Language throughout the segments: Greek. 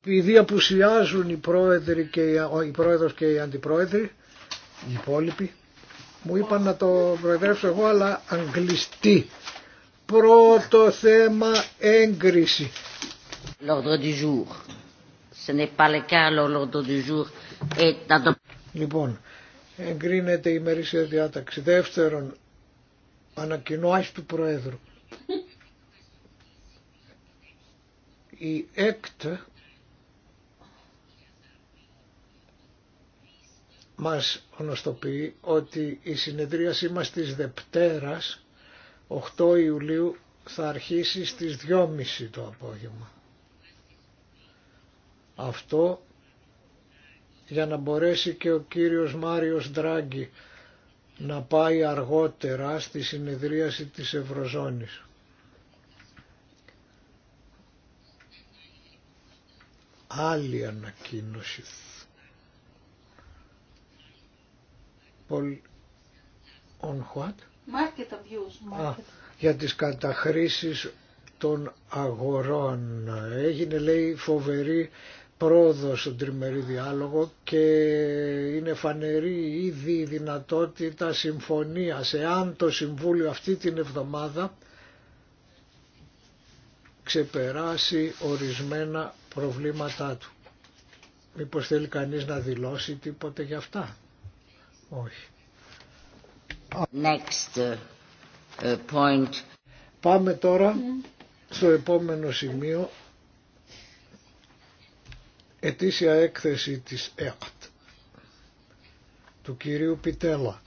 Επειδή απουσιάζουν οι πρόεδροι και οι, και οι αντιπρόεδροι, οι υπόλοιποι, μου είπαν να το προεδρεύσω εγώ, αλλά αγγλιστή. Πρώτο θέμα έγκριση. Λοιπόν, εγκρίνεται η μερίσια διάταξη. Δεύτερον, Ανακοινώσει του Προέδρου. Η ΕΚΤ μας γνωστοποιεί ότι η συνεδρίασή μας της Δεπτέρας 8 Ιουλίου θα αρχίσει στις 2.30 το απόγευμα. Αυτό για να μπορέσει και ο κύριος Μάριος Ντράγκη να πάει αργότερα στη συνεδρίαση της Ευρωζώνης. Άλλη ανακοίνωση. On what? Market abuse. Α, για τις καταχρήσεις των αγορών. Έγινε λέει φοβερή πρόοδο στον τριμερή διάλογο και είναι φανερή ήδη η δυνατότητα συμφωνίας εάν το Συμβούλιο αυτή την εβδομάδα ξεπεράσει ορισμένα προβλήματά του. Μήπως θέλει κανείς να δηλώσει τίποτε για αυτά. Όχι. Next uh, point. Πάμε τώρα στο επόμενο σημείο ετήσια έκθεση της ΕΚΤ του κυρίου Πιτέλα.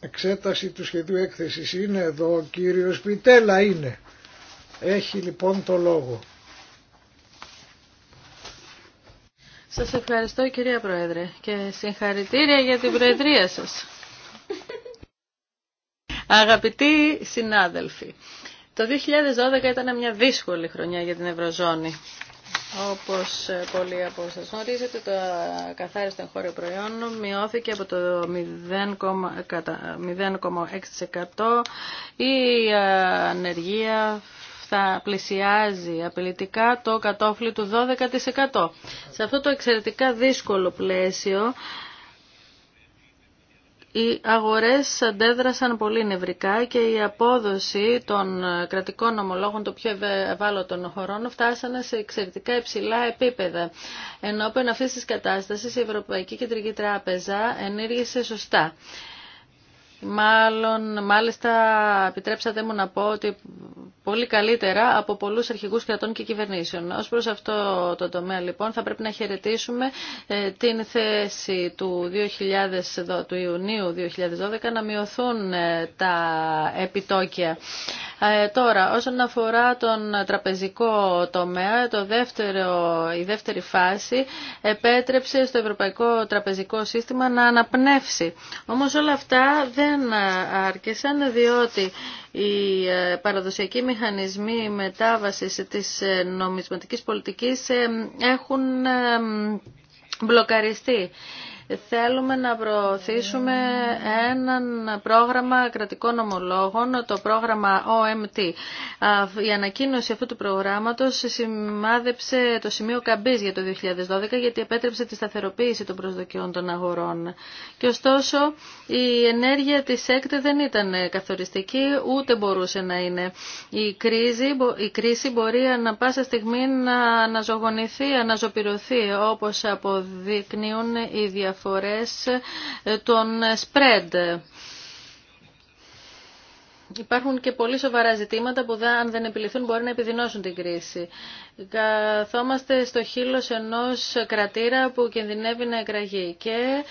Εξέταση του σχεδίου έκθεσης είναι εδώ, ο κύριος Πιτέλα είναι. Έχει λοιπόν το λόγο. Σας ευχαριστώ κυρία Πρόεδρε και συγχαρητήρια για την Προεδρία σας. Αγαπητοί συνάδελφοι, το 2012 ήταν μια δύσκολη χρονιά για την Ευρωζώνη. Όπως ε, πολλοί από σας γνωρίζετε, το καθάριστο εγχώριο προϊόν μειώθηκε από το 0,6% η ε, ανεργία θα πλησιάζει απειλητικά το κατόφλι του 12%. Σε αυτό το εξαιρετικά δύσκολο πλαίσιο οι αγορές αντέδρασαν πολύ νευρικά και η απόδοση των κρατικών ομολόγων των πιο ευάλωτων χωρών φτάσανε σε εξαιρετικά υψηλά επίπεδα. Ενώπιον αυτής της κατάστασης η Ευρωπαϊκή Κεντρική Τράπεζα ενήργησε σωστά. Μάλλον, μάλιστα, επιτρέψατε μου να πω ότι πολύ καλύτερα από πολλούς αρχηγούς κρατών και κυβερνήσεων. Ω προς αυτό το τομέα λοιπόν θα πρέπει να χαιρετήσουμε ε, την θέση του, 2000, του Ιουνίου 2012 να μειωθούν ε, τα επιτόκια. Ε, τώρα, όσον αφορά τον τραπεζικό τομέα, το δεύτερο, η δεύτερη φάση επέτρεψε στο ευρωπαϊκό τραπεζικό σύστημα να αναπνεύσει. Όμως όλα αυτά δεν άρκεσαν διότι οι ε, παραδοσιακοί μηχανισμοί μετάβασης της ε, νομισματικής πολιτικής ε, έχουν μπλοκαριστεί. Θέλουμε να προωθήσουμε ένα πρόγραμμα κρατικών ομολόγων, το πρόγραμμα OMT. Η ανακοίνωση αυτού του προγράμματος σημάδεψε το σημείο καμπής για το 2012 γιατί επέτρεψε τη σταθεροποίηση των προσδοκιών των αγορών. Και ωστόσο η ενέργεια της έκτη δεν ήταν καθοριστική ούτε μπορούσε να είναι. Η κρίση, η κρίση μπορεί ανα πάσα στιγμή να αναζωογονηθεί, αναζωπηρωθεί όπως αποδεικνύουν οι διαφορετικές διαφορές ε, των spread. Υπάρχουν και πολύ σοβαρά ζητήματα που αν δεν επιληθούν μπορεί να επιδεινώσουν την κρίση. Καθόμαστε στο χείλος ενός κρατήρα που κινδυνεύει να εκραγεί και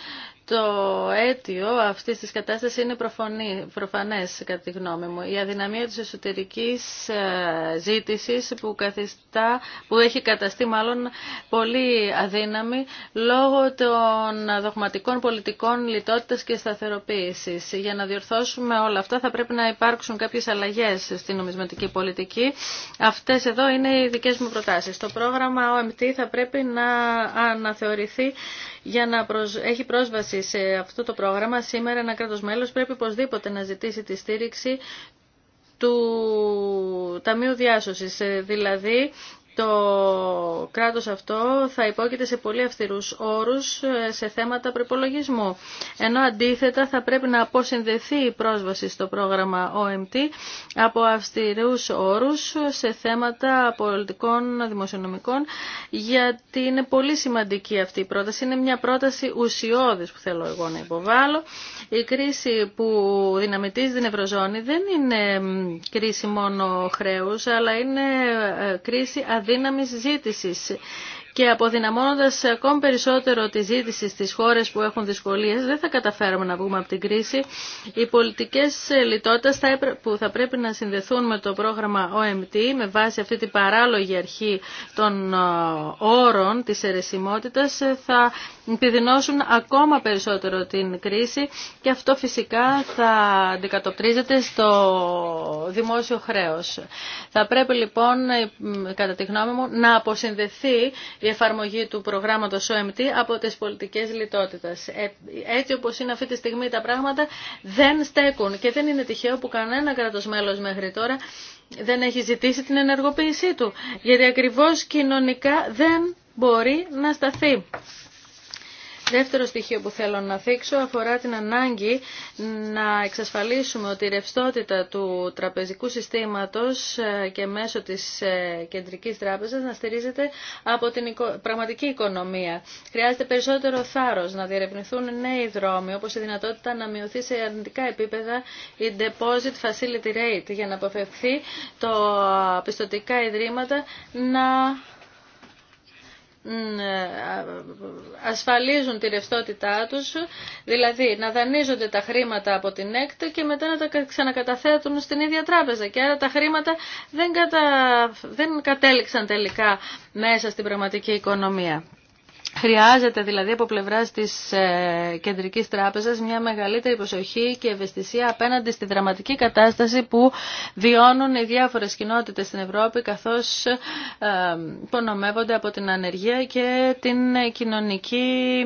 το αίτιο αυτή τη κατάσταση είναι προφανέ προφανές κατά τη γνώμη μου. Η αδυναμία της εσωτερικής ε, ζήτησης που, καθιστά, που έχει καταστεί μάλλον πολύ αδύναμη λόγω των δογματικών πολιτικών λιτότητας και σταθεροποίησης. Για να διορθώσουμε όλα αυτά θα πρέπει να υπάρξουν κάποιες αλλαγές στην νομισματική πολιτική. Αυτές εδώ είναι οι δικές μου προτάσεις. Το πρόγραμμα OMT θα πρέπει να αναθεωρηθεί για να έχει πρόσβαση σε αυτό το πρόγραμμα, σήμερα ένα κράτος μέλος πρέπει οπωσδήποτε να ζητήσει τη στήριξη του Ταμείου Διάσωσης, ε, δηλαδή το κράτος αυτό θα υπόκειται σε πολύ αυστηρούς όρους ε, σε θέματα προπολογισμού. Ενώ αντίθετα θα πρέπει να αποσυνδεθεί η πρόσβαση στο πρόγραμμα OMT από αυστηρούς όρους σε θέματα πολιτικών δημοσιονομικών γιατί είναι πολύ σημαντική αυτή η πρόταση. Είναι μια πρόταση ουσιώδης που θέλω εγώ να υποβάλω. Η κρίση που δυναμητίζει την Ευρωζώνη δεν είναι κρίση μόνο χρέους αλλά είναι ε, κρίση αδύναμης ζήτησης και αποδυναμώνοντας ακόμη περισσότερο τη ζήτηση στις χώρες που έχουν δυσκολίες, δεν θα καταφέρουμε να βγούμε από την κρίση. Οι πολιτικές λιτότητε που θα πρέπει να συνδεθούν με το πρόγραμμα OMT, με βάση αυτή την παράλογη αρχή των όρων της αιρεσιμότητας, θα επιδεινώσουν ακόμα περισσότερο την κρίση και αυτό φυσικά θα αντικατοπτρίζεται στο δημόσιο χρέος. Θα πρέπει λοιπόν, ε, κατά τη γνώμη μου, να αποσυνδεθεί η εφαρμογή του προγράμματος OMT από τις πολιτικές λιτότητας. Ε, έτσι όπως είναι αυτή τη στιγμή τα πράγματα δεν στέκουν και δεν είναι τυχαίο που κανένα κράτος μέχρι τώρα δεν έχει ζητήσει την ενεργοποίησή του, γιατί ακριβώς κοινωνικά δεν μπορεί να σταθεί. Δεύτερο στοιχείο που θέλω να θίξω αφορά την ανάγκη να εξασφαλίσουμε ότι η ρευστότητα του τραπεζικού συστήματος ε, και μέσω της ε, κεντρικής τράπεζας να στηρίζεται από την πραγματική οικονομία. Χρειάζεται περισσότερο θάρρος να διερευνηθούν νέοι δρόμοι, όπως η δυνατότητα να μειωθεί σε αρνητικά επίπεδα η deposit facility rate, για να αποφευθεί το ε, πιστοτικά ιδρύματα να ε, ασφαλίζουν τη ρευστότητά τους, δηλαδή να δανείζονται τα χρήματα από την έκτα και μετά να τα ξανακαταθέτουν στην ίδια τράπεζα. Και άρα τα χρήματα δεν, κατα... δεν κατέληξαν τελικά μέσα στην πραγματική οικονομία. Χρειάζεται δηλαδή από πλευρά τη ε, Κεντρική Τράπεζα μια μεγαλύτερη προσοχή και ευαισθησία απέναντι στη δραματική κατάσταση που βιώνουν οι διάφορε κοινότητε στην Ευρώπη καθώ ε, υπονομεύονται από την ανεργία και την κοινωνική,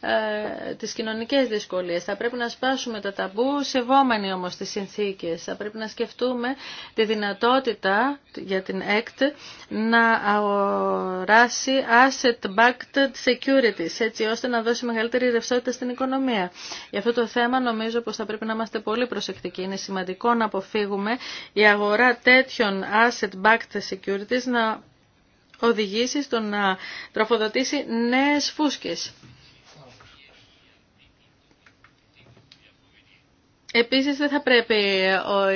ε, τις κοινωνικές δυσκολίες. Θα πρέπει να σπάσουμε τα ταμπού, σεβόμενοι όμως τις συνθήκες. Θα πρέπει να σκεφτούμε τη δυνατότητα για την ΕΚΤ να αγοράσει asset-backed τη securities, έτσι ώστε να δώσει μεγαλύτερη ρευστότητα στην οικονομία. Για αυτό το θέμα νομίζω πως θα πρέπει να είμαστε πολύ προσεκτικοί. Είναι σημαντικό να αποφύγουμε η αγορά τέτοιων asset-backed securities να οδηγήσει στο να τροφοδοτήσει νέες φούσκες. Επίσης δεν θα πρέπει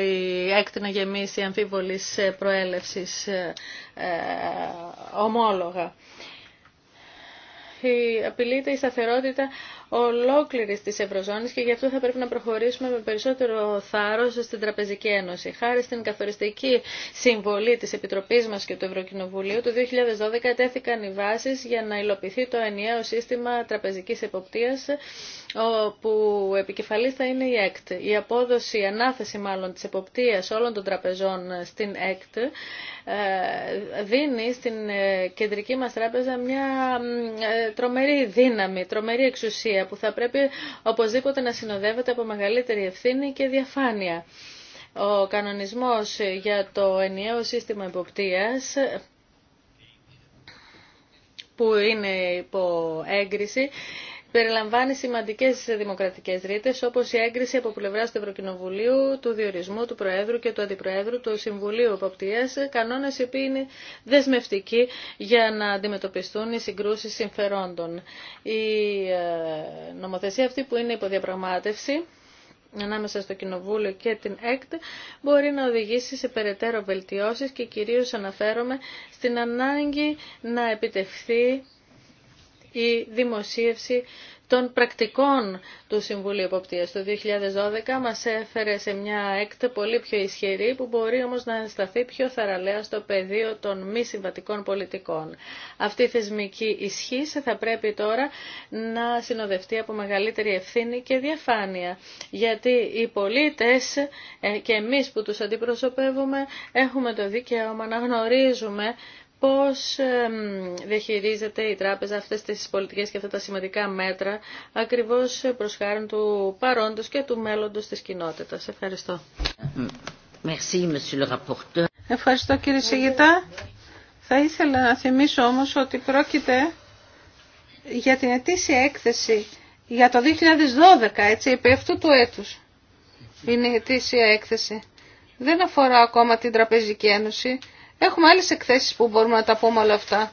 η έκτη να γεμίσει αμφίβολης προέλευσης ε, ε, ομόλογα απειλείται η σταθερότητα Ολόκληρη τη Ευρωζώνης και γι' αυτό θα πρέπει να προχωρήσουμε με περισσότερο θάρρος στην Τραπεζική Ένωση. Χάρη στην καθοριστική συμβολή της Επιτροπής μας και του Ευρωκοινοβουλίου, το 2012 τέθηκαν οι βάσει για να υλοποιηθεί το ενιαίο σύστημα τραπεζικής εποπτείας όπου επικεφαλής θα είναι η ΕΚΤ. Η απόδοση, ανάθεση μάλλον τη εποπτείας όλων των τραπεζών στην ΕΚΤ ε, δίνει στην ε, κεντρική μας τράπεζα μια ε, τρομερή δύναμη, τρομερή εξουσία που θα πρέπει οπωσδήποτε να συνοδεύεται από μεγαλύτερη ευθύνη και διαφάνεια. Ο κανονισμός για το ενιαίο σύστημα υποπτίας που είναι υπό έγκριση περιλαμβάνει σημαντικέ δημοκρατικέ ρήτες όπω η έγκριση από πλευρά του Ευρωκοινοβουλίου, του διορισμού του Προέδρου και του Αντιπροέδρου του Συμβουλίου Εποπτείας, κανόνε οι οποίοι είναι δεσμευτικοί για να αντιμετωπιστούν οι συγκρούσει συμφερόντων. Η ε, νομοθεσία αυτή που είναι υποδιαπραγμάτευση ανάμεσα στο Κοινοβούλιο και την ΕΚΤ μπορεί να οδηγήσει σε περαιτέρω βελτιώσεις και κυρίως αναφέρομαι στην ανάγκη να επιτευχθεί η δημοσίευση των πρακτικών του Συμβουλίου Εποπτείας. Το 2012 μας έφερε σε μια έκτα πολύ πιο ισχυρή που μπορεί όμως να ενσταθεί πιο θαραλέα στο πεδίο των μη συμβατικών πολιτικών. Αυτή η θεσμική ισχύ θα πρέπει τώρα να συνοδευτεί από μεγαλύτερη ευθύνη και διαφάνεια. Γιατί οι πολίτες ε, και εμείς που τους αντιπροσωπεύουμε έχουμε το δικαίωμα να γνωρίζουμε πώς διαχειρίζεται η τράπεζα αυτές τις πολιτικές και αυτά τα σημαντικά μέτρα ακριβώς προς χάρη του παρόντος και του μέλλοντος της κοινότητας. Ευχαριστώ. Ευχαριστώ κύριε Σιγητά. Θα ήθελα να θυμίσω όμως ότι πρόκειται για την ετήσια έκθεση για το 2012, έτσι, επί αυτού του έτους είναι η ετήσια έκθεση. Δεν αφορά ακόμα την Τραπεζική Ένωση. Έχουμε άλλες εκθέσεις που μπορούμε να τα πούμε όλα αυτά.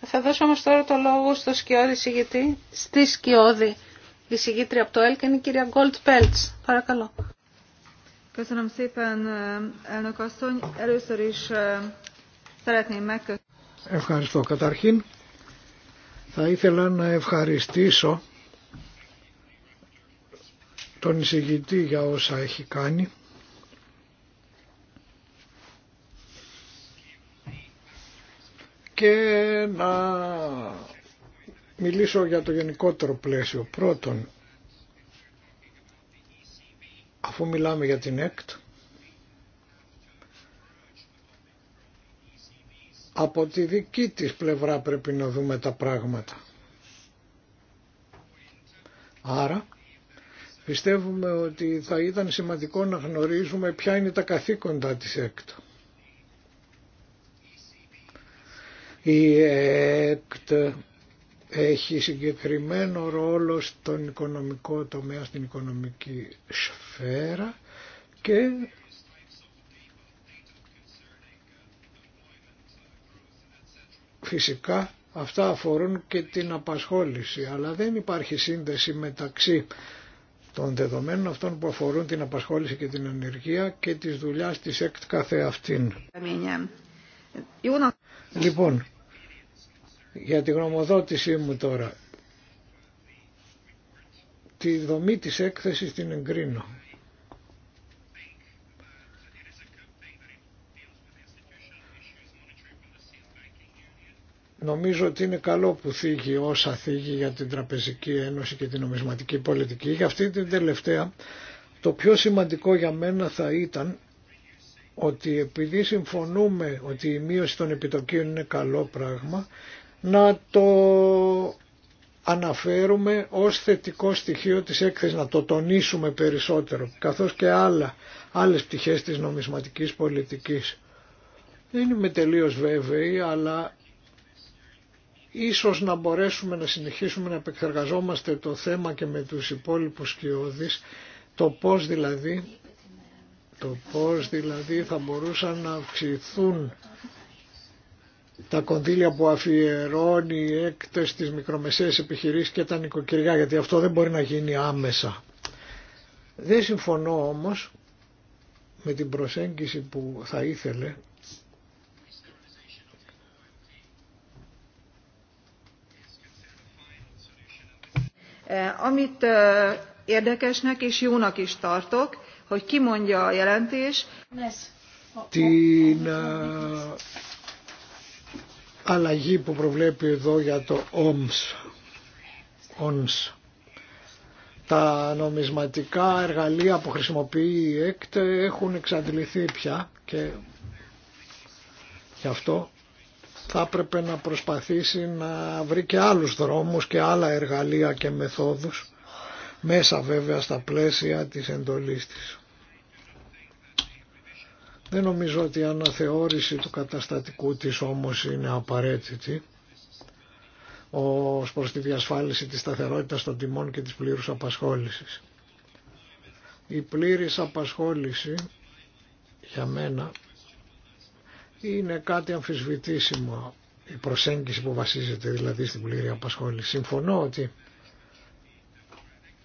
Θα δώσω όμως τώρα το λόγο στο σκιώδη συγγητή, στη σκιώδη η συγγήτρια από το ΕΛΚ είναι η κυρία Γκολτ Πέλτς. Παρακαλώ. Eh, Ευχαριστώ. Καταρχήν θα ήθελα να ευχαριστήσω τον εισηγητή για όσα έχει κάνει και να μιλήσω για το γενικότερο πλαίσιο. Πρώτον, αφού μιλάμε για την ΕΚΤ, από τη δική της πλευρά πρέπει να δούμε τα πράγματα. Άρα, πιστεύουμε ότι θα ήταν σημαντικό να γνωρίζουμε ποια είναι τα καθήκοντα της ΕΚΤ. Η ΕΚΤ έχει συγκεκριμένο ρόλο στον οικονομικό τομέα, στην οικονομική σφαίρα και φυσικά αυτά αφορούν και την απασχόληση, αλλά δεν υπάρχει σύνδεση μεταξύ των δεδομένων αυτών που αφορούν την απασχόληση και την ανεργία και της δουλειάς της ΕΚΤ καθεαυτήν. Λοιπόν, για τη γνωμοδότησή μου τώρα. Τη δομή της έκθεσης την εγκρίνω. Νομίζω ότι είναι καλό που θίγει όσα θίγει για την Τραπεζική Ένωση και την νομισματική πολιτική. Για αυτή την τελευταία το πιο σημαντικό για μένα θα ήταν ότι επειδή συμφωνούμε ότι η μείωση των επιτοκίων είναι καλό πράγμα, να το αναφέρουμε ως θετικό στοιχείο της έκθεσης, να το τονίσουμε περισσότερο, καθώς και άλλα, άλλες πτυχές της νομισματικής πολιτικής. Δεν είμαι τελείως βέβαιη, αλλά ίσως να μπορέσουμε να συνεχίσουμε να επεξεργαζόμαστε το θέμα και με τους υπόλοιπους σκιώδεις, το πώς δηλαδή, το πώς δηλαδή θα μπορούσαν να αυξηθούν τα κονδύλια που αφιερώνει η έκτες στις μικρομεσαίες επιχειρήσεις και τα νοικοκυριά, γιατί αυτό δεν μπορεί να γίνει άμεσα. Δεν συμφωνώ όμως με την προσέγγιση που θα ήθελε Amit érdekesnek és jónak is tartok, hogy kimondja a jelentés. Την αλλαγή που προβλέπει εδώ για το OMS. Τα νομισματικά εργαλεία που χρησιμοποιεί η ΕΚΤ έχουν εξαντληθεί πια και γι' αυτό θα έπρεπε να προσπαθήσει να βρει και άλλους δρόμους και άλλα εργαλεία και μεθόδους μέσα βέβαια στα πλαίσια της εντολής της. Δεν νομίζω ότι η αναθεώρηση του καταστατικού της όμως είναι απαραίτητη ως προς τη διασφάλιση της σταθερότητας των τιμών και της πλήρους απασχόλησης. Η πλήρης απασχόληση για μένα είναι κάτι αμφισβητήσιμο η προσέγγιση που βασίζεται δηλαδή στην πλήρη απασχόληση. Συμφωνώ ότι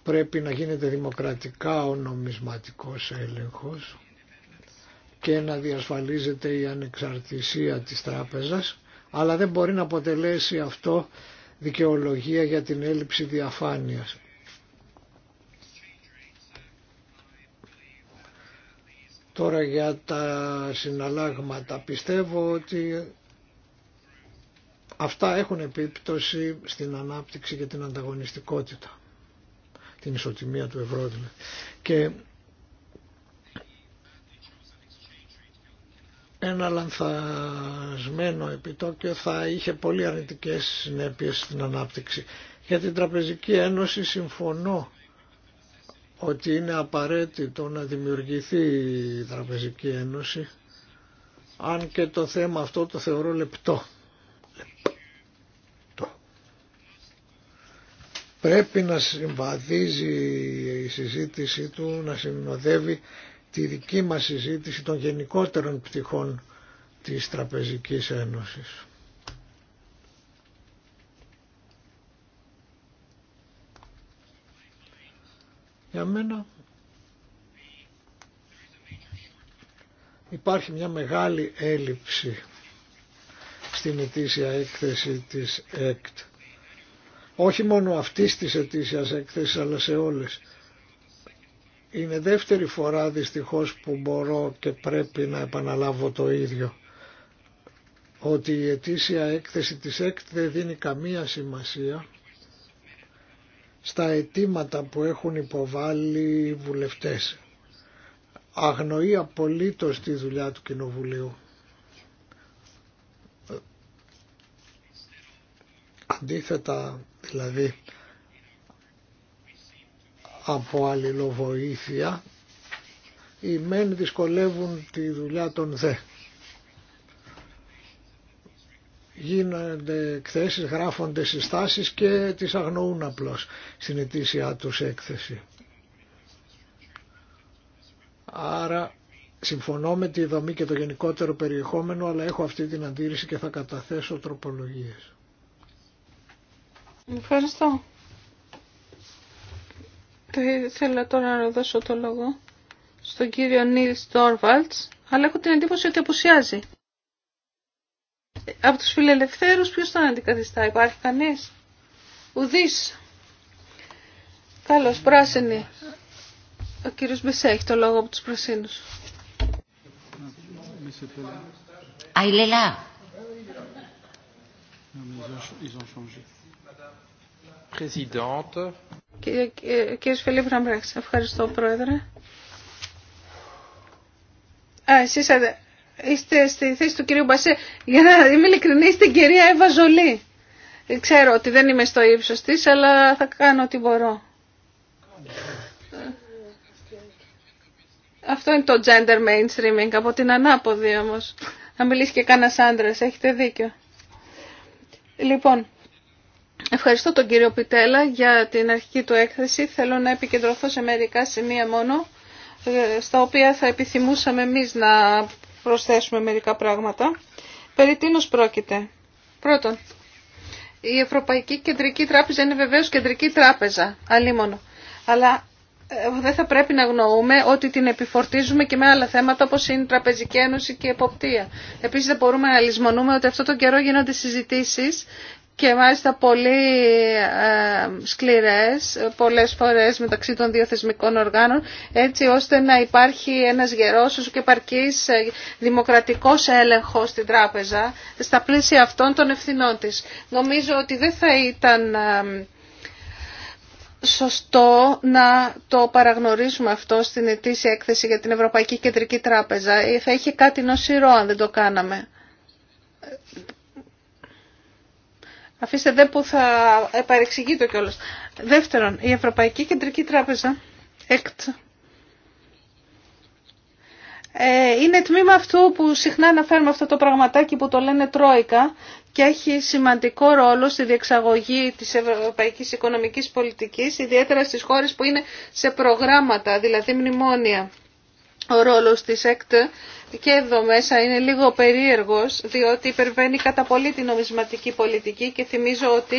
πρέπει να γίνεται δημοκρατικά ο νομισματικός έλεγχος και να διασφαλίζεται η ανεξαρτησία της τράπεζας, αλλά δεν μπορεί να αποτελέσει αυτό δικαιολογία για την έλλειψη διαφάνειας. Τώρα για τα συναλλάγματα πιστεύω ότι αυτά έχουν επίπτωση στην ανάπτυξη και την ανταγωνιστικότητα, την ισοτιμία του ευρώ δηλαδή. Και ένα λανθασμένο επιτόκιο θα είχε πολύ αρνητικές συνέπειες στην ανάπτυξη. Για την Τραπεζική Ένωση συμφωνώ ότι είναι απαραίτητο να δημιουργηθεί η Τραπεζική Ένωση αν και το θέμα αυτό το θεωρώ λεπτό. Πρέπει να συμβαδίζει η συζήτησή του, να συνοδεύει τη δική μας συζήτηση των γενικότερων πτυχών της Τραπεζικής Ένωσης. Για μένα υπάρχει μια μεγάλη έλλειψη στην ετήσια έκθεση της ΕΚΤ. Όχι μόνο αυτής της ετήσιας έκθεσης αλλά σε όλες. Είναι δεύτερη φορά δυστυχώς που μπορώ και πρέπει να επαναλάβω το ίδιο. Ότι η ετήσια έκθεση της ΕΚΤ δεν δίνει καμία σημασία στα αιτήματα που έχουν υποβάλει οι βουλευτές. Αγνοεί απολύτως τη δουλειά του Κοινοβουλίου. Αντίθετα δηλαδή από αλληλοβοήθεια οι μεν δυσκολεύουν τη δουλειά των δε. Γίνονται εκθέσεις, γράφονται συστάσεις και τις αγνοούν απλώς στην ετήσια τους έκθεση. Άρα συμφωνώ με τη δομή και το γενικότερο περιεχόμενο, αλλά έχω αυτή την αντίρρηση και θα καταθέσω τροπολογίες. Ευχαριστώ. Θα ήθελα τώρα να δώσω το λόγο στον κύριο Νίλ Τόρβαλτς, αλλά έχω την εντύπωση ότι απουσιάζει. Από τους φιλελευθέρους ποιος θα αντικαθιστά, υπάρχει κανείς. Ουδής. Καλώς, πράσινη. Ο κύριος Μπεσέ έχει το λόγο από τους πρασίνους. Ah, Κύριε Φιλίπ Ραμπρέξ, ευχαριστώ Πρόεδρε. Α, εσείς είστε στη θέση του κυρίου Μπασέ. Για να είμαι ειλικρινή, είστε κυρία Εύα Ζολή. Ξέρω ότι δεν είμαι στο ύψο της, αλλά θα κάνω ό,τι μπορώ. Αυτό είναι το gender mainstreaming από την ανάποδη όμως. Να μιλήσει και κανένα άντρα, έχετε δίκιο. Λοιπόν, Ευχαριστώ τον κύριο Πιτέλα για την αρχική του έκθεση. Θέλω να επικεντρωθώ σε μερικά σημεία μόνο, ε, στα οποία θα επιθυμούσαμε εμείς να προσθέσουμε μερικά πράγματα. Περί τίνος πρόκειται. Πρώτον, η Ευρωπαϊκή Κεντρική Τράπεζα είναι βεβαίως κεντρική τράπεζα, αλίμονο. Αλλά ε, δεν θα πρέπει να γνωρούμε ότι την επιφορτίζουμε και με άλλα θέματα όπως είναι η Τραπεζική Ένωση και η Εποπτεία. Επίσης δεν μπορούμε να λησμονούμε ότι αυτό τον καιρό γίνονται συζητήσεις και μάλιστα πολύ ε, σκληρές πολλές φορές μεταξύ των δύο θεσμικών οργάνων έτσι ώστε να υπάρχει ένας γερός όσο και παρκής ε, δημοκρατικός έλεγχος στην τράπεζα στα πλαίσια αυτών των ευθυνών της. Νομίζω ότι δεν θα ήταν ε, σωστό να το παραγνωρίσουμε αυτό στην ετήσια έκθεση για την Ευρωπαϊκή Κεντρική Τράπεζα. Θα είχε κάτι νοσηρό αν δεν το κάναμε Αφήστε δε που θα επαρεξηγεί το κιόλας. Δεύτερον, η Ευρωπαϊκή Κεντρική Τράπεζα, ΕΚΤ, ε, είναι τμήμα αυτού που συχνά αναφέρουμε αυτό το πραγματάκι που το λένε Τρόικα και έχει σημαντικό ρόλο στη διεξαγωγή της ευρωπαϊκής οικονομικής πολιτικής, ιδιαίτερα στις χώρες που είναι σε προγράμματα, δηλαδή μνημόνια. Ο ρόλος της ΕΚΤ και εδώ μέσα είναι λίγο περίεργος διότι υπερβαίνει κατά πολύ την νομισματική πολιτική και θυμίζω ότι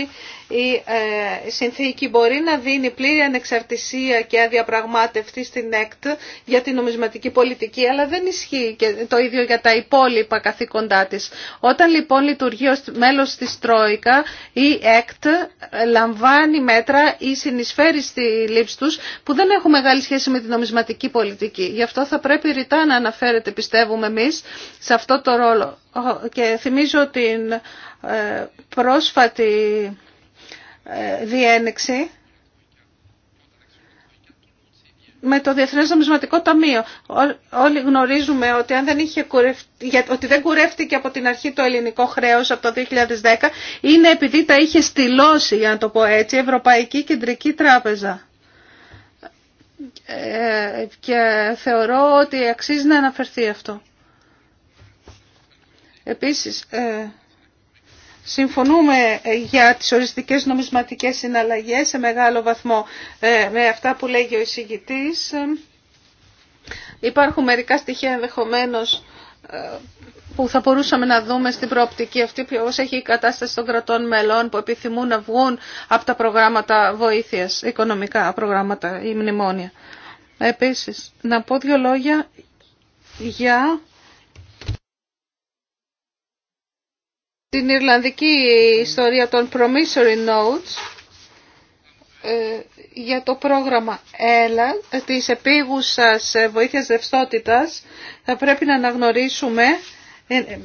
η ε, συνθήκη μπορεί να δίνει πλήρη ανεξαρτησία και αδιαπραγμάτευτη στην ΕΚΤ για την νομισματική πολιτική αλλά δεν ισχύει και το ίδιο για τα υπόλοιπα καθήκοντά της. Όταν λοιπόν λειτουργεί ως μέλος της Τρόικα η ΕΚΤ λαμβάνει μέτρα ή συνεισφέρει στη λήψη τους που δεν έχουν μεγάλη σχέση με την νομισματική πολιτική. Γι' αυτό θα πρέπει ρητά να αναφέρεται πιστεύω πιστεύουμε εμείς σε αυτό το ρόλο. Και θυμίζω την ε, πρόσφατη ε, διένεξη με το Διεθνές Νομισματικό Ταμείο. Όλοι γνωρίζουμε ότι, αν δεν είχε ότι δεν κουρεύτηκε από την αρχή το ελληνικό χρέος από το 2010 είναι επειδή τα είχε στυλώσει, για να το πω έτσι, η Ευρωπαϊκή Κεντρική Τράπεζα. Ε, και θεωρώ ότι αξίζει να αναφερθεί αυτό. Επίσης, ε, συμφωνούμε ε, για τις οριστικές νομισματικές συναλλαγές σε μεγάλο βαθμό με αυτά που λέγει ο εισηγητής. Υπάρχουν μερικά στοιχεία ενδεχομένως που θα μπορούσαμε να δούμε στην προοπτική αυτή πώ έχει η κατάσταση των κρατών μελών που επιθυμούν να βγουν από τα προγράμματα βοήθειας, οικονομικά προγράμματα ή μνημόνια. Επίση, να πω δύο λόγια για την Ιρλανδική ιστορία των Promissory Notes ε, για το πρόγραμμα ΕΛΑ της επίγουσας βοήθειας δευστότητας θα πρέπει να αναγνωρίσουμε ε, ε,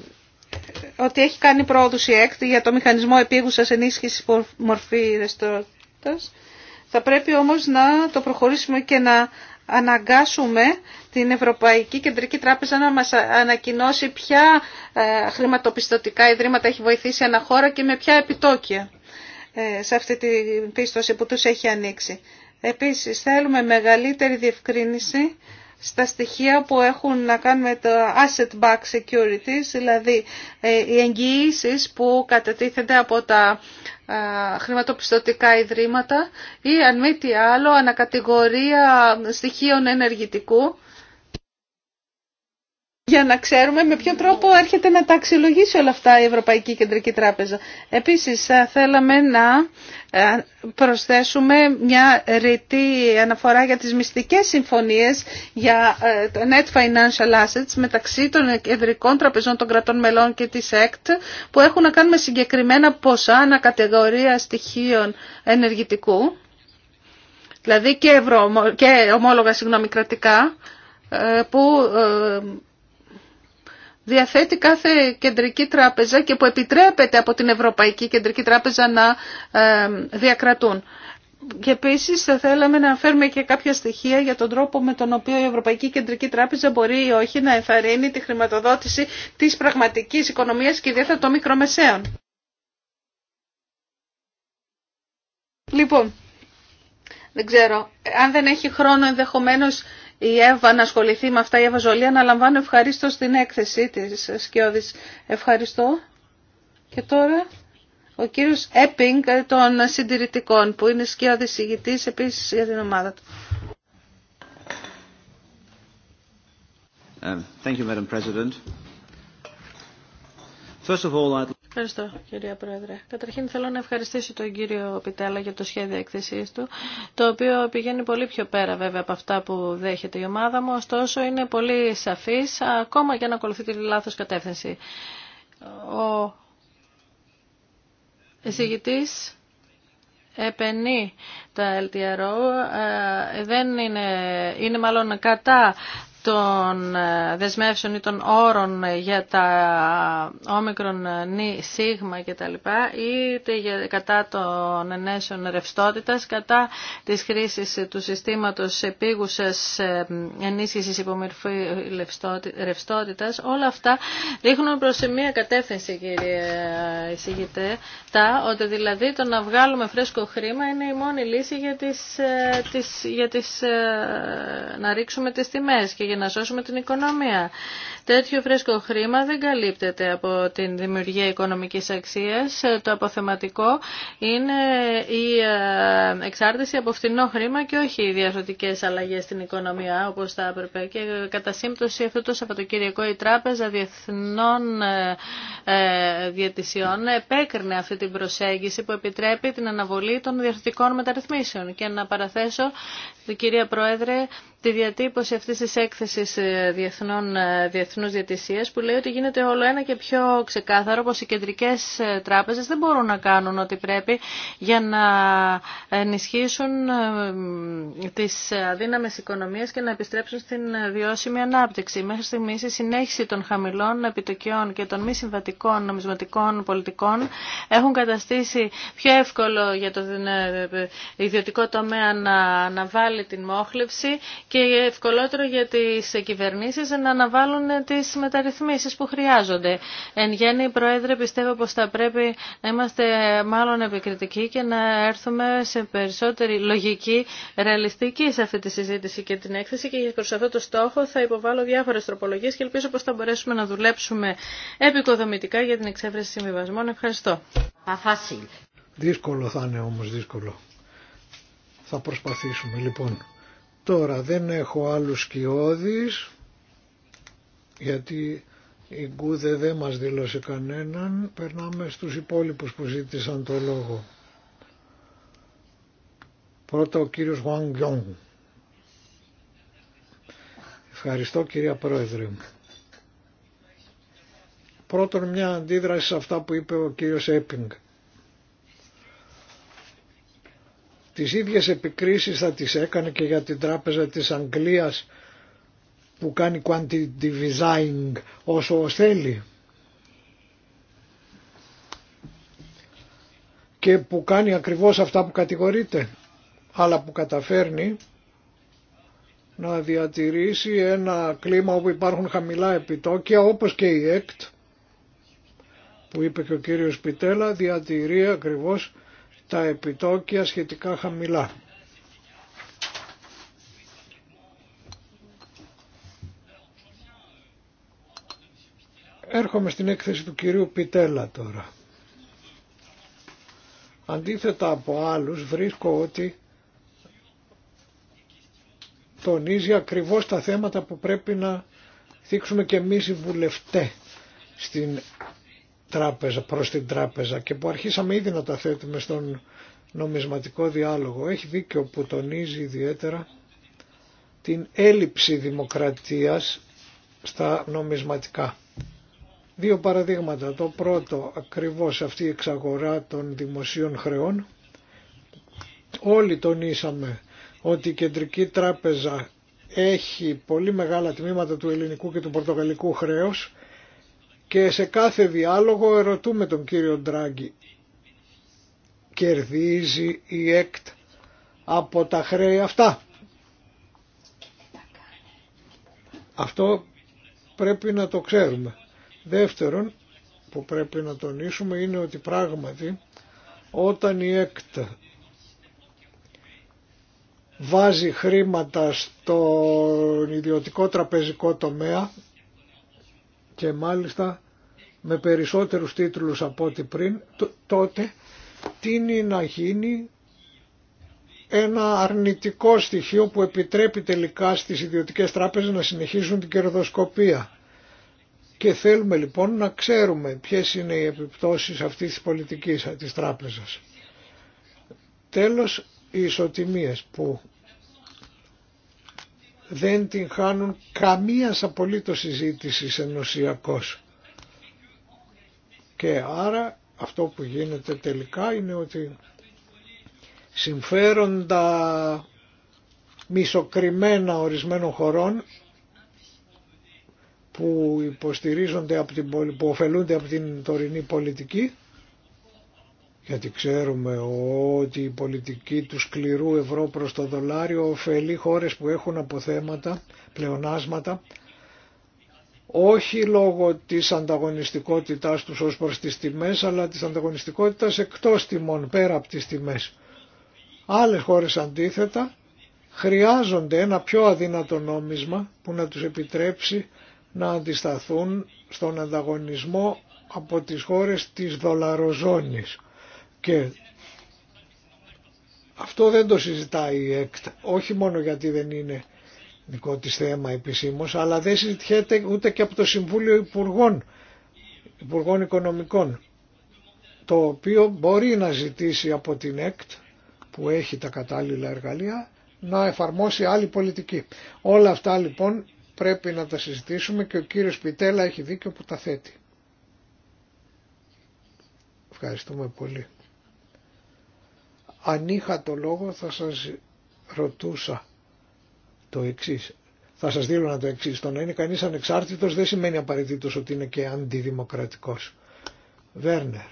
ότι έχει κάνει πρόοδους η ΕΚΤ για το μηχανισμό επίγουσας ενίσχυσης μορφή ρεστότητα. Θα πρέπει όμως να το προχωρήσουμε και να αναγκάσουμε την Ευρωπαϊκή Κεντρική Τράπεζα να μας ανακοινώσει ποια ε, χρηματοπιστωτικά ιδρύματα έχει βοηθήσει ένα χώρα και με ποια επιτόκια σε αυτή την πίστοση που τους έχει ανοίξει. Επίσης θέλουμε μεγαλύτερη διευκρίνηση στα στοιχεία που έχουν να κάνουν με το asset back securities, δηλαδή ε, οι εγγυήσει που κατατίθενται από τα ε, χρηματοπιστωτικά ιδρύματα ή αν μη τι άλλο ανακατηγορία στοιχείων ενεργητικού για να ξέρουμε με ποιο τρόπο έρχεται να τα αξιολογήσει όλα αυτά η Ευρωπαϊκή Κεντρική Τράπεζα. Επίσης, θέλαμε να ε, προσθέσουμε μια ρητή αναφορά για τις μυστικές συμφωνίες για ε, net financial assets μεταξύ των κεντρικών τραπεζών των κρατών μελών και της ΕΚΤ που έχουν να κάνουν με συγκεκριμένα ποσά ανακατηγορία στοιχείων ενεργητικού, δηλαδή και, και ομόλογα συγγνώμη κρατικά, ε, που διαθέτει κάθε κεντρική τράπεζα και που επιτρέπεται από την Ευρωπαϊκή Κεντρική Τράπεζα να ε, διακρατούν. Και επίσης θα θέλαμε να φέρουμε και κάποια στοιχεία για τον τρόπο με τον οποίο η Ευρωπαϊκή Κεντρική Τράπεζα μπορεί ή όχι να εθαρρύνει τη χρηματοδότηση της πραγματικής οικονομίας και ιδιαίτερα των μικρομεσαίων. Λοιπόν, δεν ξέρω, αν δεν έχει χρόνο ενδεχομένως η Εύα να ασχοληθεί με αυτά η Εύα να λαμβάνω ευχαρίστω στην έκθεσή της Σκιώδης. Ευχαριστώ. Και τώρα ο κύριος Έπινγκ των συντηρητικών που είναι Σκιώδης ηγητής επίσης για την ομάδα του. Um, thank you, Madam President. First of all, Ευχαριστώ κυρία Πρόεδρε. Καταρχήν θέλω να ευχαριστήσω τον κύριο Πιτέλα για το σχέδιο εκθεσής του, το οποίο πηγαίνει πολύ πιο πέρα βέβαια από αυτά που δέχεται η ομάδα μου, ωστόσο είναι πολύ σαφής, ακόμα και να ακολουθεί τη λάθος κατεύθυνση. Ο εισηγητής επενεί τα LTRO, ε, δεν είναι, είναι μάλλον κατά των ε, δεσμεύσεων ή των όρων για τα όμικρον νη σίγμα κτλ. είτε για, κατά των ενέσεων ρευστότητα, κατά της χρήσης του συστήματος επίγουσας ε, ενίσχυσης υπομορφή ρευστότητα, Όλα αυτά δείχνουν προς μία κατεύθυνση κύριε εισηγητέ, τα, ότι δηλαδή το να βγάλουμε φρέσκο χρήμα είναι η μόνη λύση για, τις, ε, τις, για να ρίξουμε τις τιμές για να σώσουμε την οικονομία. Τέτοιο φρέσκο χρήμα δεν καλύπτεται από την δημιουργία οικονομικής αξίας. Το αποθεματικό είναι η ε, εξάρτηση από φθηνό χρήμα και όχι οι διαρθρωτικές αλλαγές στην οικονομία όπως θα έπρεπε. Και κατά σύμπτωση αυτό το Σαββατοκυριακό η Τράπεζα Διεθνών ε, ε, Διατησιών επέκρινε αυτή την προσέγγιση που επιτρέπει την αναβολή των διαρθρωτικών μεταρρυθμίσεων. Και να παραθέσω, κυρία Πρόεδρε, τη διατύπωση αυτής της έκθεσης ε, διεθνών, ε, διεθνούς διατησίας που λέει ότι γίνεται όλο ένα και πιο ξεκάθαρο πως οι κεντρικές ε, τράπεζες δεν μπορούν να κάνουν ό,τι πρέπει για να ενισχύσουν τις αδύναμες οικονομίες και να επιστρέψουν στην βιώσιμη ανάπτυξη. Μέχρι στιγμή η συνέχιση των χαμηλών επιτοκιών και των μη συμβατικών νομισματικών πολιτικών έχουν καταστήσει πιο εύκολο για το ιδιωτικό τομέα να αναβάλει την μόχλευση και ευκολότερο για τις κυβερνήσεις να αναβάλουν τις μεταρρυθμίσεις που χρειάζονται. Εν γέννη, Πρόεδρε, πιστεύω πως θα πρέπει να είμαστε μάλλον επικριτικοί και να έρθουμε σε περισσότερη λογική ρεαλιστική σε αυτή τη συζήτηση και την έκθεση και προς αυτό το στόχο θα υποβάλω διάφορες τροπολογίες και ελπίζω πως θα μπορέσουμε να δουλέψουμε επικοδομητικά για την εξέφραση συμβιβασμών. Ευχαριστώ. Δύσκολο θα είναι όμως δύσκολο. Θα προσπαθήσουμε λοιπόν. Τώρα δεν έχω άλλους σκιώδεις γιατί η Γκούδε δεν μας δήλωσε κανέναν. Περνάμε στους υπόλοιπους που ζήτησαν το λόγο. Πρώτα ο κύριος Χουάν Γκιόγκ. Ευχαριστώ κυρία Πρόεδρε. Πρώτον μια αντίδραση σε αυτά που είπε ο κύριος Έπινγκ. Τις ίδιες επικρίσεις θα τις έκανε και για την τράπεζα της Αγγλίας που κάνει quantitative όσο θέλει. και που κάνει ακριβώς αυτά που κατηγορείται, αλλά που καταφέρνει να διατηρήσει ένα κλίμα όπου υπάρχουν χαμηλά επιτόκια, όπως και η ΕΚΤ, που είπε και ο κύριος Πιτέλα, διατηρεί ακριβώς τα επιτόκια σχετικά χαμηλά. Έρχομαι στην έκθεση του κυρίου Πιτέλα τώρα. Αντίθετα από άλλους βρίσκω ότι τονίζει ακριβώς τα θέματα που πρέπει να θίξουμε και εμείς οι βουλευτές στην τράπεζα, προς την τράπεζα και που αρχίσαμε ήδη να τα θέτουμε στον νομισματικό διάλογο. Έχει δίκιο που τονίζει ιδιαίτερα την έλλειψη δημοκρατίας στα νομισματικά. Δύο παραδείγματα. Το πρώτο, ακριβώς αυτή η εξαγορά των δημοσίων χρεών. Όλοι τονίσαμε ότι η Κεντρική Τράπεζα έχει πολύ μεγάλα τμήματα του ελληνικού και του πορτογαλικού χρέους και σε κάθε διάλογο ερωτούμε τον κύριο Ντράγκη. Κερδίζει η ΕΚΤ από τα χρέη αυτά. Αυτό πρέπει να το ξέρουμε. Δεύτερον, που πρέπει να τονίσουμε είναι ότι πράγματι όταν η ΕΚΤ βάζει χρήματα στον ιδιωτικό τραπεζικό τομέα και μάλιστα με περισσότερους τίτλους από ό,τι πριν, τότε τίνει να γίνει ένα αρνητικό στοιχείο που επιτρέπει τελικά στις ιδιωτικές τράπεζες να συνεχίσουν την κερδοσκοπία. Και θέλουμε λοιπόν να ξέρουμε ποιες είναι οι επιπτώσεις αυτής της πολιτικής της τράπεζας. Τέλος, οι ισοτιμίες που δεν την χάνουν καμία απολύτως συζήτηση ενωσιακώς. Και άρα αυτό που γίνεται τελικά είναι ότι συμφέροντα μισοκριμένα ορισμένων χωρών που υποστηρίζονται από την, που ωφελούνται από την τωρινή πολιτική γιατί ξέρουμε ότι η πολιτική του σκληρού ευρώ προς το δολάριο ωφελεί χώρες που έχουν αποθέματα, πλεονάσματα όχι λόγω της ανταγωνιστικότητάς τους ως προς τις τιμές, αλλά της ανταγωνιστικότητας εκτός τιμών, πέρα από τις τιμές. Άλλες χώρες αντίθετα χρειάζονται ένα πιο αδύνατο νόμισμα που να τους επιτρέψει να αντισταθούν στον ανταγωνισμό από τις χώρες της δολαροζώνης. Και αυτό δεν το συζητάει η ΕΚΤ, όχι μόνο γιατί δεν είναι δικό της θέμα επισήμως, αλλά δεν συζητιέται ούτε και από το Συμβούλιο Υπουργών, Υπουργών Οικονομικών, το οποίο μπορεί να ζητήσει από την ΕΚΤ, που έχει τα κατάλληλα εργαλεία, να εφαρμόσει άλλη πολιτική. Όλα αυτά λοιπόν πρέπει να τα συζητήσουμε και ο κύριος Πιτέλα έχει δίκιο που τα θέτει. Ευχαριστούμε πολύ. Αν είχα το λόγο θα σας ρωτούσα το εξή. Θα σας δίνω να το εξή. Το να είναι κανείς ανεξάρτητος δεν σημαίνει απαραίτητο ότι είναι και αντιδημοκρατικό. Βέρνερ.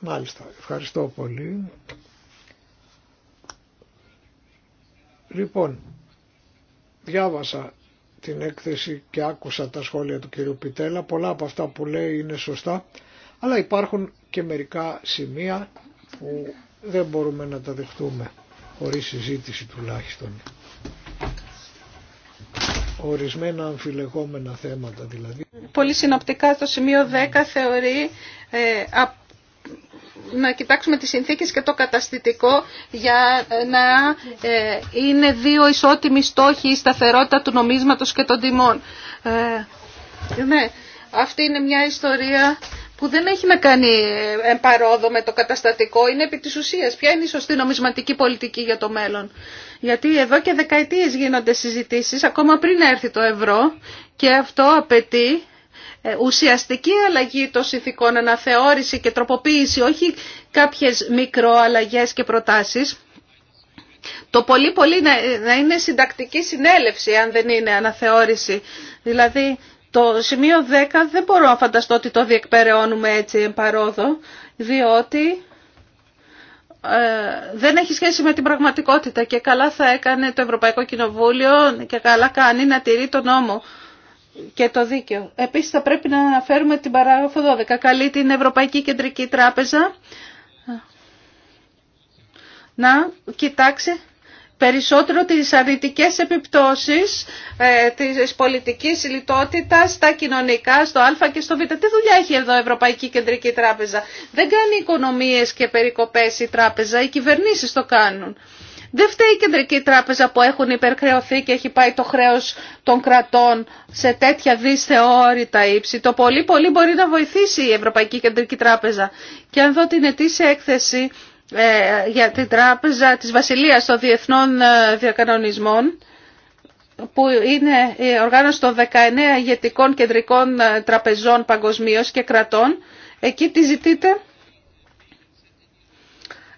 Μάλιστα. Ευχαριστώ πολύ. Λοιπόν, διάβασα την έκθεση και άκουσα τα σχόλια του κυρίου Πιτέλα. Πολλά από αυτά που λέει είναι σωστά, αλλά υπάρχουν και μερικά σημεία που δεν μπορούμε να τα δεχτούμε χωρίς συζήτηση τουλάχιστον. Ορισμένα αμφιλεγόμενα θέματα δηλαδή. Πολύ συνοπτικά στο σημείο 10 θεωρεί ε, α, να κοιτάξουμε τις συνθήκες και το καταστητικό για ε, να ε, είναι δύο ισότιμοι στόχοι η σταθερότητα του νομίσματος και των τιμών. Ε, ναι, αυτή είναι μια ιστορία που δεν έχει να κάνει ε, παρόδο με το καταστατικό, είναι επί της ουσίας. Ποια είναι η σωστή νομισματική πολιτική για το μέλλον. Γιατί εδώ και δεκαετίες γίνονται συζητήσεις, ακόμα πριν έρθει το ευρώ, και αυτό απαιτεί ε, ουσιαστική αλλαγή των συνθηκών, αναθεώρηση και τροποποίηση, όχι κάποιες μικροαλλαγές και προτάσεις. Το πολύ πολύ να είναι συντακτική συνέλευση αν δεν είναι αναθεώρηση. Δηλαδή το σημείο 10 δεν μπορώ να φανταστώ ότι το διεκπεραιώνουμε έτσι εμπαρόδο, διότι ε, δεν έχει σχέση με την πραγματικότητα και καλά θα έκανε το Ευρωπαϊκό Κοινοβούλιο και καλά κάνει να τηρεί τον νόμο και το δίκαιο. Επίσης θα πρέπει να αναφέρουμε την παράγραφο 12. Καλή την Ευρωπαϊκή Κεντρική Τράπεζα να κοιτάξει περισσότερο τις αρνητικές επιπτώσεις ε, της πολιτικής λιτότητας στα κοινωνικά, στο Α και στο Β. Τι δουλειά έχει εδώ η Ευρωπαϊκή Κεντρική Τράπεζα. Δεν κάνει οικονομίες και περικοπές η τράπεζα, οι κυβερνήσεις το κάνουν. Δεν φταίει η Κεντρική Τράπεζα που έχουν υπερχρεωθεί και έχει πάει το χρέος των κρατών σε τέτοια δυσθεώρητα ύψη. Το πολύ πολύ μπορεί να βοηθήσει η Ευρωπαϊκή Κεντρική Τράπεζα. Και αν δω την ετήσια έκθεση ε, για την Τράπεζα της Βασιλείας των Διεθνών ε, Διακανονισμών που είναι η οργάνωση των 19 ηγετικών κεντρικών ε, τραπεζών παγκοσμίως και κρατών. Εκεί τη ζητείτε.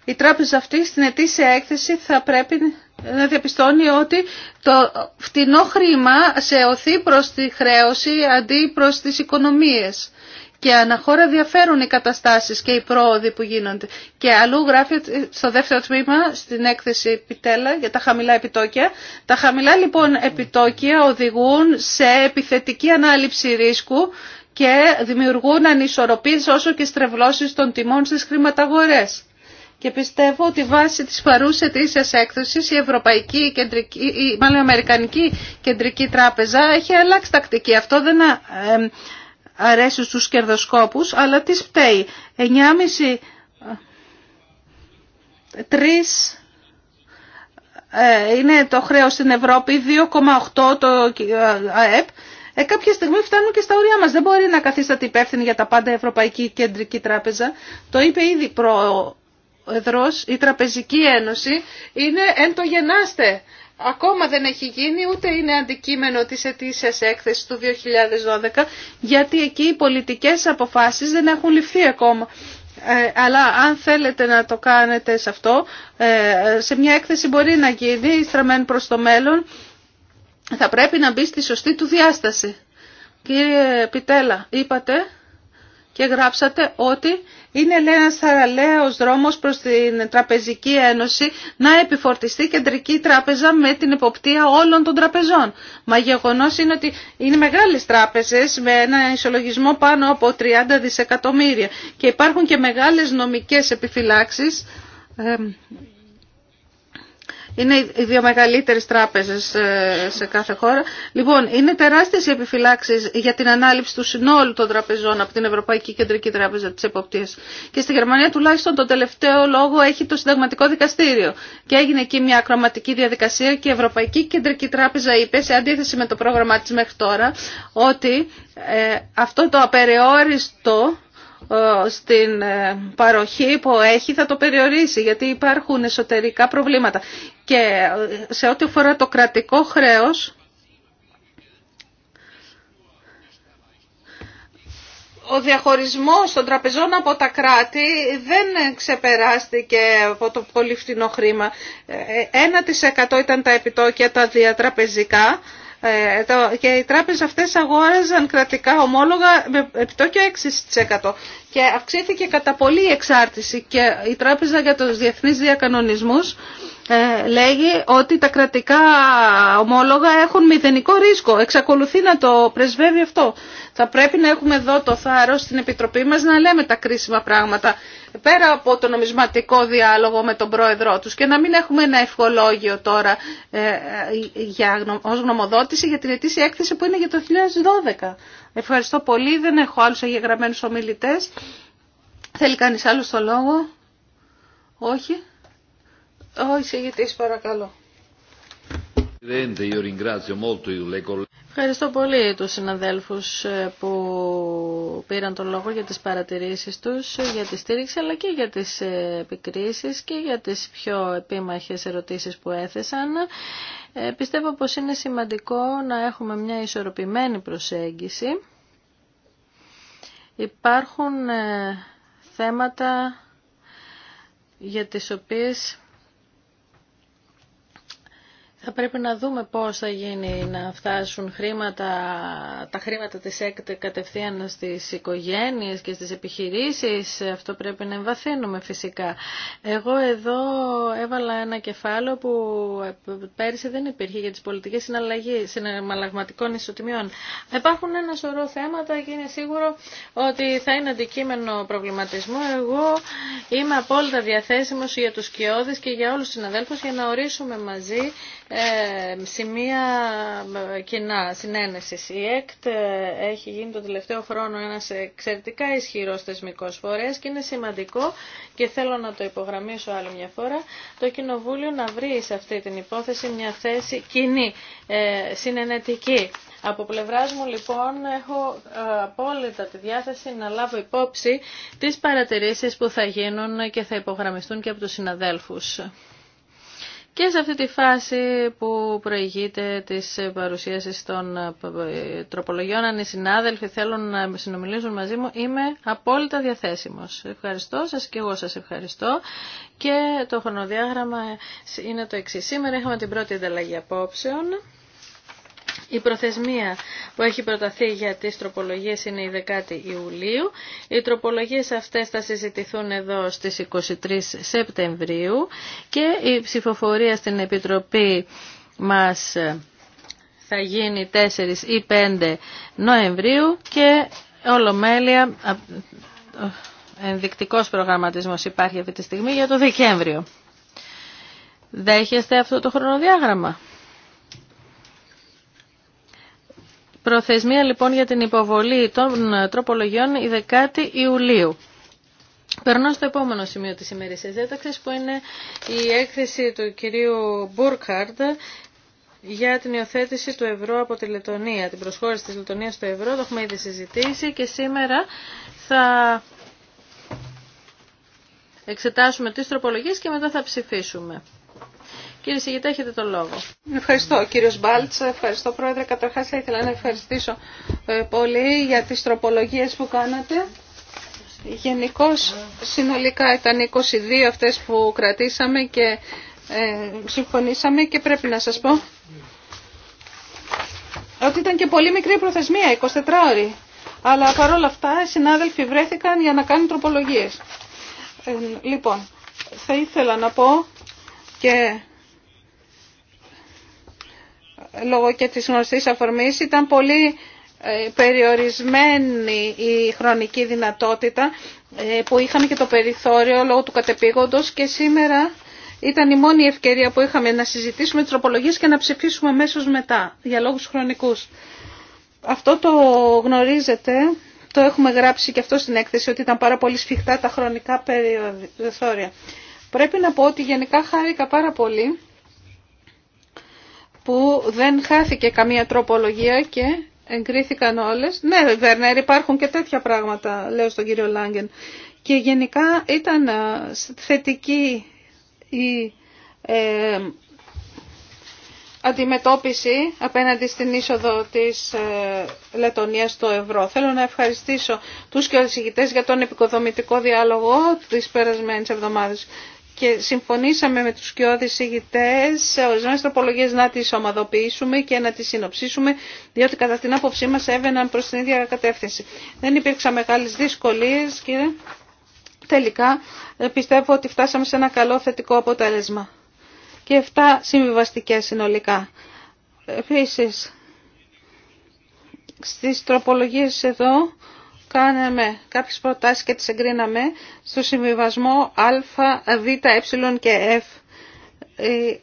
Η τράπεζα αυτή στην ετήσια έκθεση θα πρέπει να διαπιστώνει ότι το φτηνό χρήμα σε οθεί προς τη χρέωση αντί προς τις οικονομίες και αναχώρα διαφέρουν οι καταστάσεις και οι πρόοδοι που γίνονται. Και αλλού γράφει στο δεύτερο τμήμα, στην έκθεση Πιτέλα, για τα χαμηλά επιτόκια. Τα χαμηλά λοιπόν επιτόκια οδηγούν σε επιθετική ανάληψη ρίσκου και δημιουργούν ανισορροπίες όσο και στρεβλώσεις των τιμών στις χρηματαγορές. Και πιστεύω ότι βάσει της παρούς ετήσιας έκθεσης η Ευρωπαϊκή Κεντρική, η, μάλλον η Αμερικανική Κεντρική Τράπεζα έχει αλλάξει τακτική. Αυτό δεν ε, Αρέσει στους κερδοσκόπους, αλλά τις πταίει. 9,5 9,5-3 είναι το χρέος στην Ευρώπη, 2,8 το ε, ΑΕΠ. Ε, κάποια στιγμή φτάνουν και στα όρια μας. Δεν μπορεί να καθίσταται υπεύθυνη για τα πάντα Ευρωπαϊκή Κεντρική Τράπεζα. Το είπε ήδη ο πρόεδρος, η Τραπεζική Ένωση είναι εν το γεννάστε ακόμα δεν έχει γίνει ούτε είναι αντικείμενο της ετήσιας έκθεσης του 2012 γιατί εκεί οι πολιτικές αποφάσεις δεν έχουν ληφθεί ακόμα. Ε, αλλά αν θέλετε να το κάνετε σε αυτό, ε, σε μια έκθεση μπορεί να γίνει στραμμένη προς το μέλλον, θα πρέπει να μπει στη σωστή του διάσταση. Κύριε Πιτέλα, είπατε και γράψατε ότι είναι ένας θαραλέος δρόμος προς την Τραπεζική Ένωση να επιφορτιστεί κεντρική τράπεζα με την εποπτεία όλων των τραπεζών. Μα γεγονό είναι ότι είναι μεγάλες τράπεζες με ένα ισολογισμό πάνω από 30 δισεκατομμύρια και υπάρχουν και μεγάλες νομικές επιφυλάξεις είναι οι δύο μεγαλύτερε τράπεζε ε, σε κάθε χώρα. Λοιπόν, είναι τεράστιε οι επιφυλάξει για την ανάληψη του συνόλου των τραπεζών από την Ευρωπαϊκή Κεντρική Τράπεζα τη Εποπτεία. Και στη Γερμανία τουλάχιστον τον τελευταίο λόγο έχει το Συνταγματικό Δικαστήριο. Και έγινε εκεί μια ακροματική διαδικασία και η Ευρωπαϊκή Κεντρική Τράπεζα είπε, σε αντίθεση με το πρόγραμμά τη μέχρι τώρα, ότι ε, αυτό το απεριόριστο ε, στην ε, παροχή που έχει θα το περιορίσει γιατί υπάρχουν εσωτερικά προβλήματα. Και ε, σε ό,τι αφορά το κρατικό χρέος, ο διαχωρισμός των τραπεζών από τα κράτη δεν ξεπεράστηκε από το πολύ φθηνό χρήμα. 1% ήταν τα επιτόκια τα διατραπεζικά ε, και οι τράπεζες αυτές αγόραζαν κρατικά ομόλογα με επιτόκιο 6% και αυξήθηκε κατά πολύ η εξάρτηση και η τράπεζα για τους διεθνείς διακανονισμούς ε, λέγει ότι τα κρατικά ομόλογα έχουν μηδενικό ρίσκο. Εξακολουθεί να το πρεσβεύει αυτό. Θα πρέπει να έχουμε εδώ το θάρρος στην Επιτροπή μας να λέμε τα κρίσιμα πράγματα πέρα από το νομισματικό διάλογο με τον πρόεδρό τους και να μην έχουμε ένα ευχολόγιο τώρα ε, για, ως γνωμοδότηση για την ετήσια έκθεση που είναι για το 2012. Ευχαριστώ πολύ. Δεν έχω άλλους αγεγραμμένους ομιλητές. Θέλει κανείς άλλο το λόγο. Όχι. Ο παρακαλώ. Ευχαριστώ πολύ τους συναδέλφους ε, που πήραν τον λόγο για τις παρατηρήσεις τους, ε, για τη στήριξη αλλά και για τις ε, επικρίσεις και για τις πιο επίμαχες ερωτήσεις που έθεσαν. Πιστεύω πως είναι σημαντικό να έχουμε μια ισορροπημένη προσέγγιση. Υπάρχουν θέματα για τις οποίες θα πρέπει να δούμε πώς θα γίνει να φτάσουν χρήματα, τα χρήματα της ΕΚΤ κατευθείαν στις οικογένειες και στις επιχειρήσεις. Αυτό πρέπει να εμβαθύνουμε φυσικά. Εγώ εδώ έβαλα ένα κεφάλαιο που πέρυσι δεν υπήρχε για τις πολιτικές συναλλαγές, συναλλαγματικών ισοτιμιών. Υπάρχουν ένα σωρό θέματα και είναι σίγουρο ότι θα είναι αντικείμενο προβληματισμού. Εγώ είμαι απόλυτα διαθέσιμος για τους κοιόδης και για όλους τους συναδέλφους για να ορίσουμε μαζί ε, σημεία ε, κοινά συνένεση. Η ΕΚΤ ε, έχει γίνει τον τελευταίο χρόνο ένας εξαιρετικά ισχυρός θεσμικό φορέας και είναι σημαντικό και θέλω να το υπογραμμίσω άλλη μια φορά το Κοινοβούλιο να βρει σε αυτή την υπόθεση μια θέση κοινή, συνενετική. Από πλευρά μου λοιπόν έχω απόλυτα τη διάθεση να λάβω υπόψη τις παρατηρήσεις που θα γίνουν και θα υπογραμμιστούν και από τους συναδέλφους και σε αυτή τη φάση που προηγείται της παρουσίασης των ε, τροπολογιών, αν οι συνάδελφοι θέλουν να συνομιλήσουν μαζί μου, είμαι απόλυτα διαθέσιμος. Ευχαριστώ σας και εγώ σας ευχαριστώ. Και το χρονοδιάγραμμα είναι το εξής. Σήμερα έχουμε την πρώτη ανταλλαγή απόψεων. Η προθεσμία που έχει προταθεί για τις τροπολογίες είναι η 10η Ιουλίου. Οι τροπολογίες αυτές θα συζητηθούν εδώ στις 23 Σεπτεμβρίου και η ψηφοφορία στην Επιτροπή μας θα γίνει 4 ή 5 Νοεμβρίου και ολομέλεια ενδεικτικός προγραμματισμός υπάρχει αυτή τη στιγμή για το Δεκέμβριο. Δέχεστε αυτό το χρονοδιάγραμμα. Προθεσμία λοιπόν για την υποβολή των ε, τροπολογιών η 10η Ιουλίου. Περνώ στο επόμενο σημείο της ημερήσιας διάταξης που είναι η έκθεση του κυρίου Μπούρκαρντ για την υιοθέτηση του ευρώ από τη Λετωνία, την προσχώρηση της Λετωνίας στο ευρώ, το έχουμε ήδη συζητήσει και σήμερα θα εξετάσουμε τις τροπολογίες και μετά θα ψηφίσουμε. Κύριε Σιγητά, έχετε τον λόγο. Ευχαριστώ κύριο Μπάλτς, ευχαριστώ πρόεδρε. Καταρχάς θα ήθελα να ευχαριστήσω ε, πολύ για τις τροπολογίες που κάνατε. Γενικώ συνολικά ήταν 22 αυτές που κρατήσαμε και ε, συμφωνήσαμε και πρέπει να σας πω ότι ήταν και πολύ μικρή προθεσμία, 24 ώρες. Αλλά παρόλα αυτά οι συνάδελφοι βρέθηκαν για να κάνουν τροπολογίες. Ε, λοιπόν, θα ήθελα να πω και λόγω και της γνωστής αφορμής ήταν πολύ ε, περιορισμένη η χρονική δυνατότητα ε, που είχαμε και το περιθώριο λόγω του κατεπήγοντος και σήμερα ήταν η μόνη ευκαιρία που είχαμε να συζητήσουμε τροπολογίες και να ψηφίσουμε αμέσω μετά για λόγους χρονικούς. Αυτό το γνωρίζετε, το έχουμε γράψει και αυτό στην έκθεση ότι ήταν πάρα πολύ σφιχτά τα χρονικά περιθώρια. Πρέπει να πω ότι γενικά χάρηκα πάρα πολύ που δεν χάθηκε καμία τροπολογία και εγκρίθηκαν όλες. Ναι, Βέρνερ, υπάρχουν και τέτοια πράγματα, λέω στον κύριο Λάγκεν. Και γενικά ήταν ε, θετική η ε, αντιμετώπιση απέναντι στην είσοδο της ε, Λετωνίας στο ευρώ. Θέλω να ευχαριστήσω τους και για τον επικοδομητικό διάλογο της περασμένης εβδομάδας και συμφωνήσαμε με τους κοιόδης ηγητές σε ορισμένες τροπολογίες να τις ομαδοποιήσουμε και να τις συνοψίσουμε, διότι κατά την άποψή μας έβαιναν προς την ίδια κατεύθυνση. Δεν υπήρξαν μεγάλες δυσκολίες, και Τελικά ε, πιστεύω ότι φτάσαμε σε ένα καλό θετικό αποτέλεσμα και 7 συμβιβαστικές συνολικά. Επίσης, στις τροπολογίες εδώ κάναμε κάποιες προτάσεις και τις εγκρίναμε στο συμβιβασμό α, β, ε και f.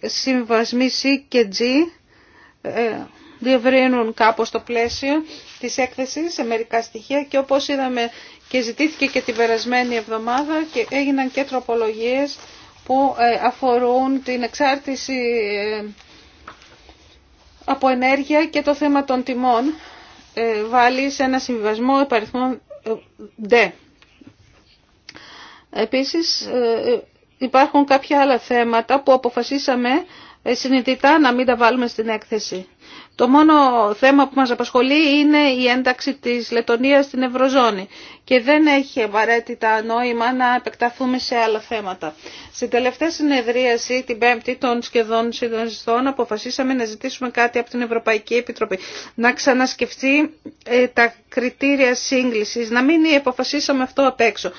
συμβιβασμοί C και G ε, διευρύνουν κάπως το πλαίσιο της έκθεσης σε μερικά στοιχεία και όπως είδαμε και ζητήθηκε και την περασμένη εβδομάδα και έγιναν και τροπολογίες που ε, αφορούν την εξάρτηση ε, από ενέργεια και το θέμα των τιμών ε, βάλει σε ένα συμβιβασμό υπαριθμών D. Ε, Επίσης ε, υπάρχουν κάποια άλλα θέματα που αποφασίσαμε συνειδητά να μην τα βάλουμε στην έκθεση. Το μόνο θέμα που μας απασχολεί είναι η ένταξη της Λετωνίας στην Ευρωζώνη και δεν έχει απαραίτητα νόημα να επεκταθούμε σε άλλα θέματα. Στην τελευταία συνεδρίαση, την Πέμπτη των σχεδόν συντονιστών, αποφασίσαμε να ζητήσουμε κάτι από την Ευρωπαϊκή Επιτροπή. Να ξανασκεφτεί ε, τα κριτήρια σύγκληση, να μην αποφασίσαμε αυτό απ' έξω.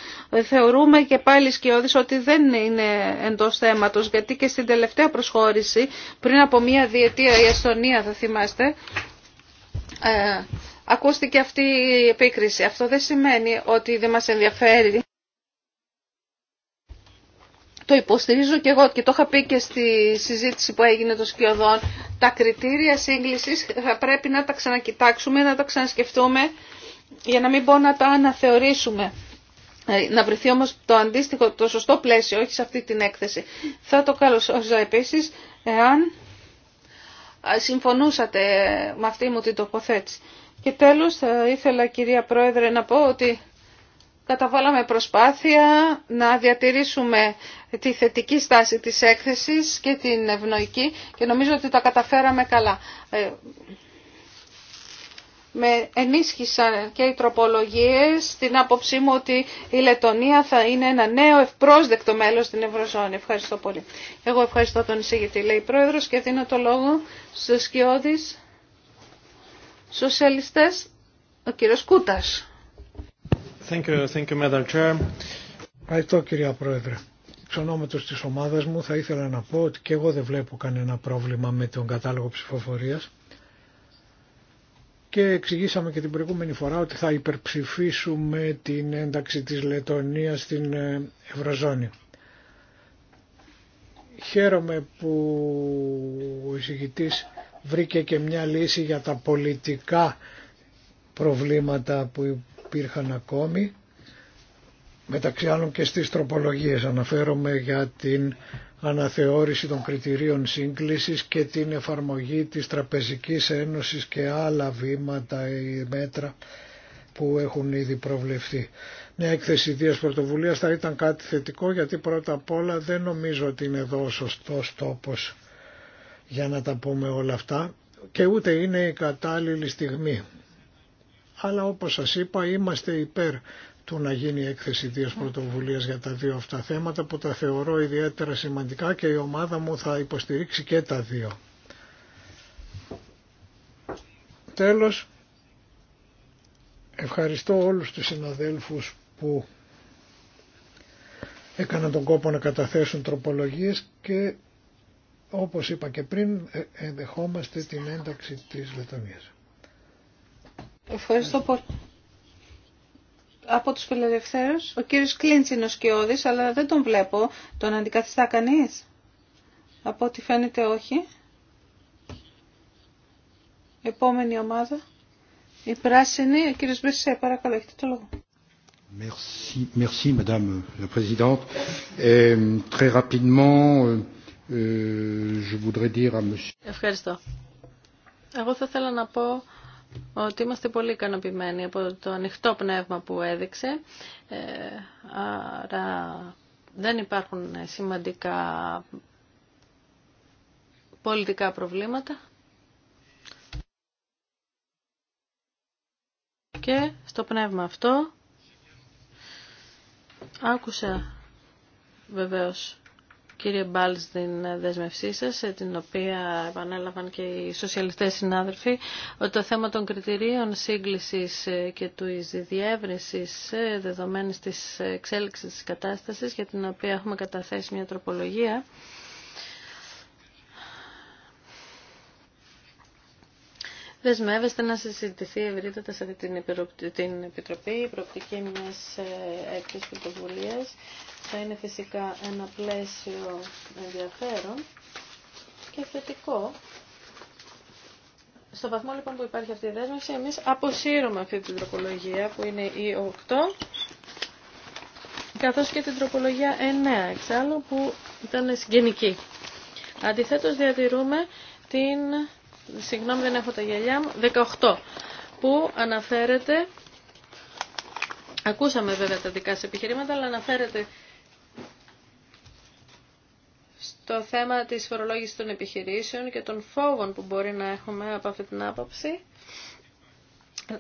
Θεωρούμε και πάλι σκιώδη ότι δεν είναι εντό θέματο, γιατί και στην τελευταία προσχώρηση, πριν από μία διετία η Αστονία, θα θυμάστε, ε, ακούστηκε αυτή η επίκριση. Αυτό δεν σημαίνει ότι δεν μας ενδιαφέρει. Το υποστηρίζω και εγώ και το είχα πει και στη συζήτηση που έγινε των σκιωδών. Τα κριτήρια σύγκλησης θα πρέπει να τα ξανακοιτάξουμε, να τα ξανασκεφτούμε για να μην πω να τα αναθεωρήσουμε. Ε, να βρεθεί όμως το αντίστοιχο, το σωστό πλαίσιο, όχι σε αυτή την έκθεση. Θα το καλωσόριζα επίσης εάν συμφωνούσατε με αυτή μου την τοποθέτηση. Και τέλος θα ήθελα κυρία Πρόεδρε να πω ότι καταβάλαμε προσπάθεια να διατηρήσουμε τη θετική στάση της έκθεσης και την ευνοϊκή και νομίζω ότι τα καταφέραμε καλά. Ε, με ενίσχυσαν και οι τροπολογίες την άποψή μου ότι η Λετωνία θα είναι ένα νέο ευπρόσδεκτο μέλος στην Ευρωζώνη. Ευχαριστώ πολύ. Εγώ ευχαριστώ τον εισηγητή, λέει Πρόεδρος, και δίνω το λόγο στους Σκιώδης. Σοσιαλιστές, ο κύριος Κούτας. Thank you, thank you, Madam Chair. Ευχαριστώ κυρία Πρόεδρε. Εξ της ομάδας μου θα ήθελα να πω ότι και εγώ δεν βλέπω κανένα πρόβλημα με τον κατάλογο ψηφοφορίας και εξηγήσαμε και την προηγούμενη φορά ότι θα υπερψηφίσουμε την ένταξη της Λετωνίας στην ε, Ευρωζώνη. Χαίρομαι που ο εισηγητής βρήκε και μια λύση για τα πολιτικά προβλήματα που υπήρχαν ακόμη. Μεταξύ άλλων και στις τροπολογίες αναφέρομαι για την αναθεώρηση των κριτηρίων σύγκλησης και την εφαρμογή της Τραπεζικής Ένωσης και άλλα βήματα ή μέτρα που έχουν ήδη προβλεφθεί. Μια έκθεση ιδίας πρωτοβουλίας θα ήταν κάτι θετικό γιατί πρώτα απ' όλα δεν νομίζω ότι είναι εδώ ο σωστός τόπος για να τα πούμε όλα αυτά και ούτε είναι η κατάλληλη στιγμή. Αλλά όπως σας είπα είμαστε υπέρ του να γίνει έκθεση δύο πρωτοβουλία για τα δύο αυτά θέματα που τα θεωρώ ιδιαίτερα σημαντικά και η ομάδα μου θα υποστηρίξει και τα δύο. Τέλος, ευχαριστώ όλους τους συναδέλφους που έκαναν τον κόπο να καταθέσουν τροπολογίες και όπως είπα και πριν, ε, ενδεχόμαστε την ένταξη της Λετωνίας. Ευχαριστώ πολύ. Από τους φιλελευθέρους, ο κύριος Κλίντς είναι ο Σκιώδης, αλλά δεν τον βλέπω. Τον αντικαθιστά κανείς. Από ό,τι φαίνεται όχι. Επόμενη ομάδα. Η πράσινη, ο κύριος Μπρισσέ, παρακαλώ, έχετε το λόγο. Merci, merci Madame la Présidente. Ε, très rapidement, Euh, Ευχαριστώ. Εγώ θα ήθελα να πω ότι είμαστε πολύ ικανοποιημένοι από το ανοιχτό πνεύμα που έδειξε. Ε, άρα δεν υπάρχουν σημαντικά πολιτικά προβλήματα. Και στο πνεύμα αυτό άκουσα βεβαίως κύριε Μπάλ την δέσμευσή σα, ε, την οποία επανέλαβαν και οι σοσιαλιστές συνάδελφοι, ότι το θέμα των κριτηρίων σύγκληση ε, και του διεύρυνση ε, δεδομένη της εξέλιξη τη κατάσταση για την οποία έχουμε καταθέσει μια τροπολογία, δεσμεύεστε να συζητηθεί ευρύτατα σε αυτή την, την Επιτροπή. Η προοπτική μιας ε, έκθεσης πρωτοβουλία θα είναι φυσικά ένα πλαίσιο ενδιαφέρον και θετικό. Στο βαθμό λοιπόν που υπάρχει αυτή η δέσμευση, εμείς αποσύρουμε αυτή την τροπολογία που είναι η 8, καθώς και την τροπολογία 9, εξάλλου που ήταν συγγενική. Αντιθέτως διατηρούμε την συγγνώμη δεν έχω τα γυαλιά μου, 18, που αναφέρεται, ακούσαμε βέβαια τα δικά σε επιχειρήματα, αλλά αναφέρεται στο θέμα της φορολόγησης των επιχειρήσεων και των φόβων που μπορεί να έχουμε από αυτή την άποψη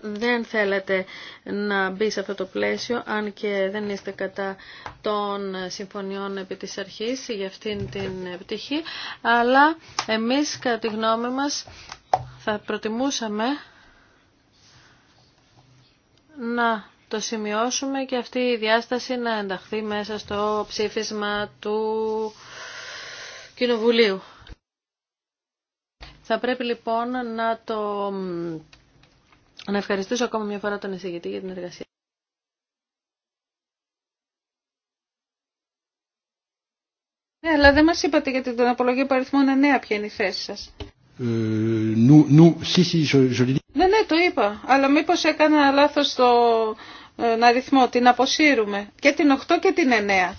δεν θέλετε να μπει σε αυτό το πλαίσιο, αν και δεν είστε κατά των συμφωνιών επί της αρχής για αυτήν την επιτυχή, αλλά εμείς κατά τη γνώμη μας θα προτιμούσαμε να το σημειώσουμε και αυτή η διάσταση να ενταχθεί μέσα στο ψήφισμα του Κοινοβουλίου. Θα πρέπει λοιπόν να το να ευχαριστήσω ακόμα μια φορά τον εισηγητή για την εργασία. Ναι, αλλά δεν μας είπατε για την απολογία παριθμών 9 ποια είναι η θέση σας. Ε, ναι, ναι, το είπα. Αλλά μήπως έκανα λάθος το ε, αριθμό. Την αποσύρουμε. Και την 8 και την 9.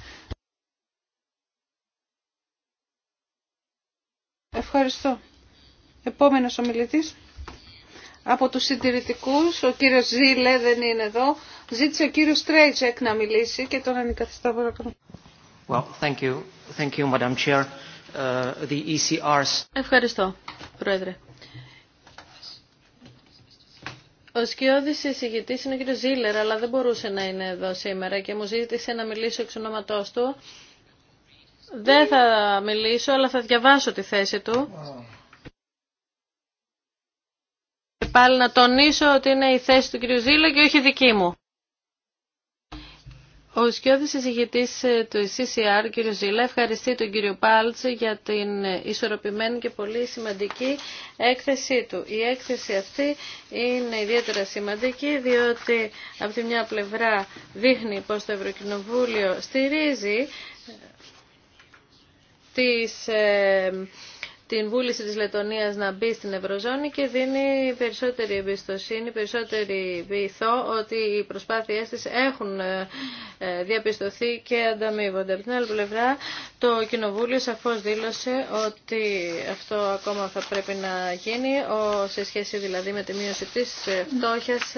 Ευχαριστώ. Επόμενος ομιλητής. Από τους συντηρητικούς, ο κύριος Ζήλε δεν είναι εδώ, ζήτησε ο κύριος Τρέιτσεκ να μιλήσει και τον είναι παρακαλώ. Well, thank you. Thank you, Madam Chair. Uh, the ECRs... Ευχαριστώ, Πρόεδρε. Ο σκιώδης εισηγητής είναι ο κύριος Ζήλερ, αλλά δεν μπορούσε να είναι εδώ σήμερα και μου ζήτησε να μιλήσω εξ ονόματός του. Δεν θα μιλήσω, αλλά θα διαβάσω τη θέση του πάλι να τονίσω ότι είναι η θέση του κ. Ζήλα και όχι δική μου. Ο σκιώδης εισηγητής ε, του CCR, κ. Ζήλα, ευχαριστεί τον κύριο Πάλτς για την ισορροπημένη και πολύ σημαντική έκθεσή του. Η έκθεση αυτή είναι ιδιαίτερα σημαντική, διότι από τη μια πλευρά δείχνει πως το Ευρωκοινοβούλιο στηρίζει ε, τις ε, την βούληση της Λετωνίας να μπει στην Ευρωζώνη και δίνει περισσότερη εμπιστοσύνη, περισσότερη βυθό ότι οι προσπάθειές της έχουν ε, ε, διαπιστωθεί και ανταμείβονται. Από την άλλη πλευρά το Κοινοβούλιο σαφώς δήλωσε ότι αυτό ακόμα θα πρέπει να γίνει σε σχέση δηλαδή με τη μείωση της φτώχειας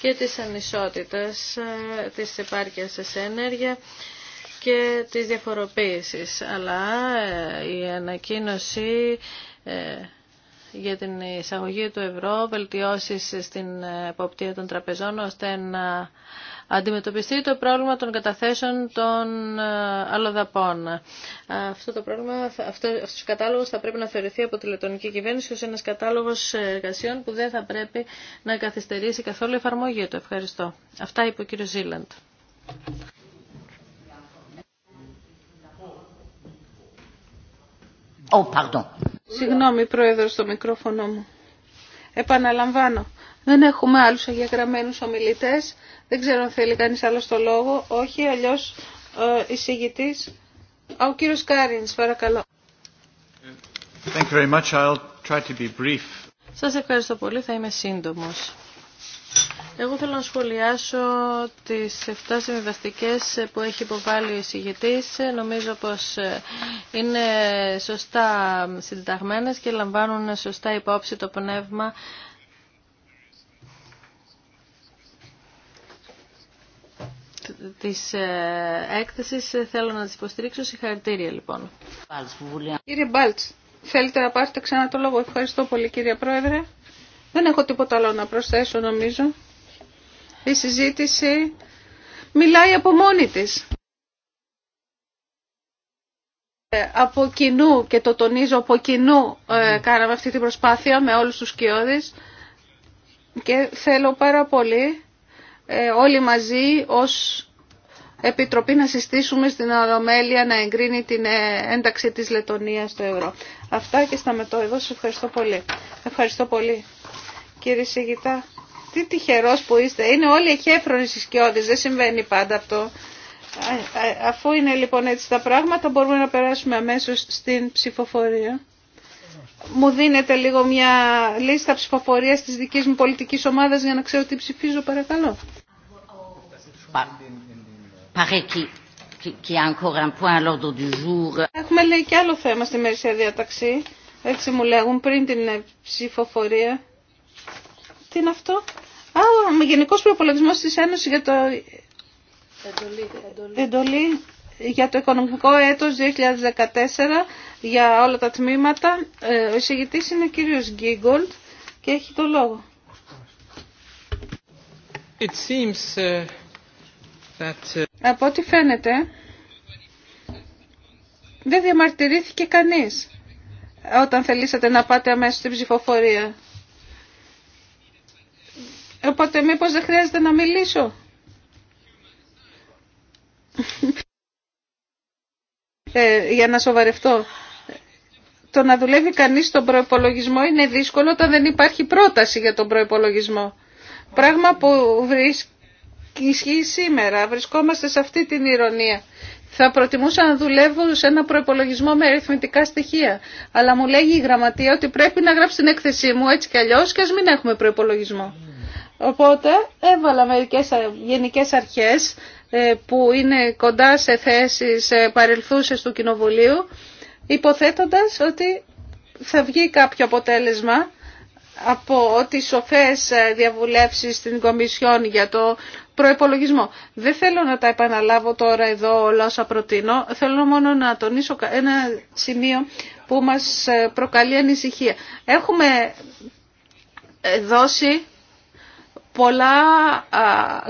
και της ανισότητας ε, της επάρκειας σε ενέργεια και της διαφοροποίησης. Αλλά ε, η ανακοίνωση ε, για την εισαγωγή του ευρώ, βελτιώσεις στην εποπτεία των τραπεζών, ώστε να αντιμετωπιστεί το πρόβλημα των καταθέσεων των ε, αλλοδαπών. Αυτό το πρόβλημα, αυτός ο κατάλογος θα πρέπει να θεωρηθεί από τη λετωνική κυβέρνηση ως ένας κατάλογος εργασιών που δεν θα πρέπει να καθυστερήσει καθόλου εφαρμογή του. Ευχαριστώ. Αυτά είπε ο κύριος Ζήλαντ. Oh, Συγγνώμη, Πρόεδρο, στο μικρόφωνο μου. Επαναλαμβάνω. Δεν έχουμε άλλους αγιαγραμμένους ομιλητές. Δεν ξέρω αν θέλει κανείς άλλο το λόγο. Όχι, αλλιώς ε, εισηγητής. ο κύριο Κάριν, παρακαλώ. Thank ευχαριστώ πολύ. Θα είμαι σύντομος. Εγώ θέλω να σχολιάσω τις 7 συμβιβαστικέ που έχει υποβάλει ο εισηγητής. Νομίζω πως είναι σωστά συνταγμένες και λαμβάνουν σωστά υπόψη το πνεύμα της ε, έκθεσης. Θέλω να τις υποστηρίξω. Συγχαρητήρια λοιπόν. Κύριε Μπάλτς, θέλετε να πάρετε ξανά το λόγο. Ευχαριστώ πολύ κύριε Πρόεδρε. Δεν έχω τίποτα άλλο να προσθέσω νομίζω η συζήτηση μιλάει από μόνη της. Ε, από κοινού, και το τονίζω, από κοινού ε, κάναμε αυτή την προσπάθεια με όλους τους κοιόδης και θέλω πάρα πολύ ε, όλοι μαζί ως Επιτροπή να συστήσουμε στην αδομέλεια να εγκρίνει την ε, ένταξη της Λετωνίας στο ευρώ. Αυτά και στα μετώ εδώ. Σας ευχαριστώ πολύ. Ευχαριστώ πολύ. Κύριε Σιγητά, τι τυχερός που είστε. Είναι όλοι εχέφρονοι οι σκιώδει. Δεν συμβαίνει πάντα αυτό. Αφού είναι λοιπόν έτσι τα πράγματα μπορούμε να περάσουμε αμέσω στην ψηφοφορία. Μου δίνετε λίγο μια λίστα ψηφοφορία τη δική μου πολιτική ομάδα για να ξέρω τι ψηφίζω παρακαλώ. Έχουμε λέει και άλλο θέμα στη μερισσία διαταξή. Έτσι μου λέγουν πριν την ψηφοφορία. Τι είναι αυτό? Α, με γενικό προπολογισμό τη Ένωση για το. Εντολή, εντολή. για το οικονομικό έτος 2014 για όλα τα τμήματα. Ε, ο εισηγητή είναι ο κύριο Γκίγκολτ και έχει το λόγο. It seems, ε, that, ε, Από ό,τι φαίνεται, δεν διαμαρτυρήθηκε κανείς όταν θελήσατε να πάτε αμέσως στην ψηφοφορία. Οπότε μήπως δεν χρειάζεται να μιλήσω. ε, για να σοβαρευτώ. Το να δουλεύει κανείς στον προϋπολογισμό είναι δύσκολο όταν δεν υπάρχει πρόταση για τον προϋπολογισμό. Πράγμα που ισχύει σήμερα. Βρισκόμαστε σε αυτή την ηρωνία. Θα προτιμούσα να δουλεύω σε ένα προπολογισμό με αριθμητικά στοιχεία. Αλλά μου λέγει η γραμματεία ότι πρέπει να γράψει την έκθεσή μου έτσι κι αλλιώ και α μην έχουμε προπολογισμό. Οπότε έβαλα μερικές γενικές αρχές ε, που είναι κοντά σε θέσεις παρελθούσες του Κοινοβουλίου, υποθέτοντας ότι θα βγει κάποιο αποτέλεσμα από ότι σοφές ε, διαβουλεύσεις στην Κομισιόν για το προϋπολογισμό. Δεν θέλω να τα επαναλάβω τώρα εδώ όλα όσα προτείνω, θέλω μόνο να τονίσω ένα σημείο που μας ε, προκαλεί ανησυχία. Έχουμε δώσει πολλά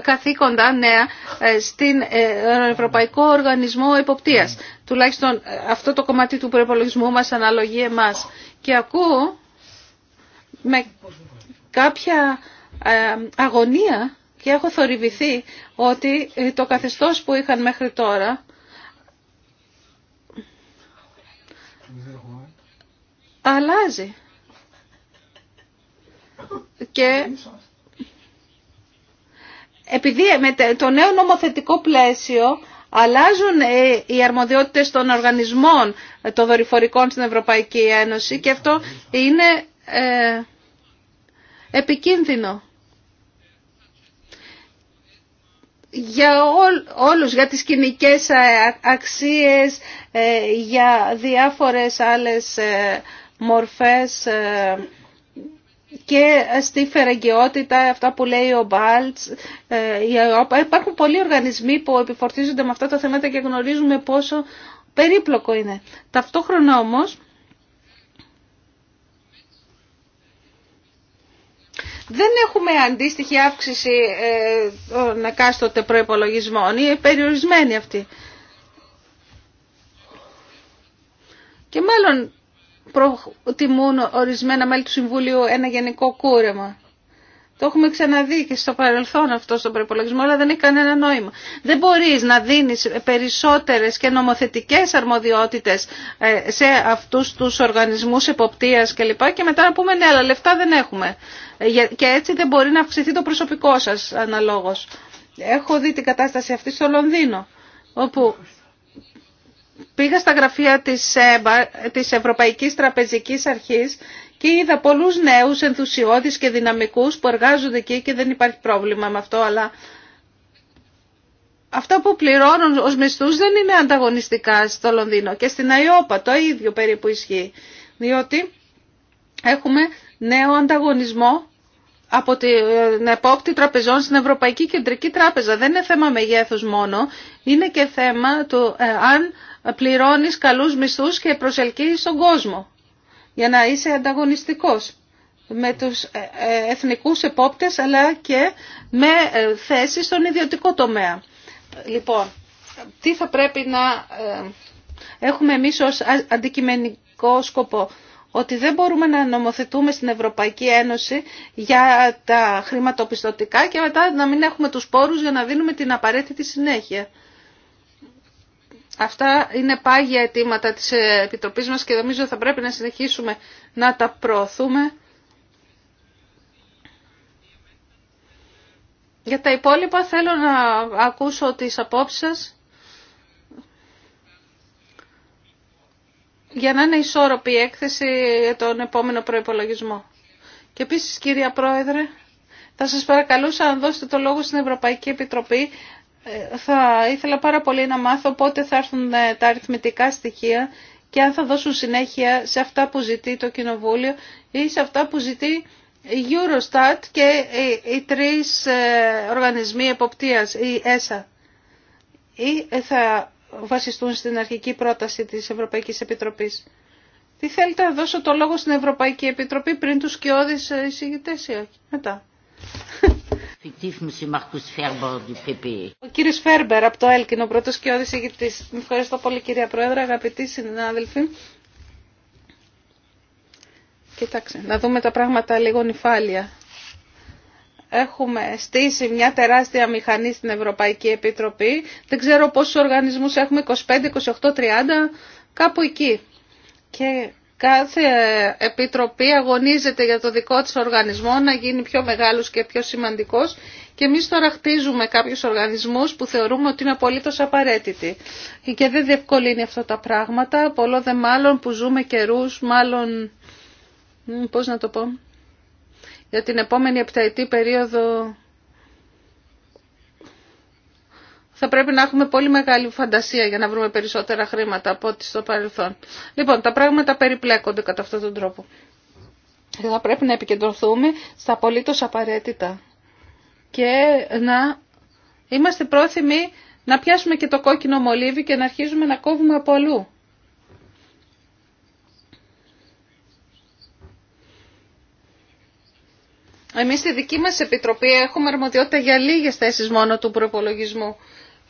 καθήκοντα νέα ε, στην ε, Ευρωπαϊκό Οργανισμό Εποπτείας. Τουλάχιστον ε, αυτό το κομμάτι του προπολογισμού μας αναλογεί εμάς. Και ακούω με κάποια αγωνία και έχω θορυβηθεί ότι το καθεστώς που είχαν μέχρι τώρα αλλάζει. Και επειδή ε, με το νέο νομοθετικό πλαίσιο αλλάζουν ε, οι αρμοδιότητες των οργανισμών ε, των δορυφορικών στην Ευρωπαϊκή Ένωση και αυτό είναι επικίνδυνο. για όλους, για τις κοινικέ αξίες, για διάφορες άλλες μορφές και στη φεραγγιότητα, αυτά που λέει ο Μπάλτς, ε, Υπάρχουν πολλοί οργανισμοί που επιφορτίζονται με αυτά τα θέματα και γνωρίζουμε πόσο περίπλοκο είναι. Ταυτόχρονα όμως, δεν έχουμε αντίστοιχη αύξηση ε, των εκάστοτε προϋπολογισμών, είναι περιορισμένη αυτή. Και μάλλον προτιμούν ορισμένα μέλη του Συμβουλίου ένα γενικό κούρεμα. Το έχουμε ξαναδεί και στο παρελθόν αυτό στον προπολογισμό, αλλά δεν έχει κανένα νόημα. Δεν μπορεί να δίνει περισσότερε και νομοθετικέ αρμοδιότητε ε, σε αυτού του οργανισμού εποπτεία κλπ. Και, και μετά να πούμε ναι, αλλά λεφτά δεν έχουμε. Ε, και έτσι δεν μπορεί να αυξηθεί το προσωπικό σα αναλόγω. Έχω δει την κατάσταση αυτή στο Λονδίνο, όπου Πήγα στα γραφεία της, της Ευρωπαϊκής Τραπεζικής Αρχής και είδα πολλούς νέους ενθουσιώδεις και δυναμικούς που εργάζονται εκεί και δεν υπάρχει πρόβλημα με αυτό, αλλά αυτά που πληρώνουν ως μισθούς δεν είναι ανταγωνιστικά στο Λονδίνο και στην ΑΙΟΠΑ το ίδιο περίπου ισχύει, διότι έχουμε νέο ανταγωνισμό από την επόπτη τραπεζών στην Ευρωπαϊκή Κεντρική Τράπεζα. Δεν είναι θέμα μεγέθους μόνο, είναι και θέμα του ε, αν πληρώνεις καλούς μισθούς και προσελκύεις τον κόσμο για να είσαι ανταγωνιστικός με τους ε, ε, εθνικούς επόπτες αλλά και με θέσεις στον ιδιωτικό τομέα. Λοιπόν, τι θα πρέπει να έχουμε εμείς ως αντικειμενικό σκοπό ότι δεν μπορούμε να νομοθετούμε στην Ευρωπαϊκή Ένωση για τα χρηματοπιστωτικά και μετά να μην έχουμε τους πόρους για να δίνουμε την απαραίτητη συνέχεια. Αυτά είναι πάγια αιτήματα της Επιτροπής μας και νομίζω θα πρέπει να συνεχίσουμε να τα προωθούμε. Για τα υπόλοιπα θέλω να ακούσω τις απόψεις σας. για να είναι ισόρροπη η έκθεση για τον επόμενο προπολογισμό. Και επίσης κυρία Πρόεδρε, θα σας παρακαλούσα να δώσετε το λόγο στην Ευρωπαϊκή Επιτροπή. Ε, θα ήθελα πάρα πολύ να μάθω πότε θα έρθουν ε, τα αριθμητικά στοιχεία και αν θα δώσουν συνέχεια σε αυτά που ζητεί το Κοινοβούλιο ή σε αυτά που ζητεί η Eurostat και οι τρεις ε, οργανισμοί εποπτείας, η ΕΣΑ. Ή θα βασιστούν στην αρχική πρόταση της Ευρωπαϊκής Επιτροπής. Τι θέλετε να δώσω το λόγο στην Ευρωπαϊκή Επιτροπή πριν τους σκιώδεις ε, εισηγητές ή όχι. Μετά. Ο κύριος Φέρμπερ από το Έλκυνο, πρώτος σκιώδης εισηγητής. Ευχαριστώ πολύ κυρία Πρόεδρε, αγαπητοί συνάδελφοι. Κοιτάξτε, να δούμε τα πράγματα λίγο νυφάλια έχουμε στήσει μια τεράστια μηχανή στην Ευρωπαϊκή Επιτροπή. Δεν ξέρω πόσους οργανισμούς έχουμε, 25, 28, 30, κάπου εκεί. Και κάθε επιτροπή αγωνίζεται για το δικό της οργανισμό να γίνει πιο μεγάλος και πιο σημαντικός και εμείς τώρα χτίζουμε κάποιους οργανισμούς που θεωρούμε ότι είναι απολύτως απαραίτητοι. Και δεν διευκολύνει αυτά τα πράγματα, πολλό δε μάλλον που ζούμε καιρούς, μάλλον, πώς να το πω, για την επόμενη επταετή περίοδο θα πρέπει να έχουμε πολύ μεγάλη φαντασία για να βρούμε περισσότερα χρήματα από ό,τι στο παρελθόν. Λοιπόν, τα πράγματα περιπλέκονται κατά αυτόν τον τρόπο. Θα πρέπει να επικεντρωθούμε στα απολύτω απαραίτητα και να είμαστε πρόθυμοι να πιάσουμε και το κόκκινο μολύβι και να αρχίζουμε να κόβουμε από αλλού. Εμείς στη δική μας επιτροπή έχουμε αρμοδιότητα για λίγες θέσεις μόνο του προπολογισμού.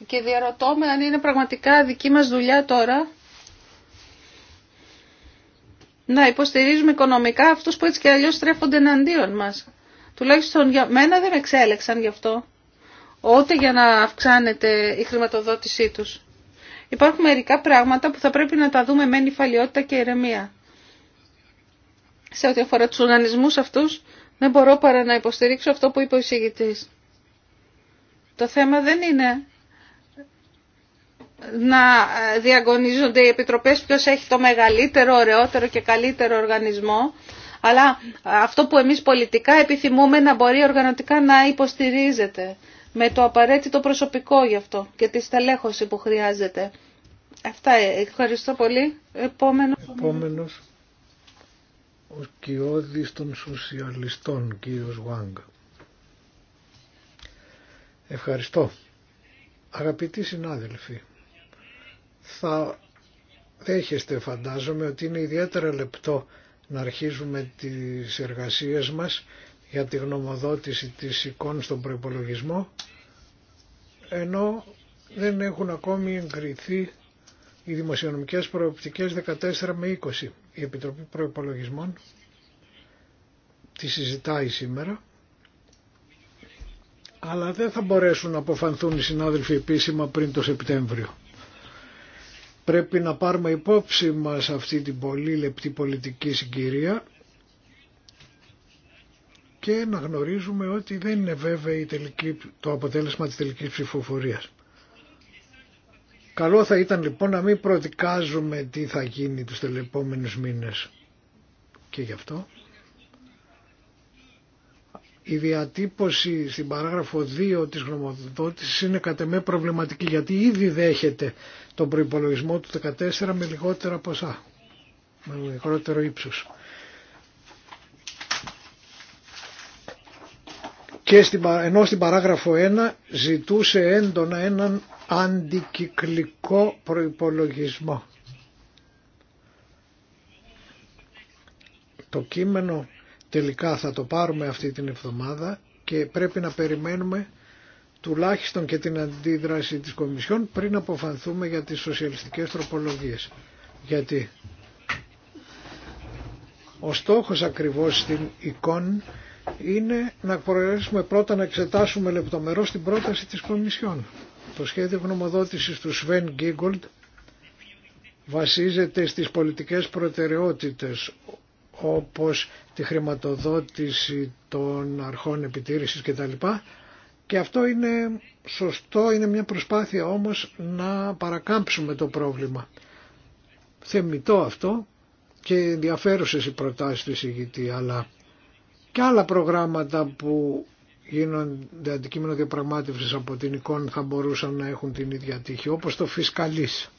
Και διαρωτώ αν είναι πραγματικά δική μας δουλειά τώρα να υποστηρίζουμε οικονομικά αυτούς που έτσι και αλλιώς στρέφονται εναντίον μας. Τουλάχιστον για μένα δεν με εξέλεξαν γι' αυτό, ούτε για να αυξάνεται η χρηματοδότησή τους. Υπάρχουν μερικά πράγματα που θα πρέπει να τα δούμε με νυφαλιότητα και ηρεμία. Σε ό,τι αφορά τους οργανισμούς αυτού δεν μπορώ παρά να υποστηρίξω αυτό που είπε ο εισηγητής. Το θέμα δεν είναι να διαγωνίζονται οι επιτροπές ποιος έχει το μεγαλύτερο, ωραιότερο και καλύτερο οργανισμό, αλλά αυτό που εμείς πολιτικά επιθυμούμε να μπορεί οργανωτικά να υποστηρίζεται με το απαραίτητο προσωπικό γι' αυτό και τη στελέχωση που χρειάζεται. Αυτά. Ευχαριστώ πολύ. Επόμενος. Επόμενος ο σκιώδης των σοσιαλιστών, κύριος Γουάγκ. Ευχαριστώ. Αγαπητοί συνάδελφοι, θα δέχεστε φαντάζομαι ότι είναι ιδιαίτερα λεπτό να αρχίζουμε τις εργασίες μας για τη γνωμοδότηση της εικόνας στον προϋπολογισμό, ενώ δεν έχουν ακόμη εγκριθεί οι δημοσιονομικές προοπτικές 14 με 20 η Επιτροπή Προϋπολογισμών τη συζητάει σήμερα αλλά δεν θα μπορέσουν να αποφανθούν οι συνάδελφοι επίσημα πριν το Σεπτέμβριο. Πρέπει να πάρουμε υπόψη μας αυτή την πολύ λεπτή πολιτική συγκυρία και να γνωρίζουμε ότι δεν είναι βέβαιο το αποτέλεσμα της τελικής ψηφοφορίας. Καλό θα ήταν λοιπόν να μην προδικάζουμε τι θα γίνει τους τελεπόμενους μήνες. Και γι' αυτό η διατύπωση στην παράγραφο 2 της γνωμοδότησης είναι κατ' εμέ προβληματική γιατί ήδη δέχεται τον προϋπολογισμό του 14 με λιγότερα ποσά, με λιγότερο ύψος. Και στην, ενώ στην παράγραφο 1 ζητούσε έντονα έναν αντικυκλικό προϋπολογισμό. Το κείμενο τελικά θα το πάρουμε αυτή την εβδομάδα και πρέπει να περιμένουμε τουλάχιστον και την αντίδραση της Κομισιόν πριν αποφανθούμε για τις σοσιαλιστικές τροπολογίες. Γιατί ο στόχος ακριβώς στην εικόνα είναι να προεργαστούμε πρώτα να εξετάσουμε λεπτομερώς την πρόταση της Κομισιόν. Το σχέδιο γνωμοδότησης του Σβέν Γκίγκολτ βασίζεται στις πολιτικές προτεραιότητες όπως τη χρηματοδότηση των αρχών επιτήρησης κτλ. Και αυτό είναι σωστό, είναι μια προσπάθεια όμως να παρακάμψουμε το πρόβλημα. Θεμητό αυτό και ενδιαφέρουσες οι προτάσεις της εισηγητή, αλλά και άλλα προγράμματα που γίνονται αντικείμενο διαπραγμάτευσης από την εικόνα θα μπορούσαν να έχουν την ίδια τύχη, όπως το φυσκαλής.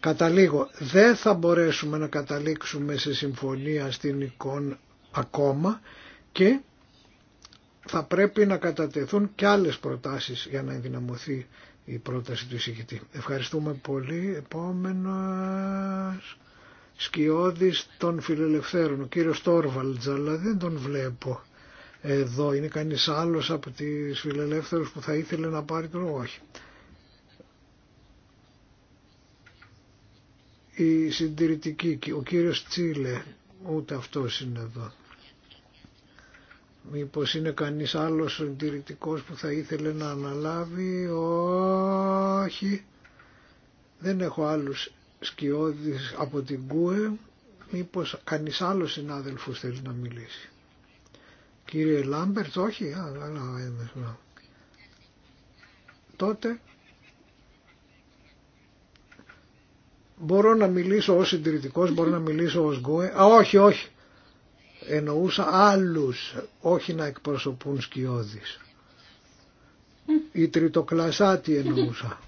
Καταλήγω, δεν θα μπορέσουμε να καταλήξουμε σε συμφωνία στην εικόνα ακόμα και θα πρέπει να κατατεθούν και άλλες προτάσεις για να ενδυναμωθεί η πρόταση του εισηγητή. Ευχαριστούμε πολύ. Επόμενος σκιώδης των φιλελευθέρων, ο κύριος Τόρβαλτζα, αλλά δεν τον βλέπω εδώ. Είναι κανείς άλλος από τις φιλελεύθερους που θα ήθελε να πάρει τον όχι. Η συντηρητική, ο κύριος Τσίλε, ούτε αυτός είναι εδώ. Μήπως είναι κανείς άλλος συντηρητικός που θα ήθελε να αναλάβει, όχι. Δεν έχω άλλους σκιώδεις από την ΚΟΕ, μήπως κανείς άλλος συνάδελφος θέλει να μιλήσει. Κύριε Λάμπερτ, όχι, αλλά ε, ε, ε, Τότε μπορώ να μιλήσω ως συντηρητικός, μπορώ να μιλήσω ως γκουε, Α, όχι, όχι. Εννοούσα άλλους, όχι να εκπροσωπούν σκιώδεις. Η τριτοκλασάτη εννοούσα.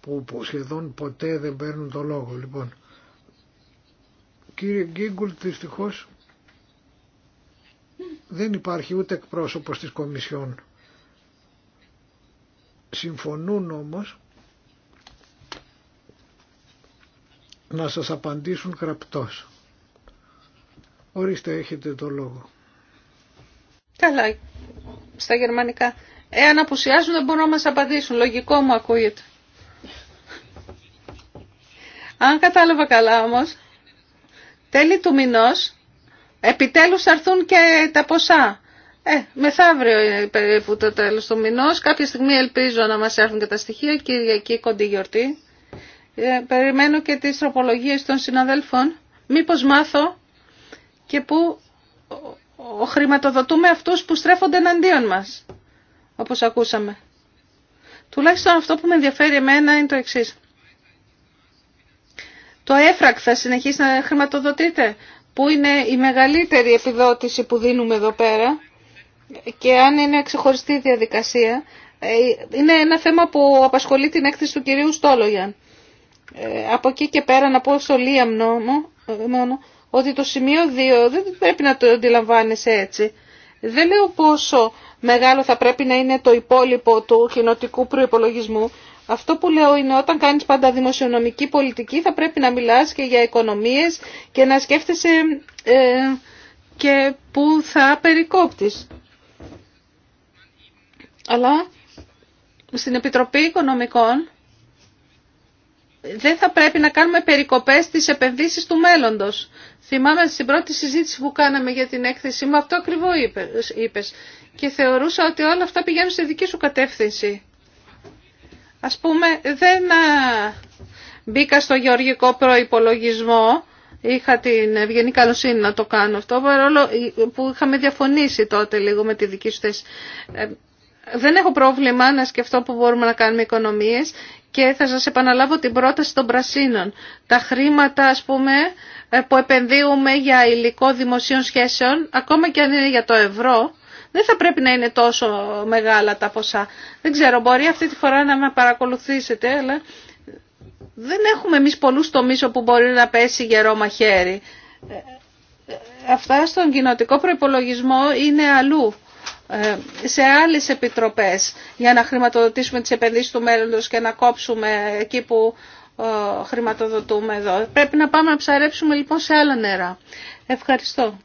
Που, σχεδόν ποτέ δεν παίρνουν το λόγο. Λοιπόν, κύριε Γκίγκουλ, δυστυχώς δεν υπάρχει ούτε εκπρόσωπος της Κομισιόν. Συμφωνούν όμως να σας απαντήσουν κραπτός. Ορίστε έχετε το λόγο. Καλά, στα γερμανικά. Εάν απουσιάζουν δεν μπορούν να μας απαντήσουν. Λογικό μου ακούγεται. Αν κατάλαβα καλά όμως, τέλη του μηνός Επιτέλους αρθούν έρθουν και τα ποσά. Ε, μεθαύριο είναι περίπου το τέλος του μηνός. Κάποια στιγμή ελπίζω να μας έρθουν και τα στοιχεία. Κυριακή κοντή γιορτή. Ε, περιμένω και τις τροπολογίες των συναδέλφων. Μήπως μάθω και που χρηματοδοτούμε αυτούς που στρέφονται εναντίον μας. Όπως ακούσαμε. Τουλάχιστον αυτό που με ενδιαφέρει εμένα είναι το εξής. Το έφρακ θα συνεχίσει να χρηματοδοτείται που είναι η μεγαλύτερη επιδότηση που δίνουμε εδώ πέρα και αν είναι ξεχωριστή διαδικασία, ε, είναι ένα θέμα που απασχολεί την έκθεση του κυρίου Στόλογιαν. Ε, από εκεί και πέρα να πω στο Λίαμνο ε, μόνο ότι το σημείο 2 δεν πρέπει να το αντιλαμβάνεσαι έτσι. Δεν λέω πόσο μεγάλο θα πρέπει να είναι το υπόλοιπο του κοινοτικού προϋπολογισμού, αυτό που λέω είναι όταν κάνεις πάντα δημοσιονομική πολιτική θα πρέπει να μιλάς και για οικονομίες και να σκέφτεσαι ε, και που θα περικόπτεις. Αλλά στην Επιτροπή Οικονομικών δεν θα πρέπει να κάνουμε περικοπές στις επενδύσεις του μέλλοντος. Θυμάμαι στην πρώτη συζήτηση που κάναμε για την έκθεση μου, αυτό ακριβώς είπες. Και θεωρούσα ότι όλα αυτά πηγαίνουν σε δική σου κατεύθυνση. Ας πούμε δεν μπήκα στο γεωργικό προϋπολογισμό, είχα την ευγενή καλοσύνη να το κάνω αυτό, παρόλο ε, που είχαμε διαφωνήσει τότε λίγο με τη δική σου θέση. Ε, δεν έχω πρόβλημα να σκεφτώ που μπορούμε να κάνουμε οικονομίες και θα σας επαναλάβω την πρόταση των πρασίνων. Τα χρήματα, ας πούμε, ε, που επενδύουμε για υλικό δημοσίων σχέσεων, ακόμα και αν είναι για το ευρώ, δεν θα πρέπει να είναι τόσο μεγάλα τα ποσά. Δεν ξέρω, μπορεί αυτή τη φορά να με παρακολουθήσετε, αλλά δεν έχουμε εμείς πολλούς τομείς όπου μπορεί να πέσει γερό μαχαίρι. Ε, ε, αυτά στον κοινοτικό προϋπολογισμό είναι αλλού ε, σε άλλες επιτροπές για να χρηματοδοτήσουμε τις επενδύσεις του μέλλοντος και να κόψουμε εκεί που χρηματοδοτούμε εδώ. Πρέπει να πάμε να ψαρέψουμε λοιπόν σε άλλα νερά. Ευχαριστώ.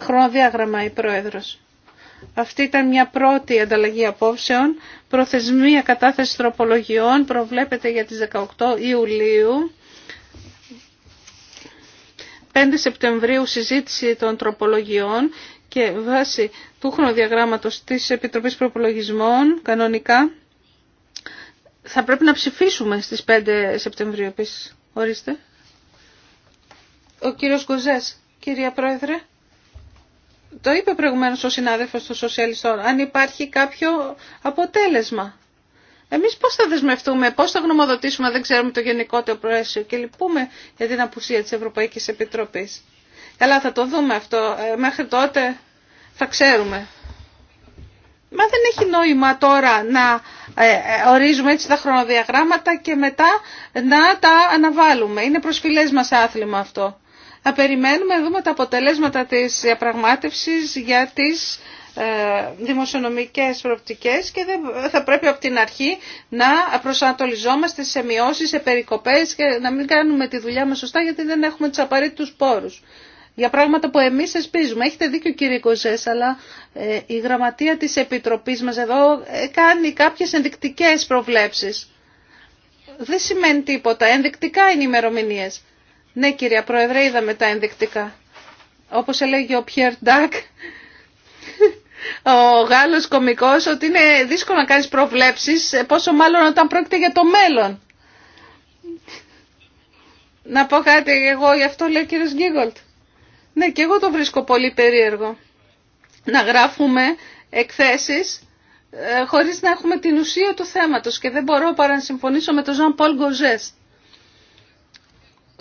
Χρονοδιάγραμμα η Πρόεδρος. Αυτή ήταν μια πρώτη ανταλλαγή απόψεων. Προθεσμία κατάθεση τροπολογιών προβλέπεται για τις 18 Ιουλίου. 5 Σεπτεμβρίου συζήτηση των τροπολογιών και βάσει του χρονοδιαγράμματος της Επιτροπής Προπολογισμών κανονικά θα πρέπει να ψηφίσουμε στις 5 Σεπτεμβρίου επίσης. Ορίστε. Ο κύριος Κοζές, κυρία Πρόεδρε. Το είπε προηγουμένως ο συνάδελφος των σοσιαλιστών, αν υπάρχει κάποιο αποτέλεσμα. Εμείς πώς θα δεσμευτούμε, πώς θα γνωμοδοτήσουμε, δεν ξέρουμε το γενικότερο προέσιο και λυπούμε για την απουσία της Ευρωπαϊκής Επιτροπής. Καλά θα το δούμε αυτό, ε, μέχρι τότε θα ξέρουμε. Μα δεν έχει νόημα τώρα να ε, ε, ορίζουμε έτσι τα χρονοδιαγράμματα και μετά να τα αναβάλουμε. Είναι προσφυλές μας άθλημα αυτό. Θα περιμένουμε να δούμε τα αποτελέσματα της διαπραγμάτευσης για τις ε, δημοσιονομικές προοπτικές και θα πρέπει από την αρχή να προσανατολιζόμαστε σε μειώσεις, σε περικοπές και να μην κάνουμε τη δουλειά μας σωστά γιατί δεν έχουμε τους απαραίτητους πόρους. Για πράγματα που εμείς εσπίζουμε. Έχετε δίκιο κύριε Κοζές, αλλά ε, η γραμματεία της Επιτροπής μας εδώ ε, κάνει κάποιες ενδεικτικές προβλέψεις. Δεν σημαίνει τίποτα. Ενδεικτικά είναι οι ημερομηνίες. Ναι, κυρία Πρόεδρε, είδαμε τα ενδεικτικά. Όπως έλεγε ο Πιέρ Ντάκ, ο Γάλλος κομικός, ότι είναι δύσκολο να κάνεις προβλέψεις, πόσο μάλλον όταν πρόκειται για το μέλλον. Να πω κάτι εγώ, γι' αυτό λέει ο κύριος Γκίγολτ. Ναι, και εγώ το βρίσκω πολύ περίεργο. Να γράφουμε εκθέσεις ε, χωρίς να έχουμε την ουσία του θέματος και δεν μπορώ παρά να συμφωνήσω με τον Ζαν Πολ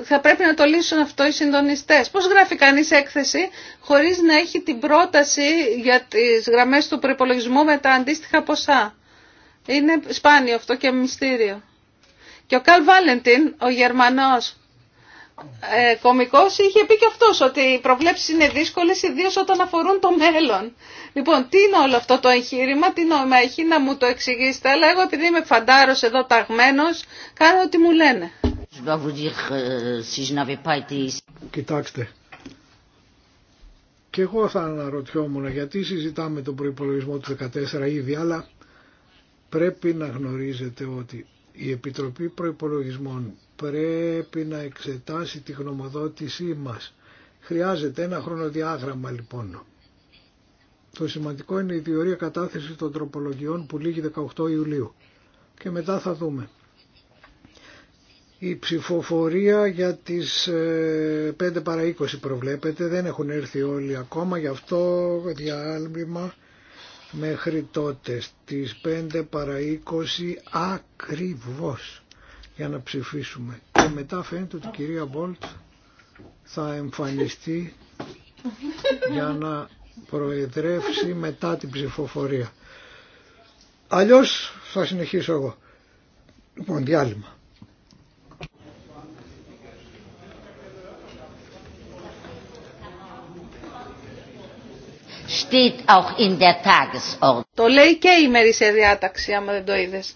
θα πρέπει να το λύσουν αυτό οι συντονιστέ. Πώ γράφει κανεί έκθεση χωρί να έχει την πρόταση για τι γραμμέ του προπολογισμού με τα αντίστοιχα ποσά. Είναι σπάνιο αυτό και μυστήριο. Και ο Καλ Βάλεντιν, ο Γερμανό ε, είχε πει και αυτό ότι οι προβλέψεις είναι δύσκολε, ιδίω όταν αφορούν το μέλλον. Λοιπόν, τι είναι όλο αυτό το εγχείρημα, τι νόημα έχει να μου το εξηγήσετε, αλλά εγώ επειδή είμαι φαντάρο εδώ ταγμένο, κάνω ό,τι μου λένε. Κοιτάξτε, και εγώ θα αναρωτιόμουν γιατί συζητάμε τον προϋπολογισμό του 2014 ήδη, αλλά πρέπει να γνωρίζετε ότι η Επιτροπή Προϋπολογισμών πρέπει να εξετάσει τη γνωμοδότησή μας. Χρειάζεται ένα χρονοδιάγραμμα λοιπόν. Το σημαντικό είναι η διορία κατάθεση των τροπολογιών που λήγει 18 Ιουλίου. Και μετά θα δούμε. Η ψηφοφορία για τις 5 παρα 20 προβλέπεται, δεν έχουν έρθει όλοι ακόμα, γι' αυτό διάλειμμα μέχρι τότε στις 5 παρα 20 ακριβώς για να ψηφίσουμε. Και μετά φαίνεται ότι η κυρία Μπόλτ θα εμφανιστεί για να προεδρεύσει μετά την ψηφοφορία. Αλλιώς θα συνεχίσω εγώ. Λοιπόν, διάλειμμα. Steht auch in der Tagesordnung. Το λέει και η ημερήσια διάταξη, άμα δεν το είδες.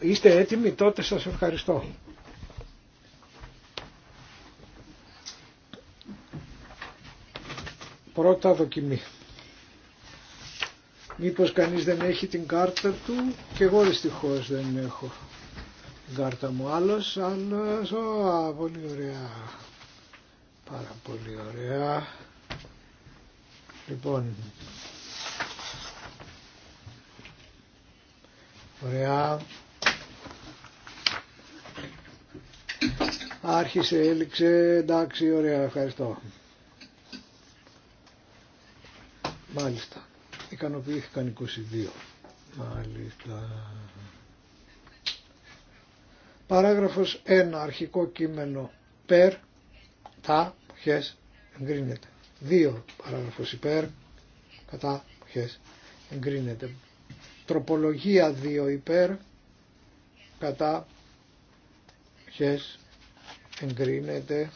Είστε έτοιμοι, τότε σας ευχαριστώ. Πρώτα δοκιμή. Μήπως κανείς δεν έχει την κάρτα του και εγώ δυστυχώς δεν έχω την κάρτα μου. Άλλος, άλλος, πολύ ωραία. Πάρα πολύ ωραία. Λοιπόν, ωραία. Άρχισε, έληξε, εντάξει, ωραία, ευχαριστώ. Μάλιστα, ικανοποιήθηκαν 22. Μάλιστα. Παράγραφος 1, αρχικό κείμενο, περ, τα, χες, εγκρίνεται. Δυο παράγραφος υπέρ κατά χες εγκρίνεται. Τροπολογία δύο υπέρ κατά χες εγκρίνεται.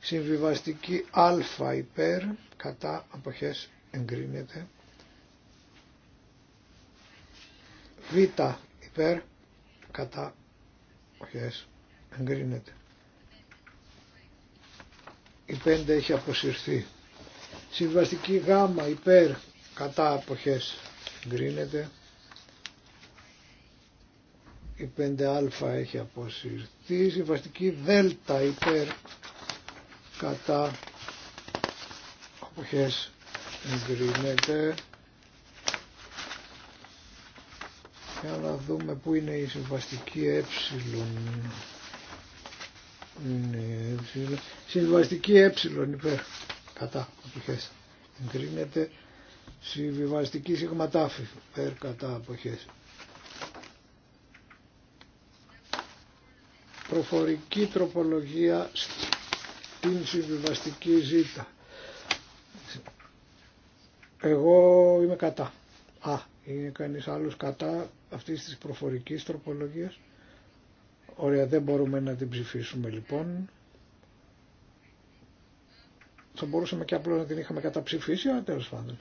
Συμβιβαστική α υπέρ κατά αποχές εγκρίνεται. Β υπέρ κατά αποχές εγκρίνεται η 5 έχει αποσυρθεί. Συμβαστική γάμα υπέρ κατά αποχές γκρίνεται. Η 5α έχει αποσυρθεί. Συμβαστική δέλτα υπέρ κατά αποχές γκρίνεται. Για να δούμε πού είναι η συμβαστική ε. Ναι, ε, συμβιβαστική ε υπέρ. Κατά. Αποχές. Εγκρίνεται συμβιβαστική σιγματάφη υπέρ κατά αποχές. Προφορική τροπολογία στην συμβιβαστική ζήτα. Εγώ είμαι κατά. Α, είναι κανείς άλλος κατά αυτής της προφορικής τροπολογίας. Ωραία, δεν μπορούμε να την ψηφίσουμε λοιπόν. Θα μπορούσαμε και απλώς να την είχαμε καταψηφίσει, αλλά τέλος πάντων.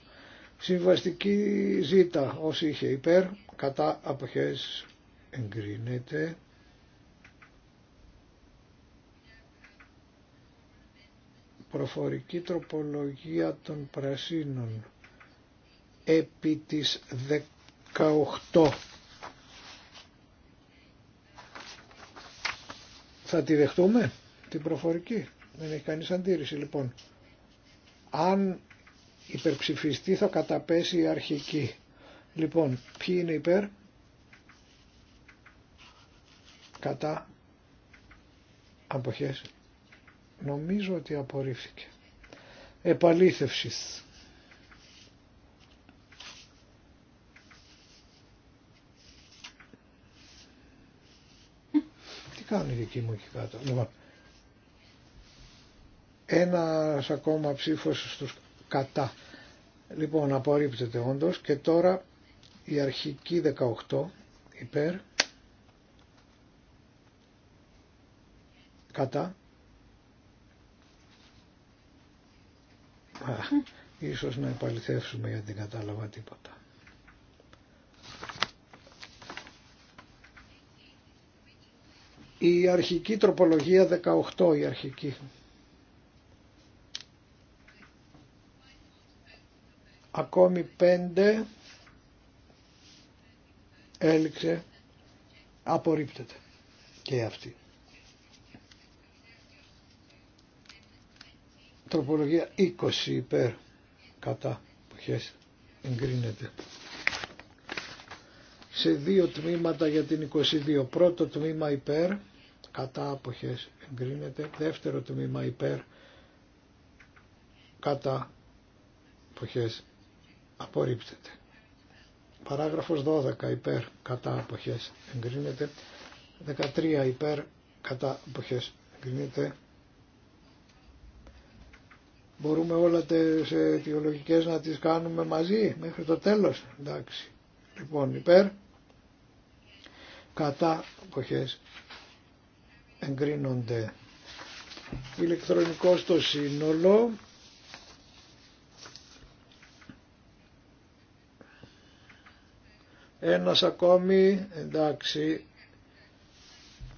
Συμβαστική ζήτα, όσοι είχε υπέρ, κατά αποχές εγκρίνεται. Προφορική τροπολογία των πρασίνων επί της 18 Θα τη δεχτούμε την προφορική. Δεν έχει κανείς αντίρρηση λοιπόν. Αν υπερψηφιστεί θα καταπέσει η αρχική. Λοιπόν, ποιοι είναι υπέρ. Κατά. Αποχές. Νομίζω ότι απορρίφθηκε. Επαλήθευσης. κάνουν οι μου εκεί κάτω. Λοιπόν, ένα ακόμα ψήφο στους κατά. Λοιπόν, απορρίπτεται όντω και τώρα η αρχική 18 υπέρ κατά ίσως να επαληθεύσουμε γιατί δεν κατάλαβα τίποτα. Η αρχική τροπολογία 18 η αρχική. Ακόμη 5 έληξε απορρίπτεται και αυτή. Τροπολογία 20 υπέρ κατά χες εγκρίνεται σε δύο τμήματα για την 22. Πρώτο τμήμα υπέρ, κατά αποχές εγκρίνεται. Δεύτερο τμήμα υπέρ, κατά αποχές απορρίπτεται. Παράγραφος 12 υπέρ, κατά αποχές εγκρίνεται. 13 υπέρ, κατά αποχές εγκρίνεται. Μπορούμε όλα τις αιτιολογικές να τις κάνουμε μαζί μέχρι το τέλος. Εντάξει. Λοιπόν, υπέρ κατά αποχές εγκρίνονται ηλεκτρονικό στο σύνολο ένας ακόμη εντάξει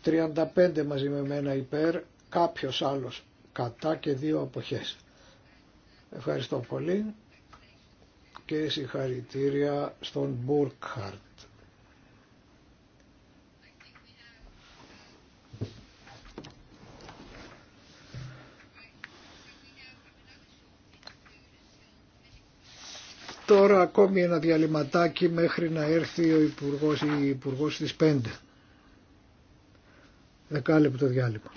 35 μαζί με μένα υπέρ κάποιος άλλος κατά και δύο αποχές ευχαριστώ πολύ και συγχαρητήρια στον Μπούρκχαρτ Τώρα ακόμη ένα διαλυματάκι μέχρι να έρθει ο Υπουργός ή η Υπουργός στις 5. Δεκάλεπτο διάλειμμα.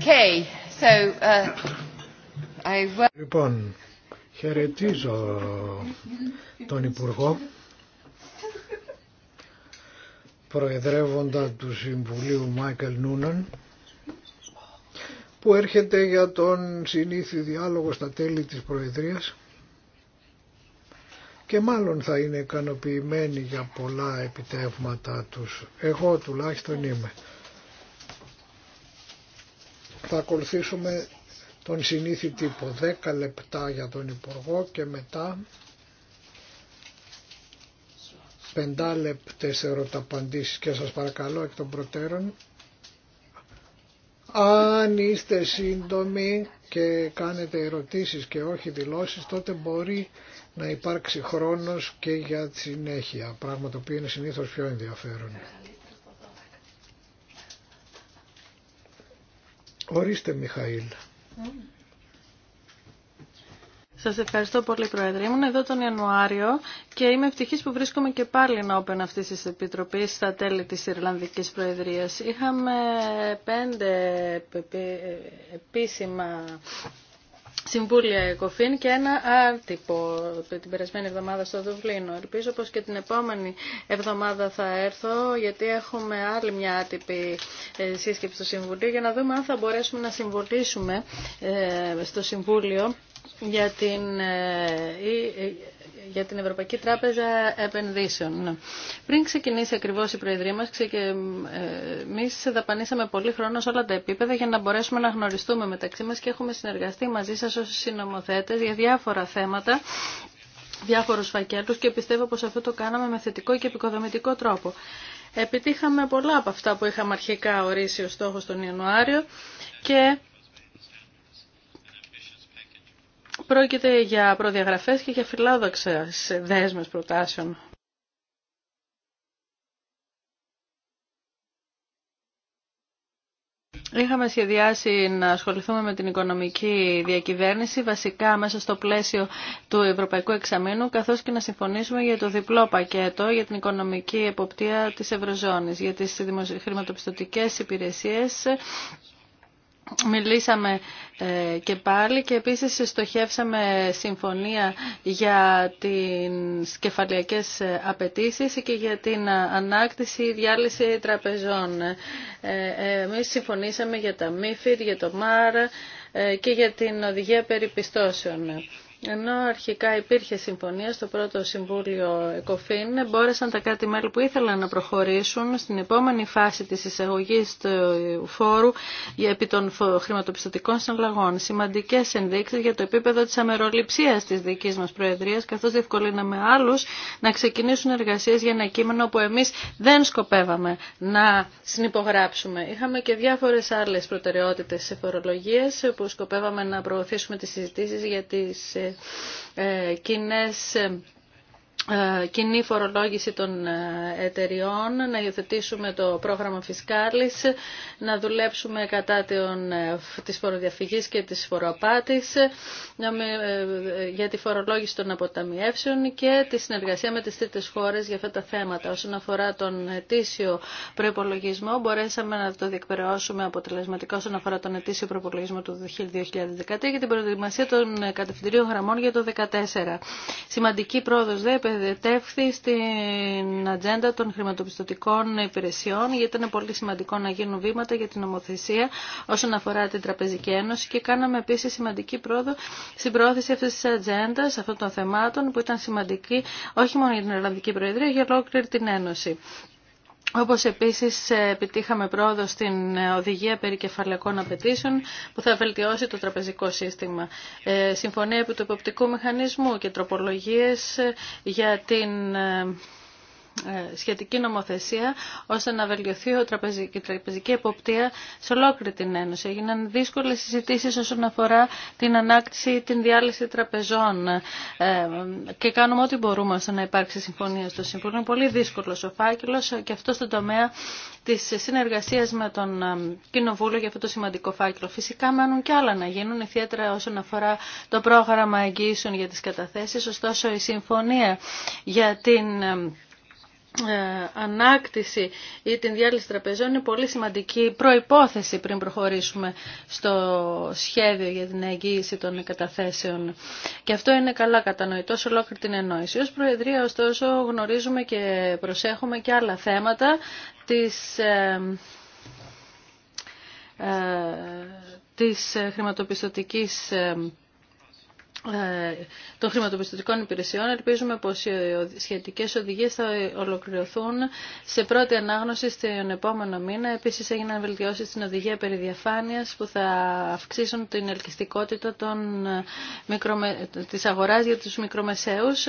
Okay, so, uh, I... Λοιπόν, χαιρετίζω τον Υπουργό προεδρεύοντα του Συμβουλίου Μάικελ Νούναν που έρχεται για τον συνήθι διάλογο στα τέλη της Προεδρίας και μάλλον θα είναι ικανοποιημένοι για πολλά επιτεύγματα τους. Εγώ τουλάχιστον είμαι. Θα ακολουθήσουμε τον συνήθι τύπο 10 λεπτά για τον Υπουργό και μετά 5 λεπτές ερωταπαντήσεις και σας παρακαλώ εκ των προτέρων αν είστε σύντομοι και κάνετε ερωτήσεις και όχι δηλώσεις τότε μπορεί να υπάρξει χρόνος και για τη συνέχεια πράγμα το οποίο είναι συνήθως πιο ενδιαφέρον. Ορίστε Μιχαήλ. Σας ευχαριστώ πολύ Πρόεδρε. Ήμουν εδώ τον Ιανουάριο και είμαι ευτυχής που βρίσκομαι και πάλι όπεν αυτή τη Επιτροπής στα τέλη της Ιρλανδικής Προεδρίας. Είχαμε πέντε επίσημα Συμβούλια ΕΚΟΦΗΝ και ένα άρτυπο την περασμένη εβδομάδα στο Δουβλίνο. Ελπίζω πως και την επόμενη εβδομάδα θα έρθω γιατί έχουμε άλλη μια άτυπη ε, σύσκεψη στο Συμβουλίο για να δούμε αν θα μπορέσουμε να συμβολήσουμε ε, στο Συμβούλιο για την ε, για την Ευρωπαϊκή Τράπεζα Επενδύσεων. Πριν ξεκινήσει ακριβώς η Προεδρία μας, ε, εμεί δαπανίσαμε πολύ χρόνο σε όλα τα επίπεδα για να μπορέσουμε να γνωριστούμε μεταξύ μας και έχουμε συνεργαστεί μαζί σας ως συνομοθέτες για διάφορα θέματα διάφορους φακέλους και πιστεύω πως αυτό το κάναμε με θετικό και επικοδομητικό τρόπο. Επιτύχαμε πολλά από αυτά που είχαμε αρχικά ορίσει ως στόχο τον Ιανουάριο και Πρόκειται για προδιαγραφές και για φιλάδοξες δέσμες προτάσεων. Είχαμε σχεδιάσει να ασχοληθούμε με την οικονομική διακυβέρνηση βασικά μέσα στο πλαίσιο του Ευρωπαϊκού Εξαμήνου καθώς και να συμφωνήσουμε για το διπλό πακέτο για την οικονομική εποπτεία της Ευρωζώνης, για τις χρηματοπιστωτικές υπηρεσίες Μιλήσαμε ε, και πάλι και επίσης στοχεύσαμε συμφωνία για τις κεφαλιακές ε, απαιτήσεις και για την ε, ανάκτηση ή διάλυση τραπεζών. Εμείς συμφωνήσαμε για τα MIFID, για το μάρα και για την οδηγία περιπιστώσεων. Ενώ αρχικά υπήρχε συμφωνία στο πρώτο Συμβούλιο ΕΚΟΦΗΝ, μπόρεσαν τα κράτη-μέλη που ήθελαν να προχωρήσουν στην επόμενη φάση της εισαγωγής του φόρου για επί των χρηματοπιστωτικών συναλλαγών. Σημαντικές ενδείξεις για το επίπεδο της αμεροληψίας της δικής μας Προεδρίας, καθώς διευκολύναμε άλλους να ξεκινήσουν εργασίες για ένα κείμενο που εμείς δεν σκοπεύαμε να συνυπογράψουμε. Είχαμε και διάφορες άλλες προτεραιότητες σε φορολογίες που σκοπεύαμε να προωθήσουμε τις συζητήσεις για τις ε, ε, ε, κοινές ε, ε, κοινή φορολόγηση των ε, εταιριών, να υιοθετήσουμε το πρόγραμμα Φισκάλης, να δουλέψουμε κατά των, ε, της φοροδιαφυγής και της φοροαπάτης, για τη φορολόγηση των αποταμιεύσεων και τη συνεργασία με τις τρίτες χώρες για αυτά τα θέματα. Όσον αφορά τον ετήσιο προπολογισμό, μπορέσαμε να το διεκπαιρεώσουμε αποτελεσματικά όσον αφορά τον ετήσιο προπολογισμό του 2013 και την προετοιμασία των κατευθυντήριων γραμμών για το 2014. Σημαντική πρόοδος δε διατεύχθη στην ατζέντα των χρηματοπιστωτικών υπηρεσιών γιατί ήταν πολύ σημαντικό να γίνουν βήματα για την νομοθεσία όσον αφορά την Τραπεζική Ένωση και κάναμε επίσης σημαντική πρόοδο στην πρόθεση αυτής της ατζέντα αυτών των θεμάτων που ήταν σημαντική όχι μόνο για την Ελλανδική Προεδρία, για ολόκληρη την Ένωση. Όπως επίσης ε, επιτύχαμε πρόοδο στην ε, οδηγία περί κεφαλαικών απαιτήσεων που θα βελτιώσει το τραπεζικό σύστημα. Ε, συμφωνία επί του εποπτικού μηχανισμού και τροπολογίες για την ε, σχετική νομοθεσία ώστε να βελτιωθεί ο τραπεζική, η τραπεζική εποπτεία σε ολόκληρη την Ένωση. Έγιναν δύσκολε συζητήσει όσον αφορά την ανάκτηση ή την διάλυση τραπεζών ε, και κάνουμε ό,τι μπορούμε ώστε να υπάρξει συμφωνία στο Συμβούλιο. Είναι πολύ δύσκολο ο φάκελο και αυτό στον τομέα τη συνεργασία με τον ε, Κοινοβούλιο για αυτό το σημαντικό φάκελο. Φυσικά μένουν και άλλα να γίνουν, ιδιαίτερα όσον αφορά το πρόγραμμα εγγύησεων για τι καταθέσει. Ωστόσο, η συμφωνία για την ε, ανάκτηση ή την διάλυση τραπεζών είναι πολύ σημαντική προϋπόθεση πριν προχωρήσουμε στο σχέδιο για την εγγύηση των καταθέσεων. Και αυτό είναι καλά κατανοητό σε ολόκληρη την ενόηση. Ως Προεδρία, ωστόσο, γνωρίζουμε και προσέχουμε και άλλα θέματα της ε, ε, της χρηματοπιστωτικής ε, των χρηματοπιστωτικών υπηρεσιών. Ελπίζουμε πως οι σχετικές οδηγίες θα ολοκληρωθούν σε πρώτη ανάγνωση στον επόμενο μήνα. Επίσης έγιναν βελτιώσεις στην οδηγία περί διαφάνειας που θα αυξήσουν την ελκυστικότητα των... της αγοράς για τους μικρομεσαίους.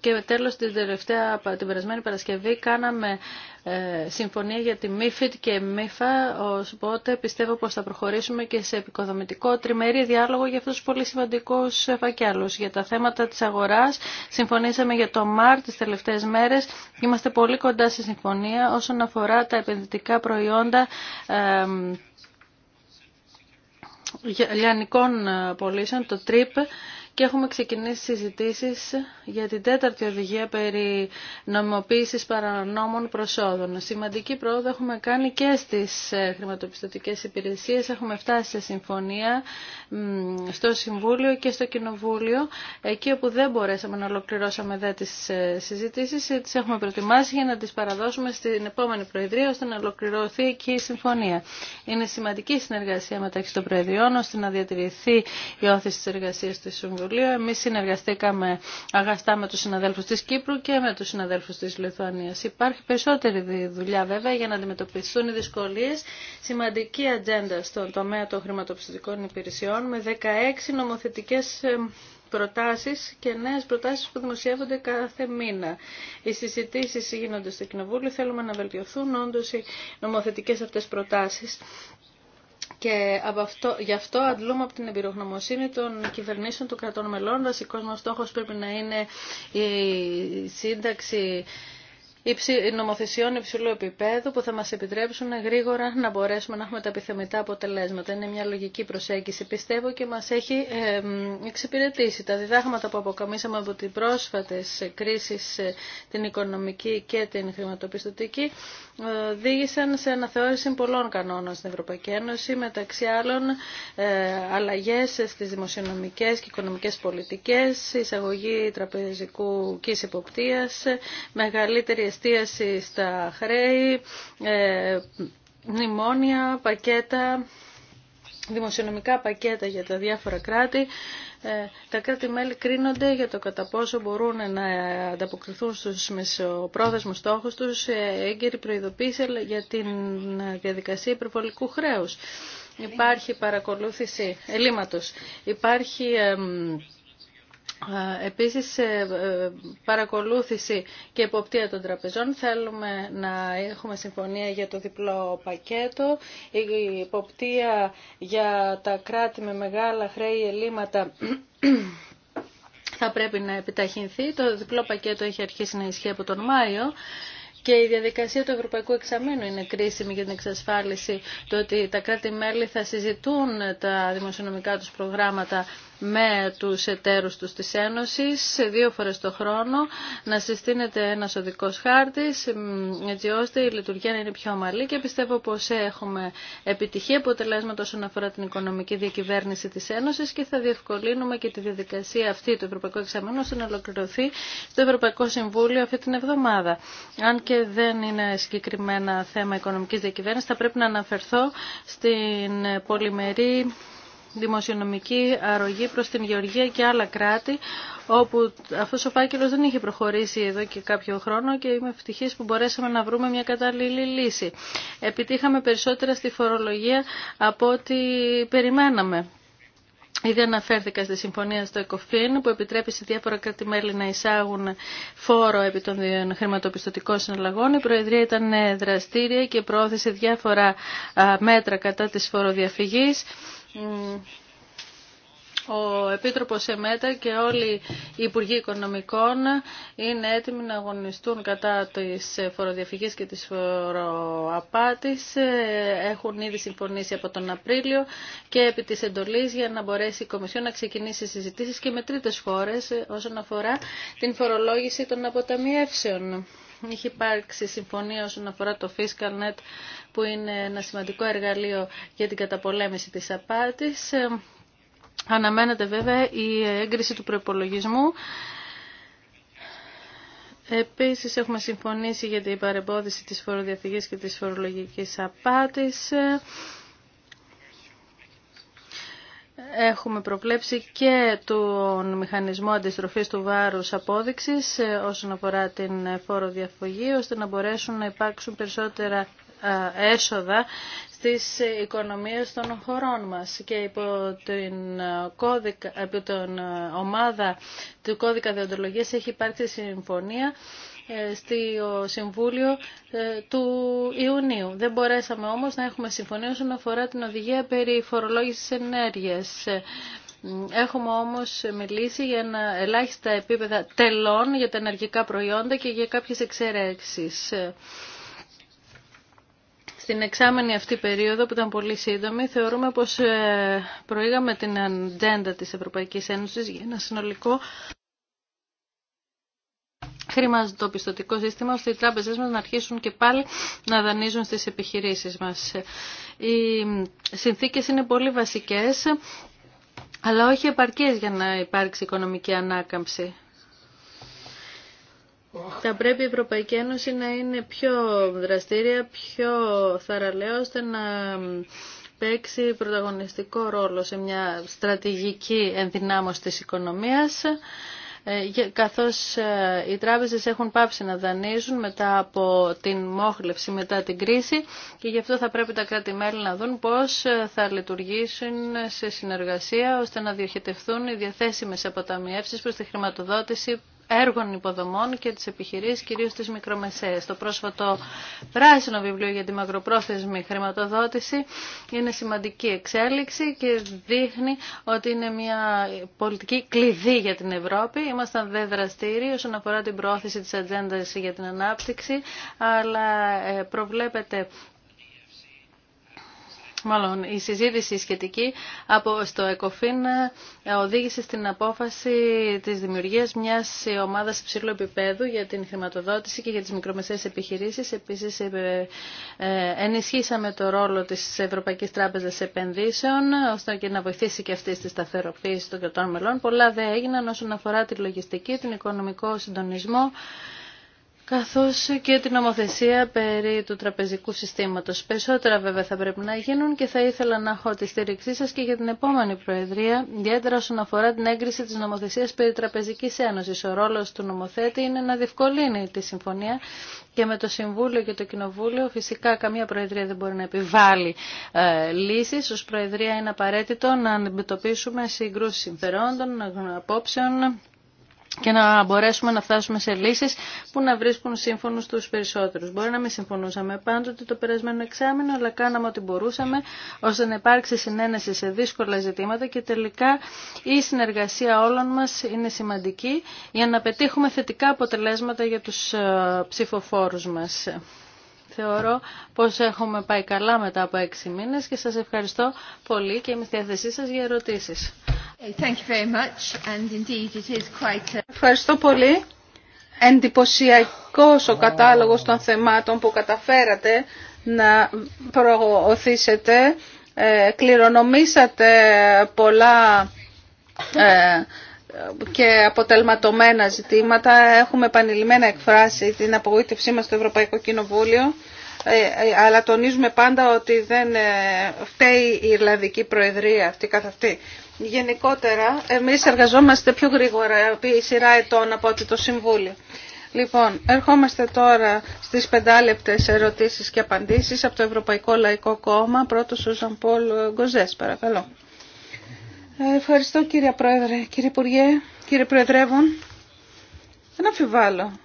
Και τέλος την τελευταία, την περασμένη Παρασκευή κάναμε ε, συμφωνία για τη ΜΥΦΙΤ και ΜΥΦΑ, οπότε πιστεύω πως θα προχωρήσουμε και σε επικοδομητικό τριμερή διάλογο για αυτούς τους πολύ σημαντικούς φακέλους. Για τα θέματα της αγοράς συμφωνήσαμε για το ΜΑΡ τις τελευταίες μέρες είμαστε πολύ κοντά στη συμφωνία όσον αφορά τα επενδυτικά προϊόντα λιανικών ε, πωλήσεων, το TRIP, και έχουμε ξεκινήσει συζητήσεις για την τέταρτη οδηγία περί νομιμοποίησης παρανόμων προσόδων. Σημαντική πρόοδο έχουμε κάνει και στις ε, χρηματοπιστωτικές υπηρεσίες. Έχουμε φτάσει σε συμφωνία στο Συμβούλιο και στο Κοινοβούλιο. Εκεί όπου δεν μπορέσαμε να ολοκληρώσαμε δε τις ε, συζητήσεις, ε, τις έχουμε προετοιμάσει για να τις παραδώσουμε στην επόμενη Προεδρία ώστε να ολοκληρωθεί και η συμφωνία. Είναι σημαντική συνεργασία μεταξύ των Προεδριών ώστε να διατηρηθεί η όθηση τη εργασία του Συμβουλίου Συμβουλίου. Εμείς συνεργαστήκαμε αγαστά με τους συναδέλφους της Κύπρου και με τους συναδέλφους της Λιθουανίας. Υπάρχει περισσότερη δουλειά βέβαια για να αντιμετωπιστούν οι δυσκολίες. Σημαντική ατζέντα στον τομέα των χρηματοπιστωτικών υπηρεσιών με 16 νομοθετικές ε, προτάσεις και νέες προτάσεις που δημοσιεύονται κάθε μήνα. Οι συζητήσει, γίνονται στο Κοινοβούλιο, θέλουμε να βελτιωθούν όντω οι νομοθετικές αυτές προτάσεις και από αυτό, γι' αυτό αντλούμε από την εμπειρογνωμοσύνη των κυβερνήσεων των κρατών μελών. Βασικό μα στόχο πρέπει να είναι η σύνταξη νομοθεσιών υψηλού επίπεδου που θα μας επιτρέψουν γρήγορα να μπορέσουμε να έχουμε τα επιθεμητά αποτελέσματα. Είναι μια λογική προσέγγιση πιστεύω και μας έχει εξυπηρετήσει. Τα διδάγματα που αποκαμίσαμε από τι πρόσφατες κρίσεις ε, την οικονομική και την χρηματοπιστωτική ε, οδήγησαν σε αναθεώρηση πολλών κανόνων στην Ευρωπαϊκή Ένωση, μεταξύ άλλων ε, αλλαγές στις δημοσιονομικές και οικονομικές πολιτικές, εισαγωγή τραπεζικού και υποπτίας, μεγαλύτερη εστίαση στα χρέη, ε, μνημόνια, πακέτα δημοσιονομικά πακέτα για τα διάφορα κράτη, ε, τα κράτη-μέλη κρίνονται για το κατά πόσο μπορούν να ανταποκριθούν στους μεσοπρόθεσμους στόχους τους, ε, έγκαιρη προειδοποίηση για την διαδικασία υπερβολικού χρέους. Υπάρχει παρακολούθηση ελλείμματος, υπάρχει Επίσης ε, παρακολούθηση και υποπτία των τραπεζών. Θέλουμε να έχουμε συμφωνία για το διπλό πακέτο, η υποπτία για τα κράτη με μεγάλα χρέη ελλείμματα θα πρέπει να επιταχυνθεί. Το διπλό πακέτο έχει αρχίσει να ισχύει από τον Μάιο. Και η διαδικασία του Ευρωπαϊκού Εξαμένου είναι κρίσιμη για την εξασφάλιση του ότι τα κράτη-μέλη θα συζητούν τα δημοσιονομικά τους προγράμματα με τους εταίρους τους της Ένωσης δύο φορές το χρόνο να συστήνεται ένας οδικός χάρτης έτσι ώστε η λειτουργία να είναι πιο ομαλή και πιστεύω πως έχουμε επιτυχία αποτελέσματα όσον αφορά την οικονομική διακυβέρνηση της Ένωσης και θα διευκολύνουμε και τη διαδικασία αυτή του Ευρωπαϊκού Εξαμένου ώστε να ολοκληρωθεί στο Ευρωπαϊκό Συμβούλιο αυτή την εβδομάδα. Αν και δεν είναι συγκεκριμένα θέμα οικονομικής διακυβέρνησης θα πρέπει να αναφερθώ στην πολυμερή δημοσιονομική αρρωγή προς την Γεωργία και άλλα κράτη, όπου αυτός ο φάκελος δεν είχε προχωρήσει εδώ και κάποιο χρόνο και είμαι ευτυχής που μπορέσαμε να βρούμε μια κατάλληλη λύση. Επιτύχαμε περισσότερα στη φορολογία από ό,τι περιμέναμε. Ήδη αναφέρθηκα στη συμφωνία στο ΕΚΟΦΗΝ που επιτρέπει σε διάφορα κράτη-μέλη να εισάγουν φόρο επί των χρηματοπιστωτικών συναλλαγών. Η Προεδρία ήταν ε, δραστήρια και προώθησε διάφορα μέτρα κατά της φοροδιαφυγής ο Επίτροπος ΕΜΕΤΑ και όλοι οι Υπουργοί Οικονομικών είναι έτοιμοι να αγωνιστούν κατά της φοροδιαφυγής και της φοροαπάτης. Έχουν ήδη συμφωνήσει από τον Απρίλιο και επί της εντολής για να μπορέσει η Κομισιόν να ξεκινήσει συζητήσεις και με τρίτες χώρες όσον αφορά την φορολόγηση των αποταμιεύσεων. Είχε υπάρξει συμφωνία όσον αφορά το FiscalNet που είναι ένα σημαντικό εργαλείο για την καταπολέμηση της απάτης. Αναμένεται βέβαια η έγκριση του προπολογισμού. Επίσης έχουμε συμφωνήσει για την παρεμπόδιση της φοροδιαφυγής και της φορολογικής απάτης. Έχουμε προβλέψει και τον μηχανισμό αντιστροφής του βάρους απόδειξης ε, όσον αφορά την φοροδιαφυγή, ώστε να μπορέσουν να υπάρξουν περισσότερα ε, έσοδα στις οικονομίες των χωρών μας και υπό την, κώδικα, υπό τον ομάδα του κώδικα διοντολογίας έχει υπάρξει συμφωνία ε, στο Συμβούλιο ε, του Ιουνίου. Δεν μπορέσαμε όμως να έχουμε συμφωνία όσον αφορά την οδηγία περί φορολόγησης ενέργειας. Ε, έχουμε όμως μιλήσει για ένα ελάχιστα επίπεδα τελών για τα ενεργικά προϊόντα και για κάποιες εξαιρέξεις στην εξάμενη αυτή περίοδο που ήταν πολύ σύντομη θεωρούμε πως ε, προήγαμε την ατζέντα της Ευρωπαϊκής Ένωσης για ένα συνολικό πιστωτικό σύστημα ώστε οι τράπεζες μας να αρχίσουν και πάλι να δανείζουν στις επιχειρήσεις μας. Οι συνθήκες είναι πολύ βασικές αλλά όχι επαρκείς για να υπάρξει οικονομική ανάκαμψη θα πρέπει η Ευρωπαϊκή Ένωση να είναι πιο δραστήρια, πιο θαραλέα, ώστε να παίξει πρωταγωνιστικό ρόλο σε μια στρατηγική ενδυνάμωση της οικονομίας ε, καθώς ε, οι τράπεζες έχουν πάψει να δανείζουν μετά από την μόχλευση, μετά την κρίση και γι' αυτό θα πρέπει τα κράτη-μέλη να δουν πώς ε, θα λειτουργήσουν σε συνεργασία ώστε να διοχετευθούν οι διαθέσιμες αποταμιεύσεις προς τη χρηματοδότηση έργων υποδομών και τις επιχειρήσεις, κυρίως τις μικρομεσαίες. Το πρόσφατο πράσινο βιβλίο για τη μακροπρόθεσμη χρηματοδότηση είναι σημαντική εξέλιξη και δείχνει ότι είναι μια πολιτική κλειδί για την Ευρώπη. Ήμασταν δε δραστήριοι όσον αφορά την προώθηση της ατζέντα για την ανάπτυξη, αλλά ε, προβλέπεται Μάλλον η συζήτηση σχετική από στο ΕΚΟΦΗΝ ε, οδήγησε στην απόφαση της δημιουργίας μιας ομάδας ψηλού επίπεδου για την χρηματοδότηση και για τις μικρομεσαίες επιχειρήσεις. Επίσης ε, ε, ενισχύσαμε το ρόλο της Ευρωπαϊκής Τράπεζας Επενδύσεων ώστε και να βοηθήσει και αυτή στη σταθεροποίηση των κρατών μελών. Πολλά δεν έγιναν όσον αφορά τη λογιστική, την οικονομικό συντονισμό καθώς και την νομοθεσία περί του τραπεζικού συστήματος. Περισσότερα βέβαια θα πρέπει να γίνουν και θα ήθελα να έχω τη στήριξή σας και για την επόμενη Προεδρία, ιδιαίτερα όσον αφορά την έγκριση της νομοθεσίας περί τραπεζικής ένωσης. Ο ρόλος του νομοθέτη είναι να διευκολύνει τη συμφωνία και με το Συμβούλιο και το Κοινοβούλιο φυσικά καμία Προεδρία δεν μπορεί να επιβάλλει ε, λύσεις. Ως Προεδρία είναι απαραίτητο να αντιμετωπίσουμε συγκρούσεις συμφερόντων, απόψεων και να μπορέσουμε να φτάσουμε σε λύσεις που να βρίσκουν σύμφωνο στους περισσότερους. Μπορεί να μην συμφωνούσαμε πάντοτε το περασμένο εξάμεινο, αλλά κάναμε ό,τι μπορούσαμε ώστε να υπάρξει συνένεση σε δύσκολα ζητήματα και τελικά η συνεργασία όλων μας είναι σημαντική για να πετύχουμε θετικά αποτελέσματα για τους ε, ψηφοφόρους μας. Θεωρώ πως έχουμε πάει καλά μετά από έξι μήνες και σας ευχαριστώ πολύ και είμαι στη διάθεσή σας για ερωτήσεις. Ευχαριστώ πολύ. εντυπωσιακό ο κατάλογος των θεμάτων που καταφέρατε να προωθήσετε. Ε, κληρονομήσατε πολλά ε, και αποτελματωμένα ζητήματα. Έχουμε επανειλημμένα εκφράσει την απογοήτευσή μας στο Ευρωπαϊκό Κοινοβούλιο, ε, ε, αλλά τονίζουμε πάντα ότι δεν φταίει η Ιρλανδική Προεδρία αυτή καθ' αυτή. Γενικότερα, εμείς εργαζόμαστε πιο γρήγορα η σειρά ετών από ότι το Συμβούλιο. Λοιπόν, ερχόμαστε τώρα στις πεντάλεπτες ερωτήσεις και απαντήσεις από το Ευρωπαϊκό Λαϊκό Κόμμα. Πρώτος ο Ζαν Πολ Γκοζές, παρακαλώ. Ε, ευχαριστώ κύριε Πρόεδρε, κύριε Υπουργέ, κύριε Προεδρεύον. Δεν αμφιβάλλω.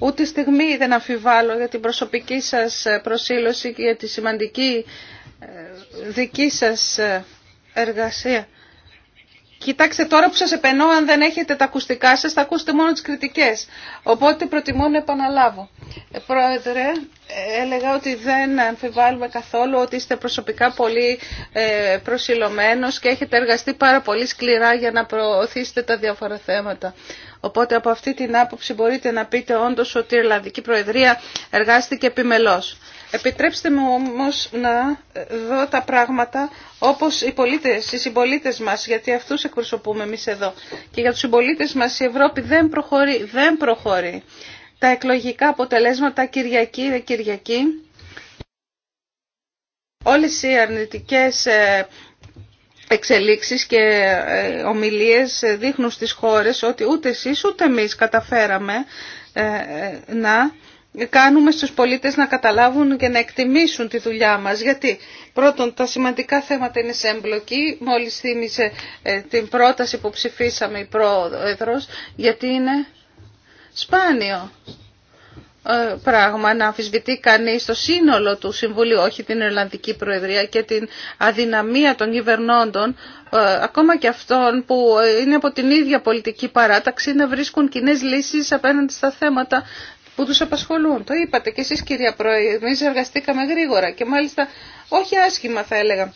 Ούτε στιγμή δεν αμφιβάλλω για την προσωπική σας προσήλωση και για τη σημαντική δική σας ε, εργασία. Κοιτάξτε τώρα που σας επενώ, αν δεν έχετε τα ακουστικά σας, θα ακούσετε μόνο τις κριτικές. Οπότε προτιμώ να επαναλάβω. Ε, πρόεδρε, έλεγα ότι δεν αμφιβάλλουμε καθόλου ότι είστε προσωπικά πολύ ε, προσιλωμένος και έχετε εργαστεί πάρα πολύ σκληρά για να προωθήσετε τα διάφορα θέματα. Οπότε από αυτή την άποψη μπορείτε να πείτε όντως ότι η Ελλαδική Προεδρία εργάστηκε επιμελώς. Επιτρέψτε μου όμως να δω τα πράγματα όπως οι πολίτες, οι συμπολίτες μας, γιατί αυτούς εκπροσωπούμε εμείς εδώ. Και για τους συμπολίτες μας η Ευρώπη δεν προχωρεί, δεν προχωρεί. Τα εκλογικά αποτελέσματα Κυριακή ρε Κυριακή, όλες οι αρνητικές ε, εξελίξεις και ε, ομιλίες δείχνουν στις χώρες ότι ούτε εσείς ούτε εμείς καταφέραμε ε, να κάνουμε στους πολίτες να καταλάβουν και να εκτιμήσουν τη δουλειά μας. Γιατί πρώτον τα σημαντικά θέματα είναι σε εμπλοκή, μόλις θύμισε ε, την πρόταση που ψηφίσαμε η Πρόεδρος, γιατί είναι σπάνιο ε, πράγμα να αμφισβητεί κανείς το σύνολο του Συμβουλίου, όχι την Ιρλανδική Προεδρία και την αδυναμία των κυβερνώντων, ε, ακόμα και αυτών που είναι από την ίδια πολιτική παράταξη, να βρίσκουν κοινέ λύσεις απέναντι στα θέματα που τους απασχολούν. Το είπατε και εσείς κυρία Πρόεδρε, εμείς εργαστήκαμε γρήγορα και μάλιστα όχι άσχημα θα έλεγα.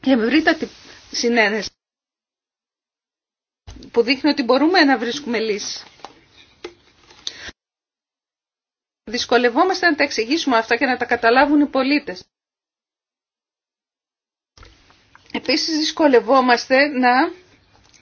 Και με τη συνένεση που δείχνει ότι μπορούμε να βρίσκουμε λύσεις. Δυσκολευόμαστε να τα εξηγήσουμε αυτά και να τα καταλάβουν οι πολίτες. Επίσης δυσκολευόμαστε να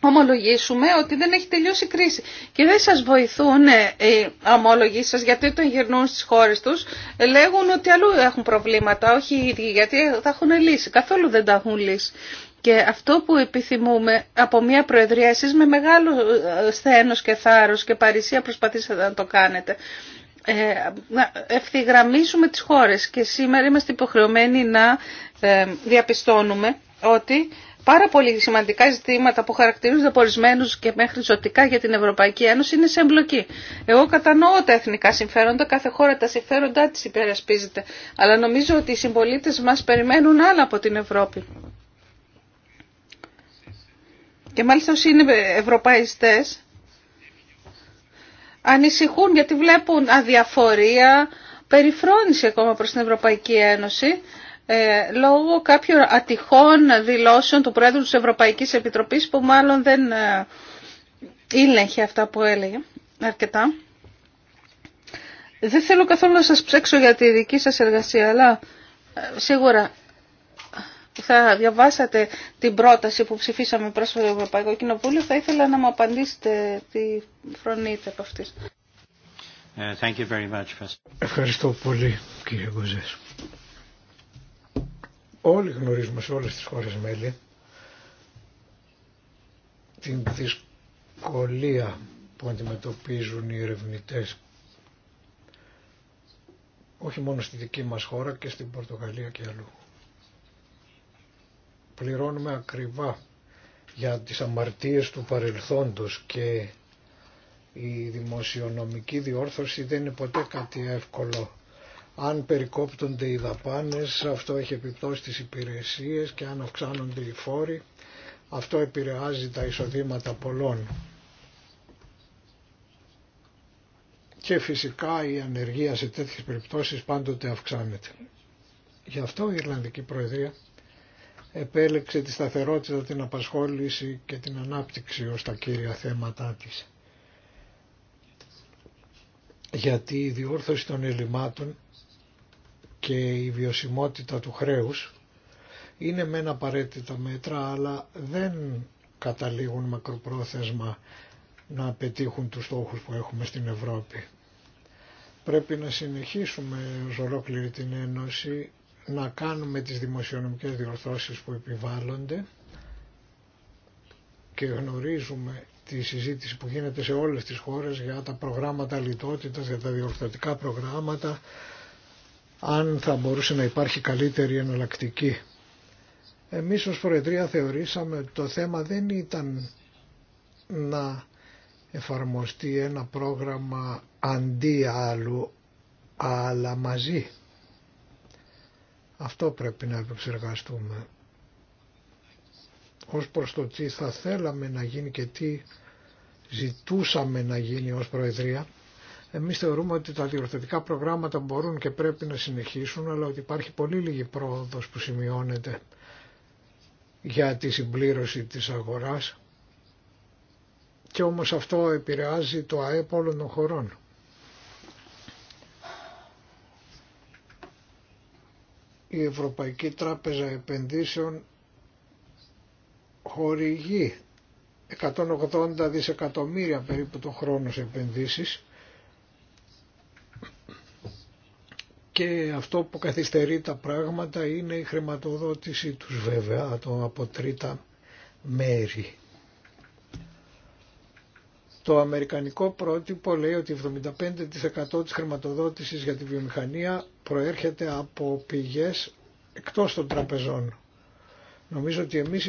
ομολογήσουμε ότι δεν έχει τελειώσει η κρίση. Και δεν σας βοηθούν ε, οι ομολογοί σας γιατί το γυρνούν στις χώρες τους. Ε, λέγουν ότι αλλού έχουν προβλήματα, όχι οι ίδιοι, γιατί θα έχουν λύσει. Καθόλου δεν τα έχουν λύσει. Και αυτό που επιθυμούμε από μια προεδρία, εσείς με μεγάλο ε, σθένος και θάρρος και παρησία προσπαθήσατε να το κάνετε, να ευθυγραμμίσουμε τις χώρες. Και σήμερα είμαστε υποχρεωμένοι να διαπιστώνουμε ότι πάρα πολύ σημαντικά ζητήματα που χαρακτηρίζονται από ορισμένου και μέχρι ζωτικά για την Ευρωπαϊκή Ένωση είναι σε εμπλοκή. Εγώ κατανοώ τα εθνικά συμφέροντα, κάθε χώρα τα συμφέροντά τη υπερασπίζεται. Αλλά νομίζω ότι οι συμπολίτε μα περιμένουν άλλα από την Ευρώπη. Και μάλιστα όσοι είναι ευρωπαϊστές ανησυχούν γιατί βλέπουν αδιαφορία, περιφρόνηση ακόμα προς την Ευρωπαϊκή Ένωση ε, λόγω κάποιων ατυχών δηλώσεων του Πρόεδρου της Ευρωπαϊκής Επιτροπής που μάλλον δεν ε, ήλεγχε αυτά που έλεγε αρκετά. Δεν θέλω καθόλου να σας ψέξω για τη δική σας εργασία, αλλά ε, σίγουρα θα διαβάσατε την πρόταση που ψηφίσαμε πρόσφατα στο Ευρωπαϊκό Κοινοβούλιο. Θα ήθελα να μου απαντήσετε τι φρονείτε από αυτής. Ευχαριστώ πολύ κύριε Γκοζέσου όλοι γνωρίζουμε σε όλες τις χώρες μέλη την δυσκολία που αντιμετωπίζουν οι ερευνητές όχι μόνο στη δική μας χώρα και στην Πορτογαλία και αλλού. Πληρώνουμε ακριβά για τις αμαρτίες του παρελθόντος και η δημοσιονομική διόρθωση δεν είναι ποτέ κάτι εύκολο αν περικόπτονται οι δαπάνες, αυτό έχει επιπτώσει τις υπηρεσίες και αν αυξάνονται οι φόροι, αυτό επηρεάζει τα εισοδήματα πολλών. Και φυσικά η ανεργία σε τέτοιες περιπτώσεις πάντοτε αυξάνεται. Γι' αυτό η Ιρλανδική Προεδρία επέλεξε τη σταθερότητα, την απασχόληση και την ανάπτυξη ως τα κύρια θέματα της. Γιατί η διόρθωση των ελλημάτων και η βιωσιμότητα του χρέους είναι μεν απαραίτητα μέτρα αλλά δεν καταλήγουν μακροπρόθεσμα να πετύχουν τους στόχους που έχουμε στην Ευρώπη. Πρέπει να συνεχίσουμε ως ολόκληρη την Ένωση να κάνουμε τις δημοσιονομικές διορθώσεις που επιβάλλονται και γνωρίζουμε τη συζήτηση που γίνεται σε όλες τις χώρες για τα προγράμματα λιτότητας, για τα διορθωτικά προγράμματα, αν θα μπορούσε να υπάρχει καλύτερη εναλλακτική. Εμείς ως Προεδρία θεωρήσαμε ότι το θέμα δεν ήταν να εφαρμοστεί ένα πρόγραμμα αντί άλλου, αλλά μαζί. Αυτό πρέπει να επεξεργαστούμε. Ως προς το τι θα θέλαμε να γίνει και τι ζητούσαμε να γίνει ως Προεδρία, εμείς θεωρούμε ότι τα διορθωτικά προγράμματα μπορούν και πρέπει να συνεχίσουν, αλλά ότι υπάρχει πολύ λίγη πρόοδος που σημειώνεται για τη συμπλήρωση της αγοράς και όμως αυτό επηρεάζει το ΑΕΠ όλων των χωρών. Η Ευρωπαϊκή Τράπεζα Επενδύσεων χορηγεί 180 δισεκατομμύρια περίπου το χρόνο σε επενδύσεις και αυτό που καθυστερεί τα πράγματα είναι η χρηματοδότηση τους βέβαια από τρίτα μέρη. Το αμερικανικό πρότυπο λέει ότι 75% της χρηματοδότησης για τη βιομηχανία προέρχεται από πηγές εκτός των τραπεζών. Νομίζω ότι εμείς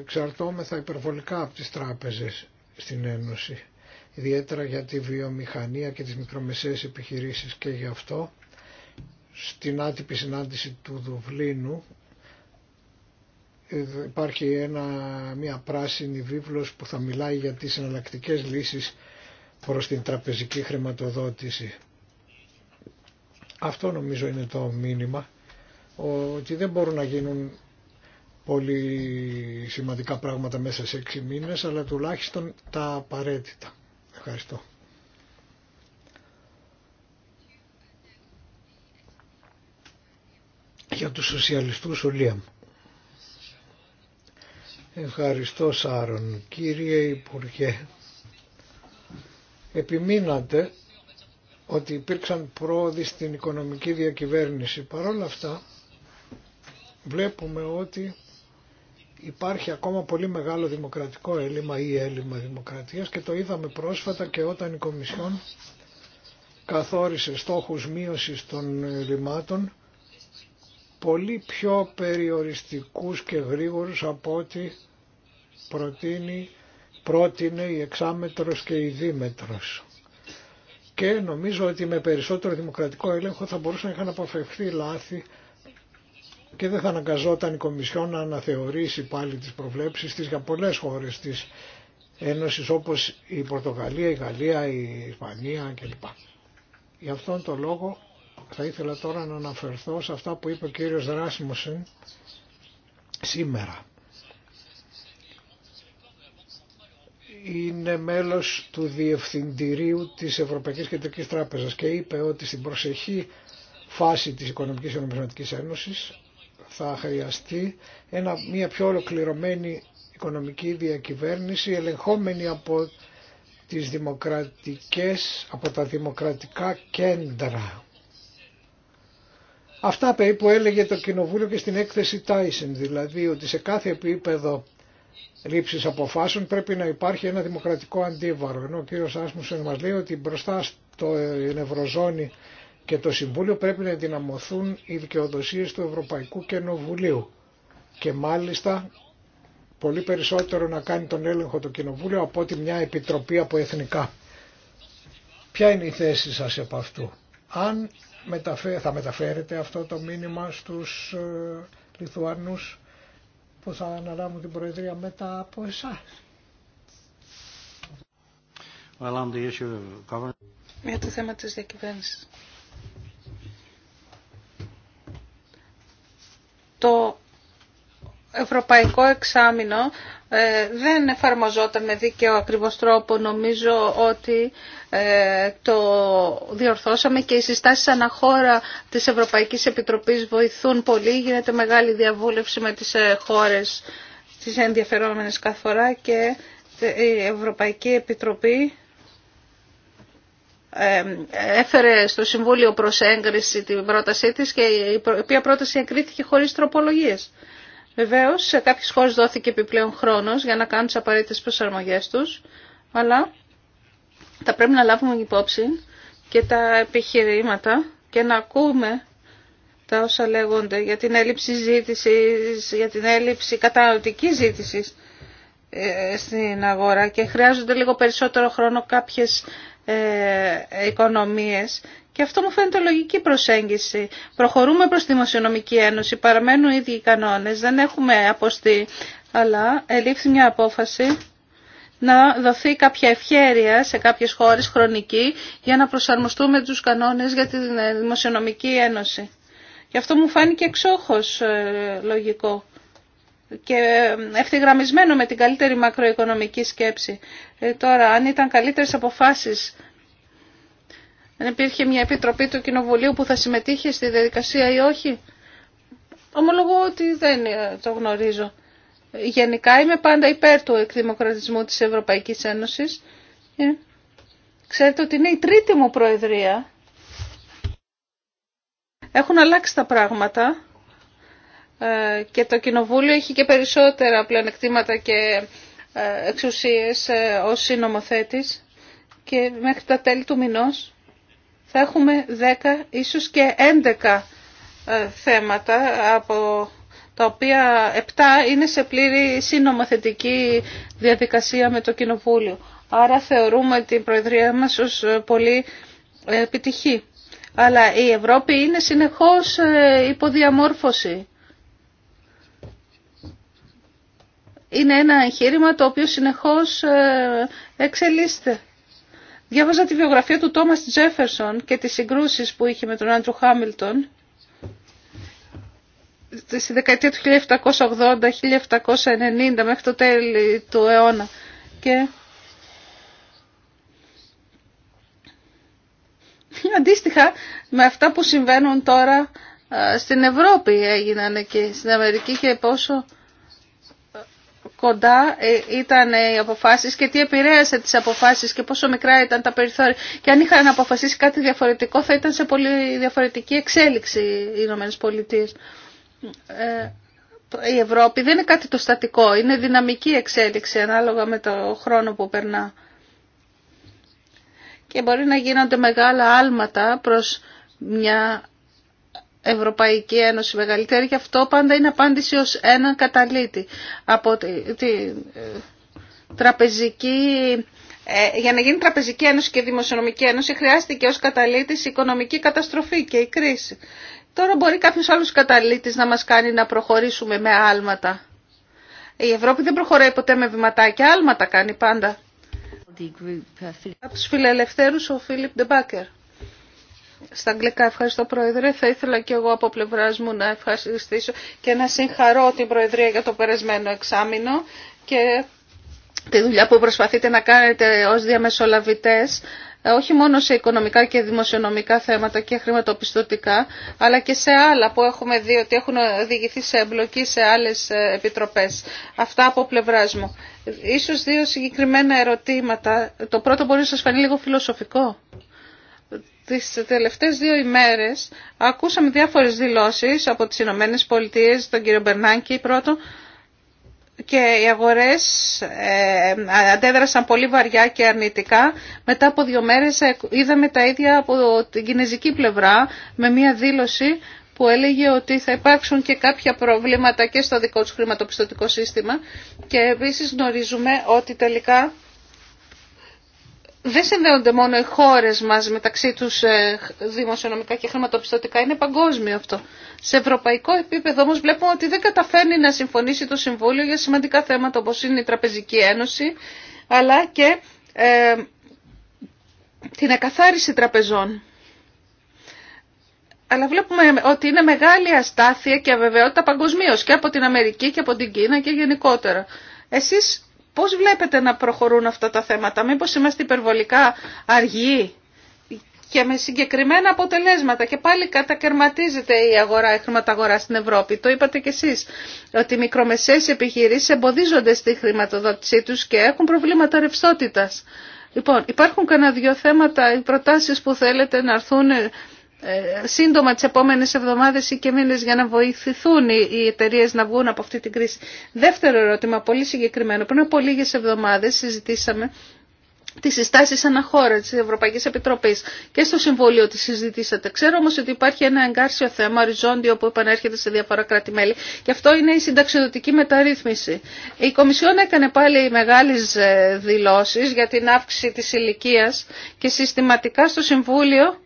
εξαρτώμεθα υπερβολικά από τις τράπεζες στην Ένωση, ιδιαίτερα για τη βιομηχανία και τις μικρομεσαίες επιχειρήσεις και γι' αυτό στην άτυπη συνάντηση του Δουβλίνου ε, υπάρχει ένα, μια πράσινη βίβλος που θα μιλάει για τις εναλλακτικέ λύσεις προς την τραπεζική χρηματοδότηση. Αυτό νομίζω είναι το μήνυμα ότι δεν μπορούν να γίνουν πολύ σημαντικά πράγματα μέσα σε έξι μήνες αλλά τουλάχιστον τα απαραίτητα. Ευχαριστώ. για τους σοσιαλιστούς ο Λίαμ. Ευχαριστώ Σάρων. Κύριε Υπουργέ, επιμείνατε ότι υπήρξαν πρόοδοι στην οικονομική διακυβέρνηση. Παρ' όλα αυτά βλέπουμε ότι υπάρχει ακόμα πολύ μεγάλο δημοκρατικό έλλειμμα ή έλλειμμα δημοκρατίας και το είδαμε πρόσφατα και όταν η Κομισιόν καθόρισε στόχους μείωσης των ρημάτων πολύ πιο περιοριστικούς και γρήγορους από ό,τι προτείνει, πρότεινε η εξάμετρος και η δίμετρος. Και νομίζω ότι με περισσότερο δημοκρατικό έλεγχο θα μπορούσαν να αποφευχθεί λάθη και δεν θα αναγκαζόταν η Κομισιόν να αναθεωρήσει πάλι τις προβλέψεις της για πολλές χώρες της Ένωσης όπως η Πορτογαλία, η Γαλλία, η Ισπανία κλπ. Γι' αυτόν τον λόγο θα ήθελα τώρα να αναφερθώ σε αυτά που είπε ο κύριος Ράσμουσεν σήμερα. Είναι μέλος του Διευθυντηρίου της Ευρωπαϊκής Κεντρικής Τράπεζας και είπε ότι στην προσεχή φάση της Οικονομικής Ένωσης θα χρειαστεί ένα, μια πιο ολοκληρωμένη οικονομική διακυβέρνηση ελεγχόμενη από τις δημοκρατικές, από τα δημοκρατικά κέντρα. Αυτά περίπου έλεγε το Κοινοβούλιο και στην έκθεση Τάισεν, δηλαδή ότι σε κάθε επίπεδο λήψη αποφάσεων πρέπει να υπάρχει ένα δημοκρατικό αντίβαρο. Ενώ ο κύριο Άσμουσεν μα λέει ότι μπροστά στο ε, Ευρωζώνη και το Συμβούλιο πρέπει να ενδυναμωθούν οι δικαιοδοσίε του Ευρωπαϊκού Κοινοβουλίου. Και μάλιστα πολύ περισσότερο να κάνει τον έλεγχο το Κοινοβούλιο από ότι μια επιτροπή από εθνικά. Ποια είναι η θέση σας επ' αυτού. Αν θα μεταφέρετε αυτό το μήνυμα στους ε, Λιθουανούς που θα αναλάβουν την Προεδρία μετά από εσάς. Well, Για το θέμα της διακυβέρνησης. Το ευρωπαϊκό εξάμεινο ε, δεν εφαρμοζόταν με δίκαιο ακριβώς τρόπο. Νομίζω ότι ε, το διορθώσαμε και οι συστάσεις αναχώρα της Ευρωπαϊκής Επιτροπής βοηθούν πολύ. Γίνεται μεγάλη διαβούλευση με τις ε, χώρες τις ενδιαφερόμενες φορά και η Ευρωπαϊκή Επιτροπή έφερε στο Συμβούλιο προς έγκριση την πρότασή της και η οποία πρόταση εγκρίθηκε χωρίς τροπολογίες. Βεβαίω, σε κάποιε χώρε δόθηκε επιπλέον χρόνο για να κάνουν τι απαραίτητε προσαρμογέ του, αλλά θα πρέπει να λάβουμε υπόψη και τα επιχειρήματα και να ακούμε τα όσα λέγονται για την έλλειψη ζήτησης, για την έλλειψη καταναλωτικής ζήτησης ε, στην αγορά και χρειάζονται λίγο περισσότερο χρόνο κάποιες ε, οικονομίες και αυτό μου φαίνεται λογική προσέγγιση. Προχωρούμε προς τη Δημοσιονομική Ένωση, παραμένουν οι ίδιοι οι κανόνες, δεν έχουμε αποστεί, αλλά ελήφθη μια απόφαση να δοθεί κάποια ευχέρεια σε κάποιες χώρες χρονική για να προσαρμοστούμε τους κανόνες για τη ε, Δημοσιονομική Ένωση. Και αυτό μου φάνηκε εξόχως ε, λογικό και ευθυγραμμισμένο με την καλύτερη μακροοικονομική σκέψη. Ε, τώρα, αν ήταν καλύτερες αποφάσεις, αν υπήρχε μια επιτροπή του Κοινοβουλίου που θα συμμετείχε στη διαδικασία ή όχι, ομολογώ ότι δεν ε, το γνωρίζω. Γενικά είμαι πάντα υπέρ του εκδημοκρατισμού της Ευρωπαϊκής Ένωσης. Ε, ξέρετε ότι είναι η τρίτη μου προεδρία. Έχουν αλλάξει τα πράγματα. Ε, και το Κοινοβούλιο έχει και περισσότερα πλεονεκτήματα και ε, εξουσίες ε, ως συνομοθέτης και μέχρι τα τέλη του μηνός θα έχουμε 10 ίσως και 11 θέματα από τα οποία 7 είναι σε πλήρη συνομοθετική διαδικασία με το Κοινοβούλιο. Άρα θεωρούμε την Προεδρία μας ως πολύ επιτυχή. Αλλά η Ευρώπη είναι συνεχώς υποδιαμόρφωση. είναι ένα εγχείρημα το οποίο συνεχώς ε, εξελίσσεται. Διάβαζα τη βιογραφία του Τόμας Τζέφερσον και τις συγκρούσεις που είχε με τον Άντρου Χάμιλτον στη δεκαετία του 1780-1790 μέχρι το τέλη του αιώνα. Και αντίστοιχα με αυτά που συμβαίνουν τώρα ε, στην Ευρώπη έγιναν και στην Αμερική και πόσο κοντά ε, ήταν ε, οι αποφάσεις και τι επηρέασε τις αποφάσεις και πόσο μικρά ήταν τα περιθώρια. Και αν είχαν αποφασίσει κάτι διαφορετικό θα ήταν σε πολύ διαφορετική εξέλιξη οι Ηνωμένες Πολιτείες. Ε, η Ευρώπη δεν είναι κάτι το στατικό, είναι δυναμική εξέλιξη ανάλογα με το χρόνο που περνά. Και μπορεί να γίνονται μεγάλα άλματα προς μια Ευρωπαϊκή Ένωση μεγαλύτερη και αυτό πάντα είναι απάντηση ως έναν καταλήτη από τη, ε, τραπεζική ε, για να γίνει τραπεζική ένωση και δημοσιονομική ένωση χρειάστηκε ως καταλήτης η οικονομική καταστροφή και η κρίση. Τώρα μπορεί κάποιος άλλος καταλήτης να μας κάνει να προχωρήσουμε με άλματα. Η Ευρώπη δεν προχωράει ποτέ με βηματάκια, άλματα κάνει πάντα. Uh, από τους φιλελευθέρους ο Φίλιπ Ντεμπάκερ στα αγγλικά. Ευχαριστώ Πρόεδρε. Θα ήθελα και εγώ από πλευρά μου να ευχαριστήσω και να συγχαρώ την Προεδρία για το περασμένο εξάμεινο και τη δουλειά που προσπαθείτε να κάνετε ως διαμεσολαβητές όχι μόνο σε οικονομικά και δημοσιονομικά θέματα και χρηματοπιστωτικά, αλλά και σε άλλα που έχουμε δει ότι έχουν οδηγηθεί σε εμπλοκή σε άλλες επιτροπές. Αυτά από πλευρά μου. Ίσως δύο συγκεκριμένα ερωτήματα. Το πρώτο μπορεί να σας φανεί λίγο φιλοσοφικό τις τελευταίες δύο ημέρες ακούσαμε διάφορες δηλώσεις από τις Ηνωμένε Πολιτείε, τον κύριο Μπερνάνκη πρώτο και οι αγορές ε, αντέδρασαν πολύ βαριά και αρνητικά. Μετά από δύο μέρες ε, είδαμε τα ίδια από την κινέζικη πλευρά με μια δήλωση που έλεγε ότι θα υπάρξουν και κάποια προβλήματα και στο δικό τους χρηματοπιστωτικό σύστημα και επίσης γνωρίζουμε ότι τελικά δεν συνδέονται μόνο οι χώρες μας μεταξύ τους ε, δημοσιονομικά και χρηματοπιστωτικά, είναι παγκόσμιο αυτό. Σε ευρωπαϊκό επίπεδο όμως βλέπουμε ότι δεν καταφέρνει να συμφωνήσει το Συμβούλιο για σημαντικά θέματα όπως είναι η Τραπεζική Ένωση, αλλά και ε, την εκαθάριση τραπεζών. Αλλά βλέπουμε ότι είναι μεγάλη αστάθεια και αβεβαιότητα παγκοσμίω και από την Αμερική και από την Κίνα και γενικότερα. Εσείς Πώς βλέπετε να προχωρούν αυτά τα θέματα, μήπως είμαστε υπερβολικά αργοί και με συγκεκριμένα αποτελέσματα και πάλι κατακαιρματίζεται η αγορά, η χρηματαγορά στην Ευρώπη. Το είπατε κι εσείς, ότι οι μικρομεσαίες επιχειρήσεις εμποδίζονται στη χρηματοδότησή τους και έχουν προβλήματα ρευστότητας. Λοιπόν, υπάρχουν κανένα δύο θέματα, οι προτάσεις που θέλετε να έρθουν ε, σύντομα τις επόμενες εβδομάδες ή και μήνες για να βοηθηθούν οι εταιρείε να βγουν από αυτή την κρίση. Δεύτερο ερώτημα, πολύ συγκεκριμένο. Πριν από λίγες εβδομάδες συζητήσαμε τις συστάσεις αναχώρα της Ευρωπαϊκής Επιτροπής και στο Συμβούλιο τη συζητήσατε. Ξέρω όμως ότι υπάρχει ένα εγκάρσιο θέμα, οριζόντιο, που επανέρχεται σε διάφορα κράτη-μέλη και αυτό είναι η συνταξιδοτική μεταρρύθμιση. Η Κομισιόν έκανε πάλι μεγάλε δηλώσει για την αύξηση της ηλικία και συστηματικά στο Συμβούλιο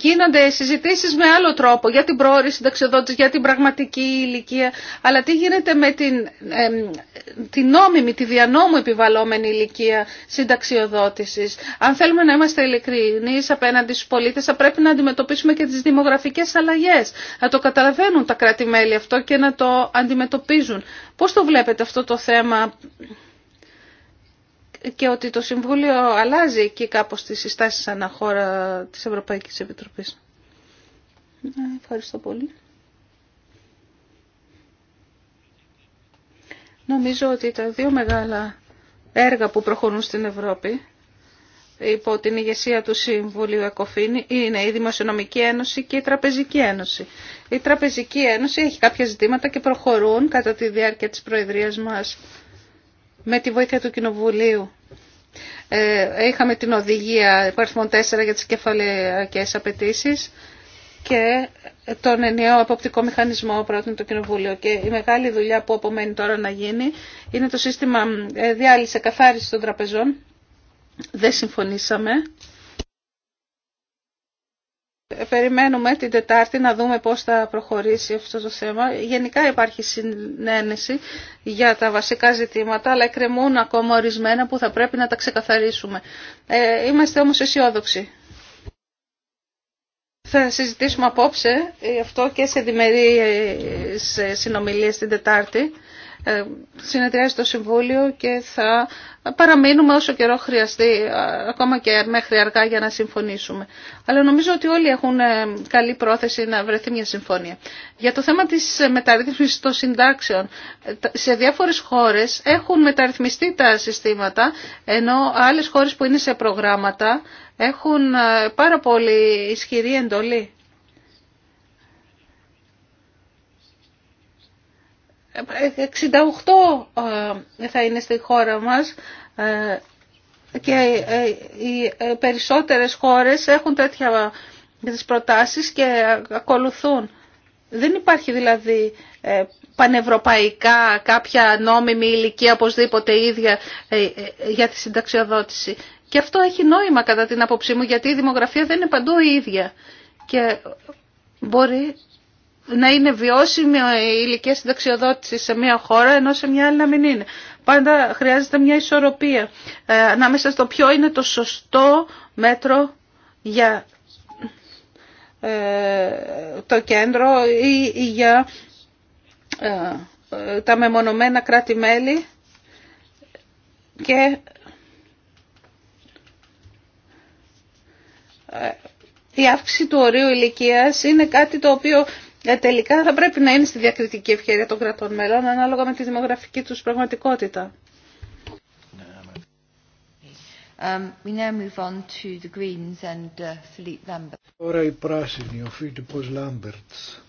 γίνονται συζητήσεις με άλλο τρόπο για την πρόορη συνταξιοδότηση, για την πραγματική ηλικία, αλλά τι γίνεται με την, την νόμιμη, τη διανόμου επιβαλλόμενη ηλικία συνταξιοδότησης. Αν θέλουμε να είμαστε ειλικρινείς απέναντι στους πολίτες, θα πρέπει να αντιμετωπίσουμε και τις δημογραφικές αλλαγές. Να το καταλαβαίνουν τα κράτη-μέλη αυτό και να το αντιμετωπίζουν. Πώς το βλέπετε αυτό το θέμα και ότι το Συμβούλιο αλλάζει εκεί κάπως τις συστάσεις αναχώρα της Ευρωπαϊκής Επιτροπής. Ναι, ευχαριστώ πολύ. Νομίζω ότι τα δύο μεγάλα έργα που προχωρούν στην Ευρώπη υπό την ηγεσία του Συμβουλίου Εκοφήν είναι η Δημοσιονομική Ένωση και η Τραπεζική Ένωση. Η Τραπεζική Ένωση έχει κάποια ζητήματα και προχωρούν κατά τη διάρκεια της Προεδρίας μας με τη βοήθεια του Κοινοβουλίου ε, είχαμε την οδηγία υπαριθμών 4 για τις κεφαλαιακές απαιτήσει και τον ενιαίο αποπτικό μηχανισμό πρότεινε το Κοινοβούλιο. Και η μεγάλη δουλειά που απομένει τώρα να γίνει είναι το σύστημα ε, διάλυση εκαθάρισης των τραπεζών. Δεν συμφωνήσαμε Περιμένουμε την Τετάρτη να δούμε πώς θα προχωρήσει αυτό το θέμα. Γενικά υπάρχει συνένεση για τα βασικά ζητήματα, αλλά εκκρεμούν ακόμα ορισμένα που θα πρέπει να τα ξεκαθαρίσουμε. Ε, είμαστε όμως αισιόδοξοι. Θα συζητήσουμε απόψε ε, αυτό και σε διμερείς ε, συνομιλίες την Τετάρτη ε, συνεδριάζει το Συμβούλιο και θα παραμείνουμε όσο καιρό χρειαστεί, ακόμα και μέχρι αργά για να συμφωνήσουμε. Αλλά νομίζω ότι όλοι έχουν ε, καλή πρόθεση να βρεθεί μια συμφωνία. Για το θέμα της μεταρρύθμισης των συντάξεων, ε, σε διάφορες χώρες έχουν μεταρρυθμιστεί τα συστήματα, ενώ άλλες χώρες που είναι σε προγράμματα έχουν πάρα πολύ ισχυρή εντολή. 68 ε, θα είναι στη χώρα μας ε, και ε, οι περισσότερες χώρες έχουν τέτοια τις προτάσεις και ακολουθούν. Δεν υπάρχει δηλαδή πανευρωπαϊκά κάποια νόμιμη ηλικία οπωσδήποτε ίδια για τη συνταξιοδότηση. Και αυτό έχει νόημα κατά την άποψή μου γιατί η δημογραφία δεν είναι παντού η ίδια. Και μπορεί να είναι βιώσιμη η ηλικία συνταξιοδότηση σε μια χώρα ενώ σε μια άλλη να μην είναι. Πάντα χρειάζεται μια ισορροπία ε, ανάμεσα στο ποιο είναι το σωστό μέτρο για ε, το κέντρο ή, για ε, ε, τα μεμονωμένα κράτη-μέλη και η αύξηση του ορίου ηλικίας είναι κάτι το οποίο ε, τελικά θα πρέπει να είναι στη διακριτική ευκαιρία των κρατών μελών ανάλογα με τη δημογραφική τους πραγματικότητα. Τώρα η πράσινη, ο Φίλιππος Λάμπερτς.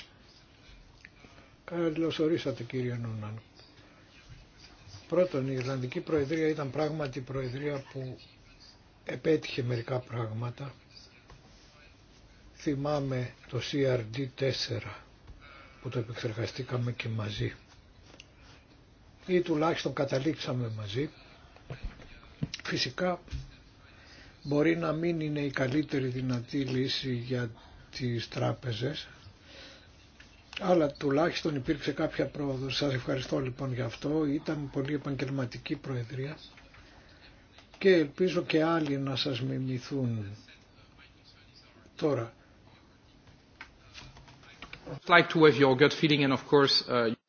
Καλώς ορίσατε κύριε Νούναν. Πρώτον, η Ιρλανδική Προεδρία ήταν πράγματι προεδρία που επέτυχε μερικά πράγματα Θυμάμαι το CRD4 που το επεξεργαστήκαμε και μαζί ή τουλάχιστον καταλήξαμε μαζί. Φυσικά μπορεί να μην είναι η καλύτερη δυνατή λύση για τις τράπεζες αλλά τουλάχιστον υπήρξε κάποια πρόοδο. Σας ευχαριστώ λοιπόν για αυτό. Ήταν πολύ επαγγελματική προεδρία και ελπίζω και άλλοι να σας μιμηθούν. Τώρα,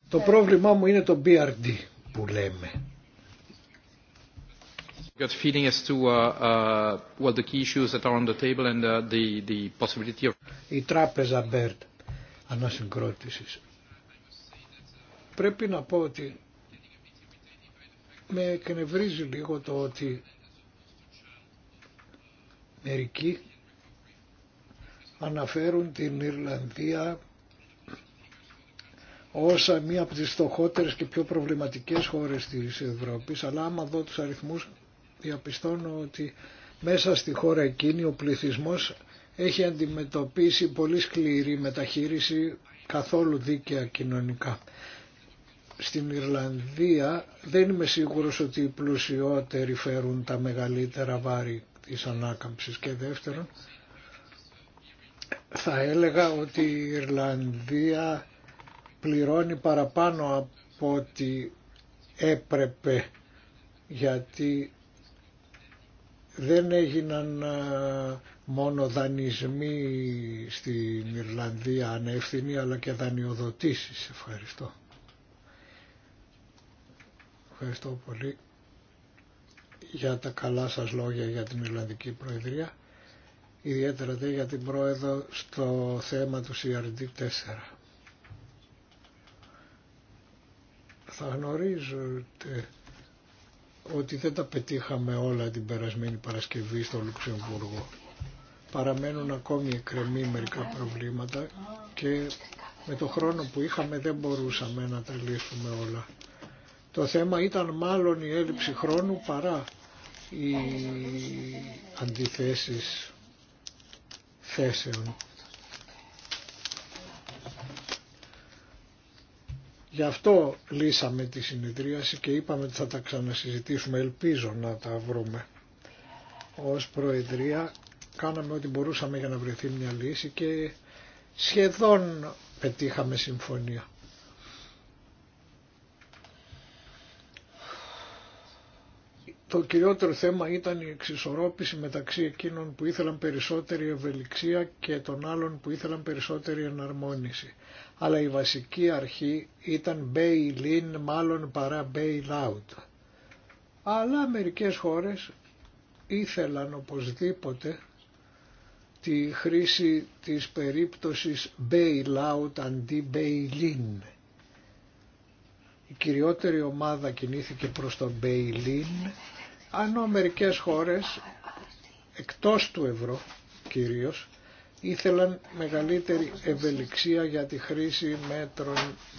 το πρόβλημά μου είναι το BRD που λέμε. feeling as to uh, uh, what the key issues that are on the table and uh, the, the possibility of. Η τράπεζα Bert ανασυγκρότηση. Πρέπει να πω ότι με εκνευρίζει λίγο το ότι μερικοί αναφέρουν την Ιρλανδία όσα μία από τις φτωχότερε και πιο προβληματικές χώρες της Ευρώπης, αλλά άμα δω τους αριθμούς διαπιστώνω ότι μέσα στη χώρα εκείνη ο πληθυσμός έχει αντιμετωπίσει πολύ σκληρή μεταχείριση καθόλου δίκαια κοινωνικά. Στην Ιρλανδία δεν είμαι σίγουρος ότι οι πλουσιότεροι φέρουν τα μεγαλύτερα βάρη της ανάκαμψης και δεύτερον θα έλεγα ότι η Ιρλανδία πληρώνει παραπάνω από ό,τι έπρεπε γιατί δεν έγιναν μόνο δανεισμοί στην Ιρλανδία ανεύθυνοι αλλά και δανειοδοτήσεις. Ευχαριστώ. Ευχαριστώ πολύ για τα καλά σας λόγια για την Ιρλανδική Προεδρία ιδιαίτερα δε για την πρόεδρο στο θέμα του CRD 4. θα γνωρίζετε ότι δεν τα πετύχαμε όλα την περασμένη Παρασκευή στο Λουξεμβούργο. Παραμένουν ακόμη εκκρεμή μερικά προβλήματα και με το χρόνο που είχαμε δεν μπορούσαμε να τα λύσουμε όλα. Το θέμα ήταν μάλλον η έλλειψη χρόνου παρά οι αντιθέσεις θέσεων. Γι' αυτό λύσαμε τη συνεδρίαση και είπαμε ότι θα τα ξανασυζητήσουμε. Ελπίζω να τα βρούμε. Ως Προεδρία κάναμε ό,τι μπορούσαμε για να βρεθεί μια λύση και σχεδόν πετύχαμε συμφωνία. Το κυριότερο θέμα ήταν η εξισορρόπηση μεταξύ εκείνων που ήθελαν περισσότερη ευελιξία και των άλλων που ήθελαν περισσότερη εναρμόνιση. Αλλά η βασική αρχή ήταν bail-in μάλλον παρά bail-out. Αλλά μερικές χώρες ήθελαν οπωσδήποτε τη χρήση της περίπτωσης bail-out αντί bail-in. Η κυριότερη ομάδα κινήθηκε προς τον bail Ανώ μερικές χώρες, εκτός του ευρώ κυρίως, ήθελαν μεγαλύτερη ευελιξία για τη χρήση μέτρων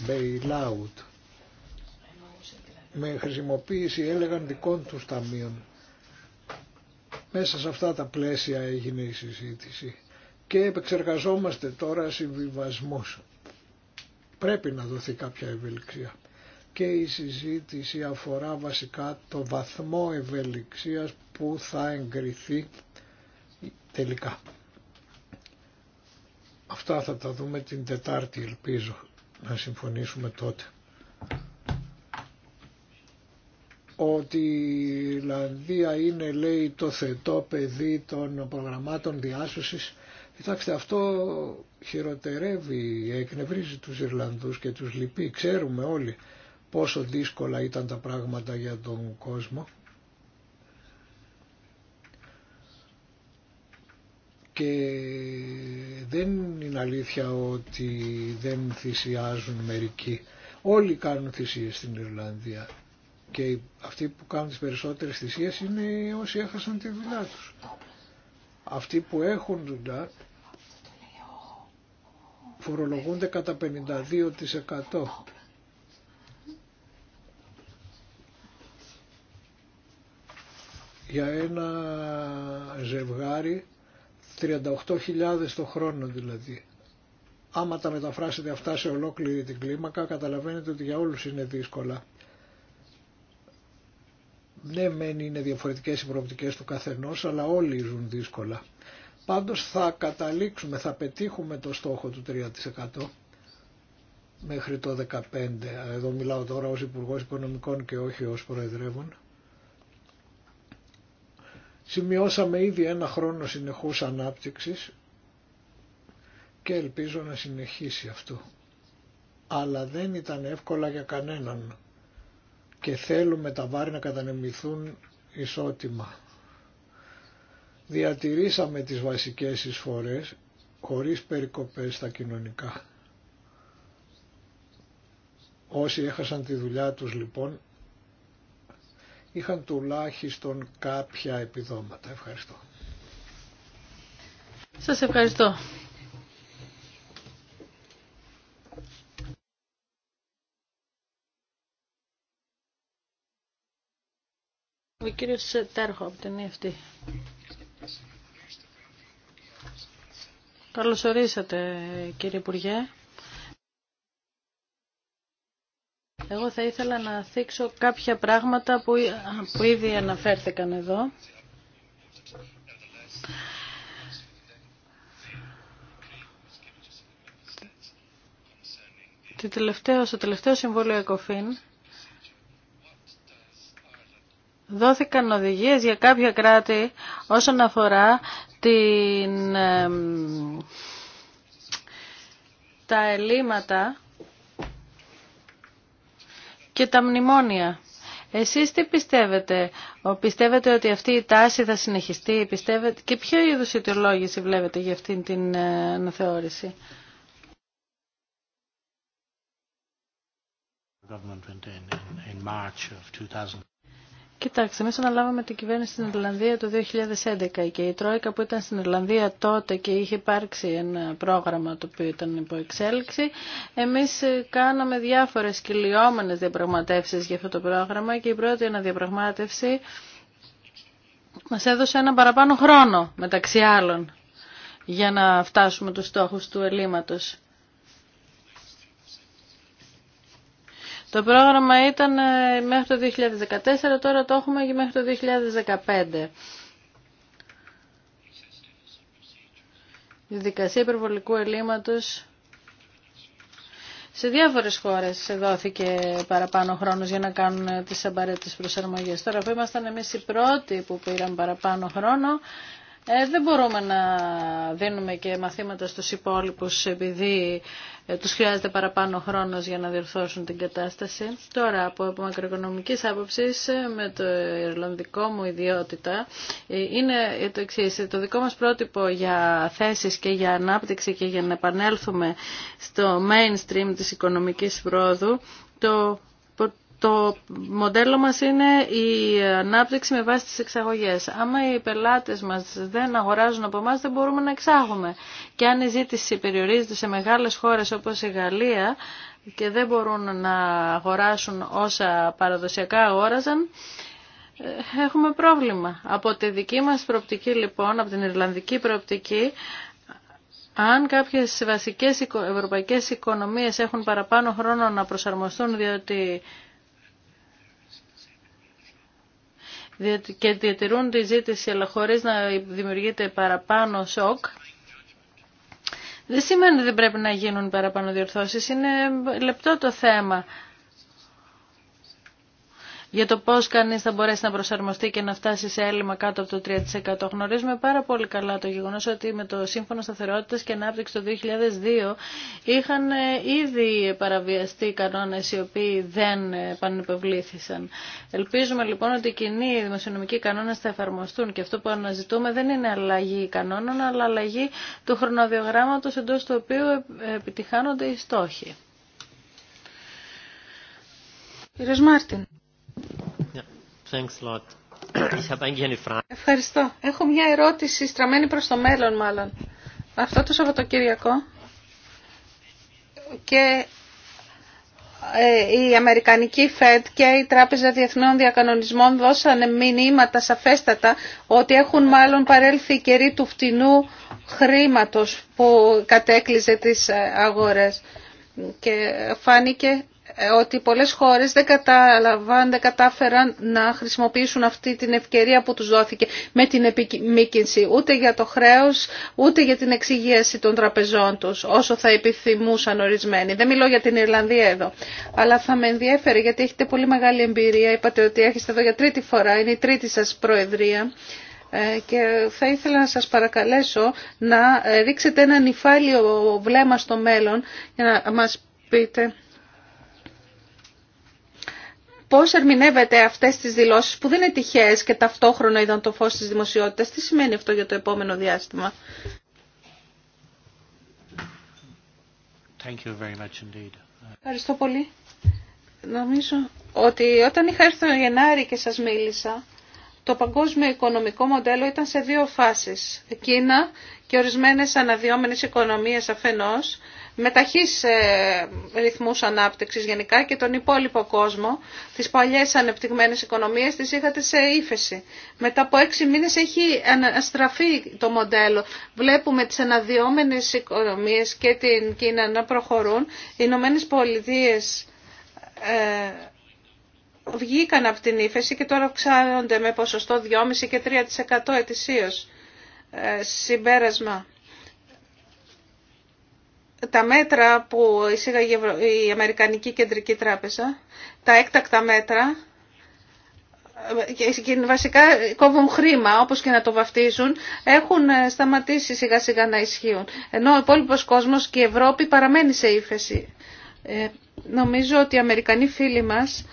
bailout με χρησιμοποίηση έλεγαν δικών τους ταμείων. Μέσα σε αυτά τα πλαίσια έγινε η συζήτηση και επεξεργαζόμαστε τώρα συμβιβασμούς. Πρέπει να δοθεί κάποια ευελιξία και η συζήτηση αφορά βασικά το βαθμό ευελιξίας που θα εγκριθεί τελικά. Αυτά θα τα δούμε την Τετάρτη ελπίζω να συμφωνήσουμε τότε. Ότι η Ιρλανδία είναι λέει το θετό παιδί των προγραμμάτων διάσωσης. Κοιτάξτε αυτό χειροτερεύει, εκνευρίζει τους Ιρλανδούς και τους λυπεί, ξέρουμε όλοι πόσο δύσκολα ήταν τα πράγματα για τον κόσμο και δεν είναι αλήθεια ότι δεν θυσιάζουν μερικοί. Όλοι κάνουν θυσίες στην Ιρλανδία και αυτοί που κάνουν τις περισσότερες θυσίες είναι όσοι έχασαν τη δουλειά τους. Αυτοί που έχουν δουλειά φορολογούνται κατά 52%. για ένα ζευγάρι 38.000 το χρόνο δηλαδή. Άμα τα μεταφράσετε αυτά σε ολόκληρη την κλίμακα καταλαβαίνετε ότι για όλους είναι δύσκολα. Ναι μεν είναι διαφορετικές οι προοπτικές του καθενός αλλά όλοι ζουν δύσκολα. Πάντως θα καταλήξουμε, θα πετύχουμε το στόχο του 3% μέχρι το 15%. Εδώ μιλάω τώρα ως Υπουργός Οικονομικών και όχι ως Προεδρεύων. Σημειώσαμε ήδη ένα χρόνο συνεχούς ανάπτυξης και ελπίζω να συνεχίσει αυτό. Αλλά δεν ήταν εύκολα για κανέναν και θέλουμε τα βάρη να κατανεμηθούν ισότιμα. Διατηρήσαμε τις βασικές εισφορές χωρίς περικοπές στα κοινωνικά. Όσοι έχασαν τη δουλειά τους λοιπόν είχαν τουλάχιστον κάποια επιδόματα. Ευχαριστώ. Σας ευχαριστώ. Ο Τέρχο από την ΕΦΤ. E Καλώς ορίσατε κύριε Υπουργέ. Εγώ θα ήθελα να θίξω κάποια πράγματα που, που ήδη αναφέρθηκαν εδώ. τελευταίο, στο τελευταίο Συμβούλιο ΕΚΟΦΗΝ δόθηκαν οδηγίες για κάποια κράτη όσον αφορά την, τα ελλείμματα και τα μνημόνια. Εσείς τι πιστεύετε, πιστεύετε ότι αυτή η τάση θα συνεχιστεί πιστεύετε, και ποιο είδους αιτιολόγηση βλέπετε για αυτήν την ε, αναθεώρηση. Κοιτάξτε, εμεί αναλάβαμε την κυβέρνηση στην Ιρλανδία το 2011 και η Τρόικα που ήταν στην Ιρλανδία τότε και είχε υπάρξει ένα πρόγραμμα το οποίο ήταν υπό εξέλιξη. Εμεί ε, κάναμε διάφορε κυλιόμενε διαπραγματεύσει για αυτό το πρόγραμμα και η πρώτη αναδιαπραγμάτευση μα έδωσε ένα παραπάνω χρόνο μεταξύ άλλων για να φτάσουμε τους στόχους του ελλείμματος. Το πρόγραμμα ήταν ε, μέχρι το 2014, τώρα το έχουμε και μέχρι το 2015. Η δικασία υπερβολικού ελλείμματος σε διάφορες χώρες δόθηκε παραπάνω χρόνος για να κάνουν τις απαραίτητες προσαρμογές. Τώρα που ήμασταν εμείς οι πρώτοι που πήραν παραπάνω χρόνο, ε, δεν μπορούμε να δίνουμε και μαθήματα στους υπόλοιπους επειδή ε, τους χρειάζεται παραπάνω χρόνος για να διορθώσουν την κατάσταση. Τώρα από μακροοικονομικής άποψης ε, με το Ιρλανδικό μου ιδιότητα ε, είναι το εξή. Το δικό μας πρότυπο για θέσεις και για ανάπτυξη και για να επανέλθουμε στο mainstream της οικονομικής πρόοδου το το μοντέλο μας είναι η ανάπτυξη με βάση τις εξαγωγές. Άμα οι πελάτες μας δεν αγοράζουν από εμάς δεν μπορούμε να εξάγουμε. Και αν η ζήτηση περιορίζεται σε μεγάλες χώρες όπως η Γαλλία και δεν μπορούν να αγοράσουν όσα παραδοσιακά αγόραζαν, ε, έχουμε πρόβλημα. Από τη δική μας προοπτική λοιπόν, από την Ιρλανδική προοπτική, αν κάποιες βασικές ευρωπαϊκές οικονομίες έχουν παραπάνω χρόνο να προσαρμοστούν διότι και διατηρούν τη ζήτηση αλλά χωρίς να δημιουργείται παραπάνω σοκ, δεν σημαίνει ότι δεν πρέπει να γίνουν παραπάνω διορθώσεις. Είναι λεπτό το θέμα για το πώς κανείς θα μπορέσει να προσαρμοστεί και να φτάσει σε έλλειμμα κάτω από το 3%. Γνωρίζουμε πάρα πολύ καλά το γεγονός ότι με το Σύμφωνο Σταθερότητας και Ανάπτυξη το 2002 είχαν ε, ήδη παραβιαστεί οι κανόνες οι οποίοι δεν ε, πανεπευλήθησαν. Ελπίζουμε λοιπόν ότι οι κοινοί δημοσιονομικοί κανόνες θα εφαρμοστούν και αυτό που αναζητούμε δεν είναι αλλαγή κανόνων αλλά αλλαγή του χρονοδιογράμματος εντός του οποίου ε, επιτυχάνονται οι στόχοι. Κύριος Μάρτιν. Ευχαριστώ. Έχω μια ερώτηση στραμμένη προς το μέλλον μάλλον. Αυτό το Σαββατοκυριακό και ε, η Αμερικανική ΦΕΔ και η Τράπεζα Διεθνών Διακανονισμών δώσανε μηνύματα σαφέστατα ότι έχουν μάλλον παρέλθει οι καιροί του φτηνού χρήματος που κατέκλυζε τις ε, αγορές και φάνηκε ε, ότι πολλές χώρες δεν κατάλαβαν, δεν κατάφεραν να χρησιμοποιήσουν αυτή την ευκαιρία που τους δόθηκε με την επιμήκυνση ούτε για το χρέος, ούτε για την εξυγίαση των τραπεζών τους, όσο θα επιθυμούσαν ορισμένοι. Δεν μιλώ για την Ιρλανδία εδώ, αλλά θα με ενδιέφερε γιατί έχετε πολύ μεγάλη εμπειρία, είπατε ότι έχετε εδώ για τρίτη φορά, είναι η τρίτη σας προεδρία ε, και θα ήθελα να σας παρακαλέσω να δείξετε ένα νυφάλιο βλέμμα στο μέλλον για να μας πείτε πώς ερμηνεύετε αυτές τις δηλώσεις που δεν είναι τυχαίες και ταυτόχρονα είδαν το φως της δημοσιότητας. Τι σημαίνει αυτό για το επόμενο διάστημα. Thank you very much Ευχαριστώ πολύ. Νομίζω ότι όταν είχα έρθει τον Γενάρη και σας μίλησα, το παγκόσμιο οικονομικό μοντέλο ήταν σε δύο φάσεις. Κίνα και ορισμένες αναδυόμενες οικονομίες αφενός με ταχύς ε, ρυθμούς ανάπτυξης γενικά και τον υπόλοιπο κόσμο, τις παλιές ανεπτυγμένες οικονομίες τις είχατε σε ύφεση. Μετά από έξι μήνες έχει αναστραφεί το μοντέλο. Βλέπουμε τις αναδυόμενες οικονομίες και την Κίνα να προχωρούν. Οι Ηνωμένε Πολιτείε ε, βγήκαν από την ύφεση και τώρα αυξάνονται με ποσοστό 2,5% και 3% ετησίως. Ε, συμπέρασμα τα μέτρα που εισήγαγε η Αμερικανική Κεντρική Τράπεζα, τα έκτακτα μέτρα, ε, και βασικά κόβουν χρήμα, όπως και να το βαφτίζουν, έχουν ε, σταματήσει σιγά σιγά να ισχύουν. Ενώ ο υπόλοιπο κόσμος και η Ευρώπη παραμένει σε ύφεση. Ε, νομίζω ότι οι Αμερικανοί φίλοι μας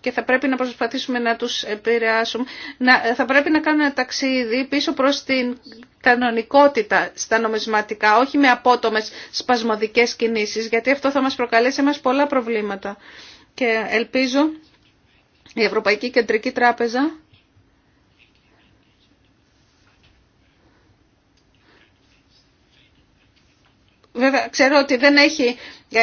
και θα πρέπει να προσπαθήσουμε να τους επηρεάσουμε, να, θα πρέπει να κάνουμε ένα ταξίδι πίσω προς την κανονικότητα στα νομισματικά, όχι με απότομες σπασμωδικές κινήσεις, γιατί αυτό θα μας προκαλέσει μας πολλά προβλήματα. Και ελπίζω η Ευρωπαϊκή Κεντρική Τράπεζα Βέβαια, ξέρω ότι δεν έχει ε,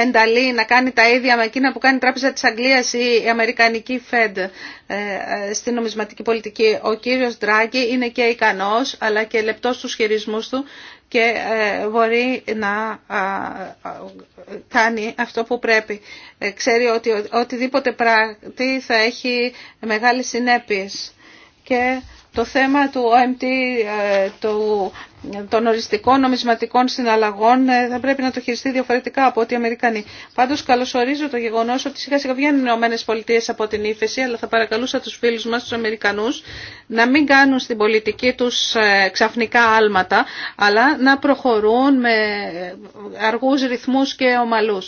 ενταλή να κάνει τα ίδια με εκείνα που κάνει η Τράπεζα της Αγγλίας ή η Αμερικανική Fed ε, ε, στην νομισματική πολιτική. Ο κύριος Ντράγκη είναι και ικανός αλλά και λεπτός στους χειρισμούς του και μπορεί να κάνει αυτό που πρέπει. Ξέρει ότι οτιδήποτε πράγματι θα έχει μεγάλες συνέπειες. Και το θέμα του OMT, ε, των οριστικών νομισματικών συναλλαγών, ε, θα πρέπει να το χειριστεί διαφορετικά από ό,τι οι Αμερικανοί. Πάντω, καλωσορίζω το γεγονό ότι σιγά σιγά βγαίνουν οι Ηνωμένε Πολιτείε από την ύφεση, αλλά θα παρακαλούσα του φίλου μα, του Αμερικανού, να μην κάνουν στην πολιτική του ε, ξαφνικά άλματα, αλλά να προχωρούν με αργού ρυθμού και ομαλού.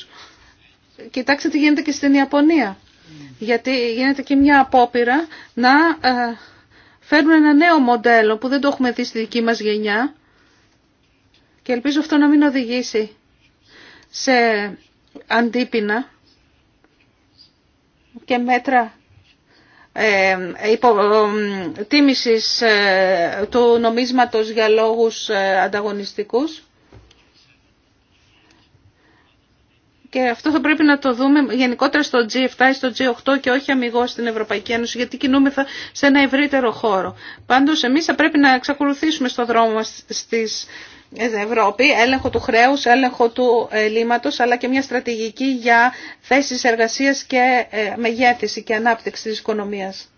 Κοιτάξτε τι γίνεται και στην Ιαπωνία. Γιατί γίνεται και μια απόπειρα να φέρνουν ένα νέο μοντέλο που δεν το έχουμε δει στη δική μας γενιά και ελπίζω αυτό να μην οδηγήσει σε αντίπεινα και μέτρα ε, ε τίμησης ε, του νομίσματος για λόγους ε, ανταγωνιστικούς. Και αυτό θα πρέπει να το δούμε γενικότερα στο G7 ή στο G8 και όχι αμυγό στην Ευρωπαϊκή Ένωση, γιατί κινούμεθα σε ένα ευρύτερο χώρο. Πάντω, εμεί θα πρέπει να εξακολουθήσουμε στο δρόμο μα στι Ευρώπη, έλεγχο του χρέους, έλεγχο του ε, λίματος, αλλά και μια στρατηγική για θέσεις εργασίας και ε, μεγέθηση και ανάπτυξη της οικονομίας.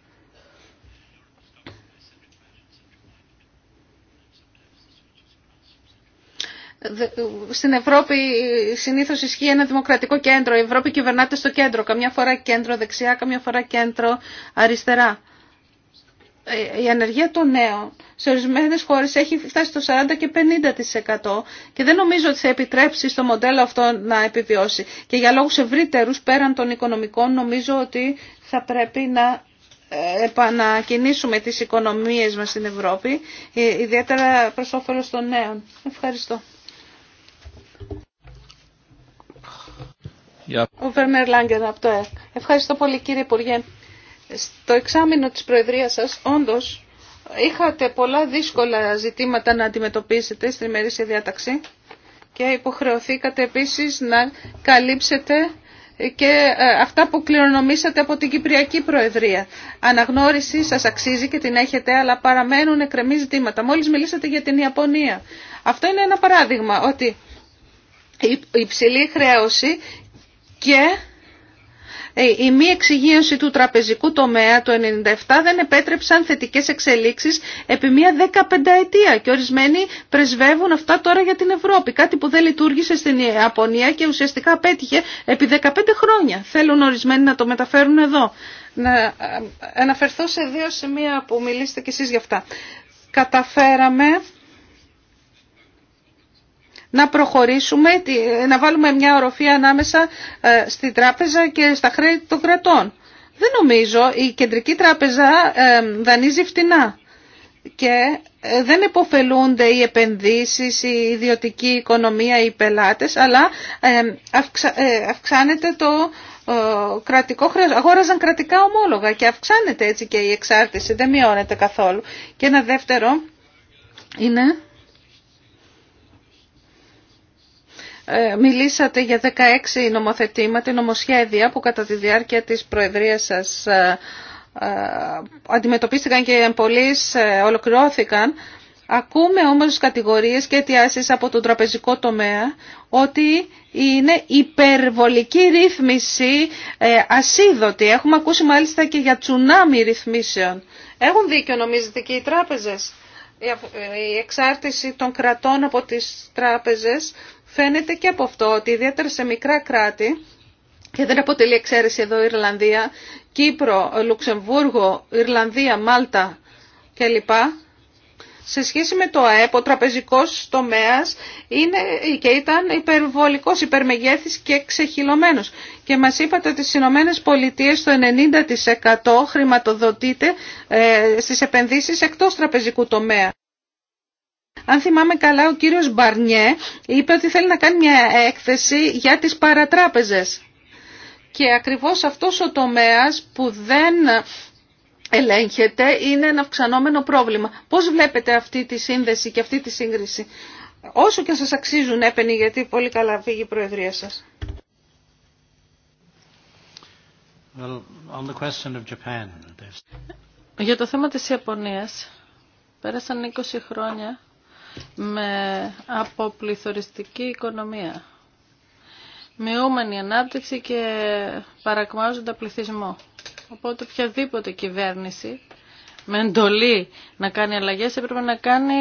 Στην Ευρώπη συνήθω ισχύει ένα δημοκρατικό κέντρο. Η Ευρώπη κυβερνάται στο κέντρο. Καμιά φορά κέντρο δεξιά, καμιά φορά κέντρο αριστερά. Ε, η ανεργία των νέων σε ορισμένε χώρε έχει φτάσει στο 40 και 50% και δεν νομίζω ότι θα επιτρέψει στο μοντέλο αυτό να επιβιώσει. Και για λόγου ευρύτερου πέραν των οικονομικών νομίζω ότι θα πρέπει να ε, επανακινήσουμε τις οικονομίες μας στην Ευρώπη, ε, ιδιαίτερα προς όφελος των νέων. Ευχαριστώ. Ο Βέρνερ Λάγκεν Ευχαριστώ πολύ κύριε Υπουργέ. Στο εξάμεινο της Προεδρίας σας, όντως, είχατε πολλά δύσκολα ζητήματα να αντιμετωπίσετε στην ημερήσια διάταξη και υποχρεωθήκατε επίσης να καλύψετε και ε, αυτά που κληρονομήσατε από την Κυπριακή Προεδρία. Αναγνώριση σας αξίζει και την έχετε, αλλά παραμένουν εκρεμή ζητήματα. Μόλις μιλήσατε για την Ιαπωνία. Αυτό είναι ένα παράδειγμα, ότι η υψηλή χρέωση και ε, η μη εξυγίανση του τραπεζικού τομέα το 1997 δεν επέτρεψαν θετικές εξελίξεις επί μία 15 ετία και ορισμένοι πρεσβεύουν αυτά τώρα για την Ευρώπη. Κάτι που δεν λειτουργήσε στην Ιαπωνία και ουσιαστικά πέτυχε επί 15 χρόνια. Θέλουν ορισμένοι να το μεταφέρουν εδώ. Να ε, αναφερθώ σε δύο σημεία που μιλήσετε κι εσείς γι' αυτά. Καταφέραμε να προχωρήσουμε, να βάλουμε μια οροφή ανάμεσα ε, στη τράπεζα και στα χρέη των κρατών. Δεν νομίζω. Η Κεντρική Τράπεζα ε, δανείζει φτηνά και ε, δεν επωφελούνται οι επενδύσεις, η ιδιωτική οικονομία, οι πελάτες, αλλά αυξάνεται το κρατικό χρέος. Αγόραζαν κρατικά ομόλογα και αυξάνεται έτσι και η εξάρτηση, δεν μειώνεται καθόλου. Και ένα δεύτερο είναι Ε, μιλήσατε για 16 νομοθετήματα, νομοσχέδια που κατά τη διάρκεια της Προεδρίας σας ε, ε, αντιμετωπίστηκαν και πολλοί ολοκληρώθηκαν. Ακούμε όμως κατηγορίες και αιτιάσεις από τον τραπεζικό τομέα ότι είναι υπερβολική ρύθμιση ασίδωτη. Έχουμε ακούσει μάλιστα και για τσουνάμι ρυθμίσεων. Έχουν δίκιο νομίζετε και οι τράπεζες. Η εξάρτηση των κρατών από τις τράπεζες Φαίνεται και από αυτό ότι ιδιαίτερα σε μικρά κράτη, και δεν αποτελεί εξαίρεση εδώ Ιρλανδία, Κύπρο, Λουξεμβούργο, Ιρλανδία, Μάλτα κλπ. Σε σχέση με το ΑΕΠ, ο τραπεζικός τομέας είναι και ήταν υπερβολικός, υπερμεγέθης και ξεχυλωμένος. Και μας είπατε ότι στις Ηνωμένε το 90% χρηματοδοτείται ε, στις επενδύσεις εκτός τραπεζικού τομέα. Αν θυμάμαι καλά, ο κύριος Μπαρνιέ είπε ότι θέλει να κάνει μια έκθεση για τις παρατράπεζες. Και ακριβώς αυτός ο τομέας που δεν ελέγχεται είναι ένα αυξανόμενο πρόβλημα. Πώς βλέπετε αυτή τη σύνδεση και αυτή τη σύγκριση. Όσο και σας αξίζουν έπαινοι, γιατί πολύ καλά φύγει η Προεδρία σας. Για το θέμα της Ιαπωνίας, πέρασαν 20 χρόνια με αποπληθωριστική οικονομία. Μειούμενη ανάπτυξη και παρακμάζοντα πληθυσμό. Οπότε οποιαδήποτε κυβέρνηση με εντολή να κάνει αλλαγές έπρεπε να κάνει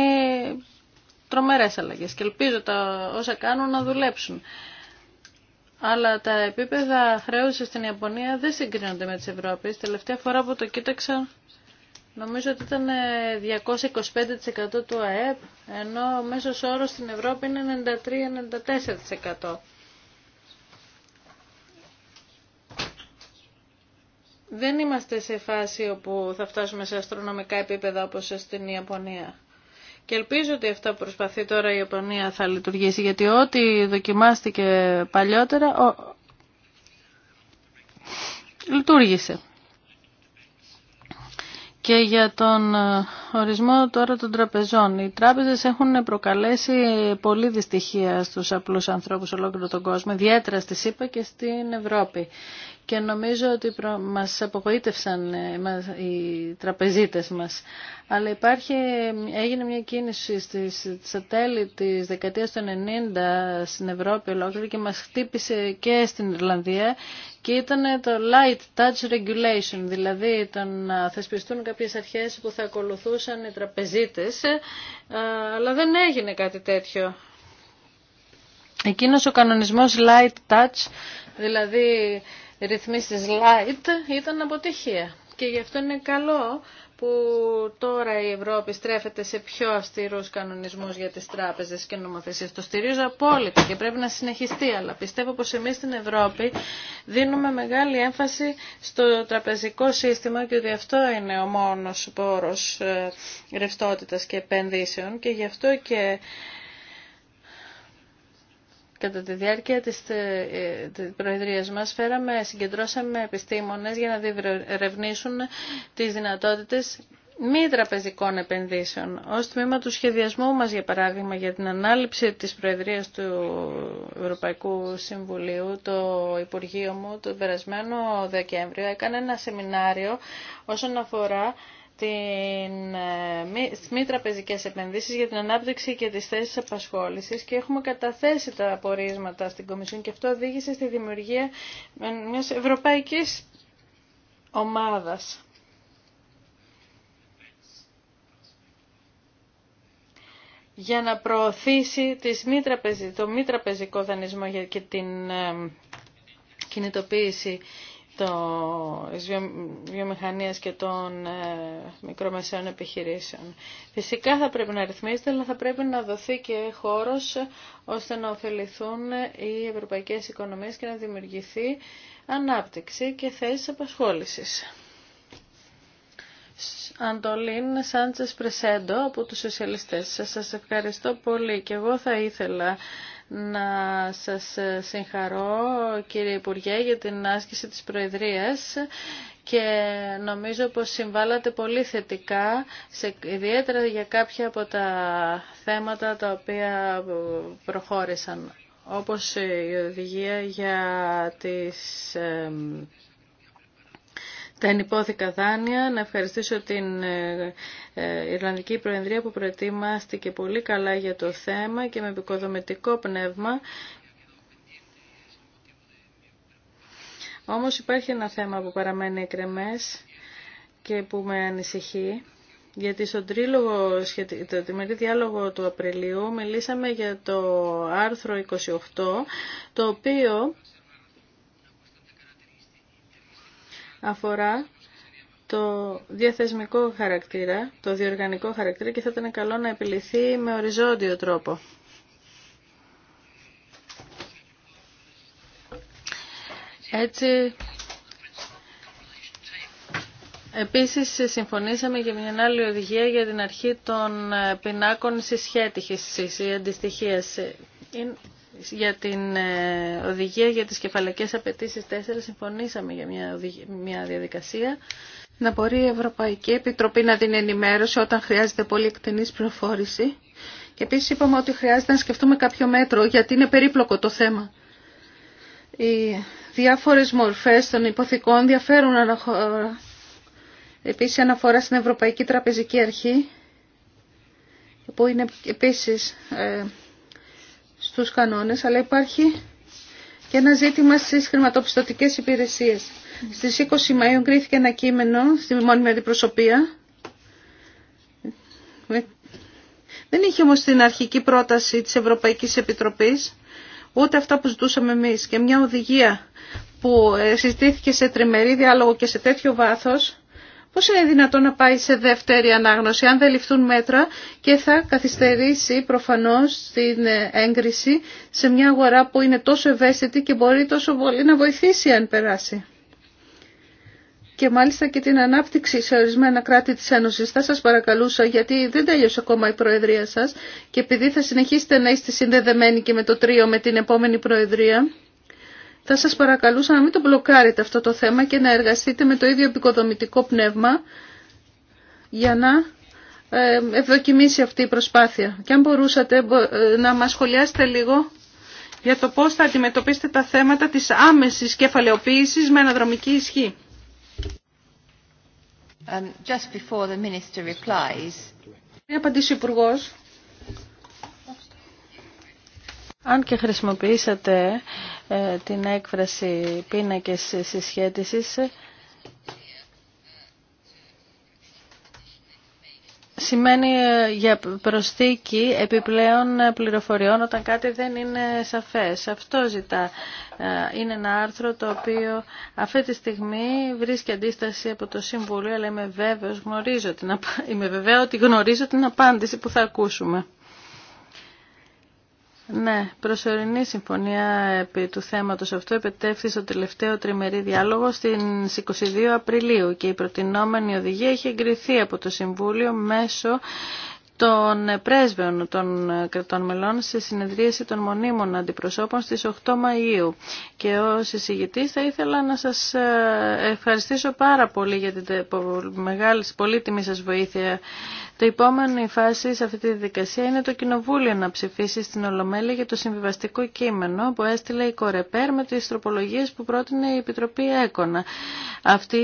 τρομερές αλλαγές και ελπίζω τα όσα κάνουν να δουλέψουν. Αλλά τα επίπεδα χρέους στην Ιαπωνία δεν συγκρίνονται με τις Ευρώπης. Τελευταία φορά που το κοίταξα Νομίζω ότι ήταν 225% ε, του ΑΕΠ, ενώ ο μέσος όρος στην Ευρώπη είναι 93-94%. Δεν είμαστε σε φάση όπου θα φτάσουμε σε αστρονομικά επίπεδα όπως στην Ιαπωνία. Και ελπίζω ότι αυτά που προσπαθεί τώρα η Ιαπωνία θα λειτουργήσει, γιατί ό,τι δοκιμάστηκε παλιότερα, λειτουργήσε και για τον ε, ορισμό τώρα των τραπεζών. Οι τράπεζες έχουν προκαλέσει πολύ δυστυχία στους απλούς ανθρώπους ολόκληρο τον κόσμο, ιδιαίτερα στη ΣΥΠΑ και στην Ευρώπη και νομίζω ότι μας απογοήτευσαν ε, οι τραπεζίτες μας. Αλλά υπάρχει, έγινε μια κίνηση στις, στα τέλη της δεκαετίας των 90 στην Ευρώπη ολόκληρη και μας χτύπησε και στην Ιρλανδία και ήταν το light touch regulation, δηλαδή το να θεσπιστούν κάποιες αρχές που θα ακολουθούσαν οι τραπεζίτες, ε, αλλά δεν έγινε κάτι τέτοιο. Εκείνος ο κανονισμός light touch, δηλαδή ρυθμίσεις light ήταν αποτυχία. Και γι' αυτό είναι καλό που τώρα η Ευρώπη στρέφεται σε πιο αυστηρούς κανονισμούς για τις τράπεζες και νομοθεσίες. Το στηρίζω απόλυτα και πρέπει να συνεχιστεί, αλλά πιστεύω πως εμείς στην Ευρώπη δίνουμε μεγάλη έμφαση στο τραπεζικό σύστημα και ότι αυτό είναι ο μόνος πόρος ε, ρευστότητας και επενδύσεων και γι' αυτό και Κατά τη διάρκεια ε, ε, της Προεδρίας μας φέραμε, συγκεντρώσαμε επιστήμονες για να διερευνήσουν τις δυνατότητες μη τραπεζικών επενδύσεων. Ως τμήμα του σχεδιασμού μας, για παράδειγμα, για την ανάληψη της Προεδρίας του Ευρωπαϊκού Συμβουλίου, το Υπουργείο μου, τον περασμένο Δεκέμβριο, έκανε ένα σεμινάριο όσον αφορά ε, τις μη τραπεζικές επενδύσεις για την ανάπτυξη και τις θέσεις απασχόλησης και έχουμε καταθέσει τα απορίσματα στην Κομισιόν και αυτό οδήγησε στη δημιουργία μιας ευρωπαϊκής ομάδας. για να προωθήσει τις μη το μη τραπεζικό δανεισμό και την ε, κινητοποίηση της βιομηχανίας και των ε, μικρομεσαίων επιχειρήσεων. Φυσικά θα πρέπει να ρυθμίζεται, αλλά θα πρέπει να δοθεί και χώρος ώστε να ωφεληθούν οι ευρωπαϊκές οικονομίες και να δημιουργηθεί ανάπτυξη και θέσεις απασχόλησης. Αντολίν Σάντσες Πρεσέντο από τους Σοσιαλιστές. Σας ευχαριστώ πολύ και εγώ θα ήθελα να σας συγχαρώ κύριε Υπουργέ για την άσκηση της Προεδρίας και νομίζω πως συμβάλλατε πολύ θετικά, σε, ιδιαίτερα για κάποια από τα θέματα τα οποία προχώρησαν, όπως η οδηγία για τις τα ενυπόθηκα δάνεια. Να ευχαριστήσω την ε, ε, Ιρλανδική Προεδρία που προετοίμαστηκε πολύ καλά για το θέμα και με επικοδομητικό πνεύμα. Όμως υπάρχει ένα θέμα που παραμένει εκρεμές και που με ανησυχεί. Γιατί στον τρίλογο, το τριμερή διάλογο του Απριλίου μιλήσαμε για το άρθρο 28, το οποίο αφορά το διαθεσμικό χαρακτήρα, το διοργανικό χαρακτήρα και θα ήταν καλό να επιληθεί με οριζόντιο τρόπο. Έτσι, επίσης συμφωνήσαμε για μια άλλη οδηγία για την αρχή των πινάκων συσχέτυχης, η αντιστοιχίας για την ε, οδηγία για τις κεφαλαικές απαιτήσεις 4 συμφωνήσαμε για μια, οδηγία, μια διαδικασία να μπορεί η Ευρωπαϊκή Επιτροπή να την ενημέρωση όταν χρειάζεται πολύ εκτενής προφόρηση και επίσης είπαμε ότι χρειάζεται να σκεφτούμε κάποιο μέτρο γιατί είναι περίπλοκο το θέμα. Οι διάφορες μορφές των υποθηκών διαφέρουν αναχώρα. Επίσης αναφορά στην Ευρωπαϊκή Τραπεζική Αρχή που είναι επίσης ε, τους κανόνες, αλλά υπάρχει και ένα ζήτημα στις χρηματοπιστωτικές υπηρεσίες. Στις 20 Μαΐου κρίθηκε ένα κείμενο στη μόνιμη αντιπροσωπεία. Δεν είχε όμως την αρχική πρόταση της Ευρωπαϊκής Επιτροπής, ούτε αυτά που ζητούσαμε εμείς. Και μια οδηγία που ε, συζητήθηκε σε τριμερή διάλογο και σε τέτοιο βάθος, Πώς είναι δυνατόν να πάει σε δεύτερη ανάγνωση αν δεν ληφθούν μέτρα και θα καθυστερήσει προφανώς την έγκριση σε μια αγορά που είναι τόσο ευαίσθητη και μπορεί τόσο πολύ να βοηθήσει αν περάσει. Και μάλιστα και την ανάπτυξη σε ορισμένα κράτη της Ένωσης. Θα σας παρακαλούσα γιατί δεν τέλειωσε ακόμα η Προεδρία σας και επειδή θα συνεχίσετε να είστε συνδεδεμένοι και με το τρίο με την επόμενη Προεδρία θα σας παρακαλούσα να μην το μπλοκάρετε αυτό το θέμα και να εργαστείτε με το ίδιο επικοδομητικό πνεύμα για να ε, ευδοκιμήσει αυτή η προσπάθεια. Και αν μπορούσατε ε, να μας σχολιάσετε λίγο για το πώς θα αντιμετωπίσετε τα θέματα της άμεσης κεφαλαιοποίησης με αναδρομική ισχύ. Um, just before the minister replies... Αν και χρησιμοποιήσατε ε, την έκφραση πίνακες συσχέτισης, σημαίνει ε, για προσθήκη επιπλέον πληροφοριών όταν κάτι δεν είναι σαφές. Αυτό ζητά. Ε, είναι ένα άρθρο το οποίο αυτή τη στιγμή βρίσκει αντίσταση από το Συμβούλιο, αλλά είμαι βέβαιος, γνωρίζω την, είμαι βεβαίω ότι γνωρίζω την απάντηση που θα ακούσουμε. Ναι, προσωρινή συμφωνία επί του θέματος αυτού επιτεύχθη στο τελευταίο τριμερή διάλογο στις 22 Απριλίου και η προτινόμενη οδηγία έχει εγκριθεί από το Συμβούλιο μέσω των πρέσβεων των κρατών μελών σε συνεδρίαση των μονίμων αντιπροσώπων στις 8 Μαΐου. Και ως εισηγητής θα ήθελα να σας ε, ευχαριστήσω πάρα πολύ για την μεγάλη πολύτιμη σας βοήθεια το επόμενο φάση σε αυτή τη δικασία είναι το Κοινοβούλιο να ψηφίσει στην Ολομέλεια για το συμβιβαστικό κείμενο που έστειλε η Κορεπέρ με τις τροπολογίες που πρότεινε η Επιτροπή Έκονα. Αυτή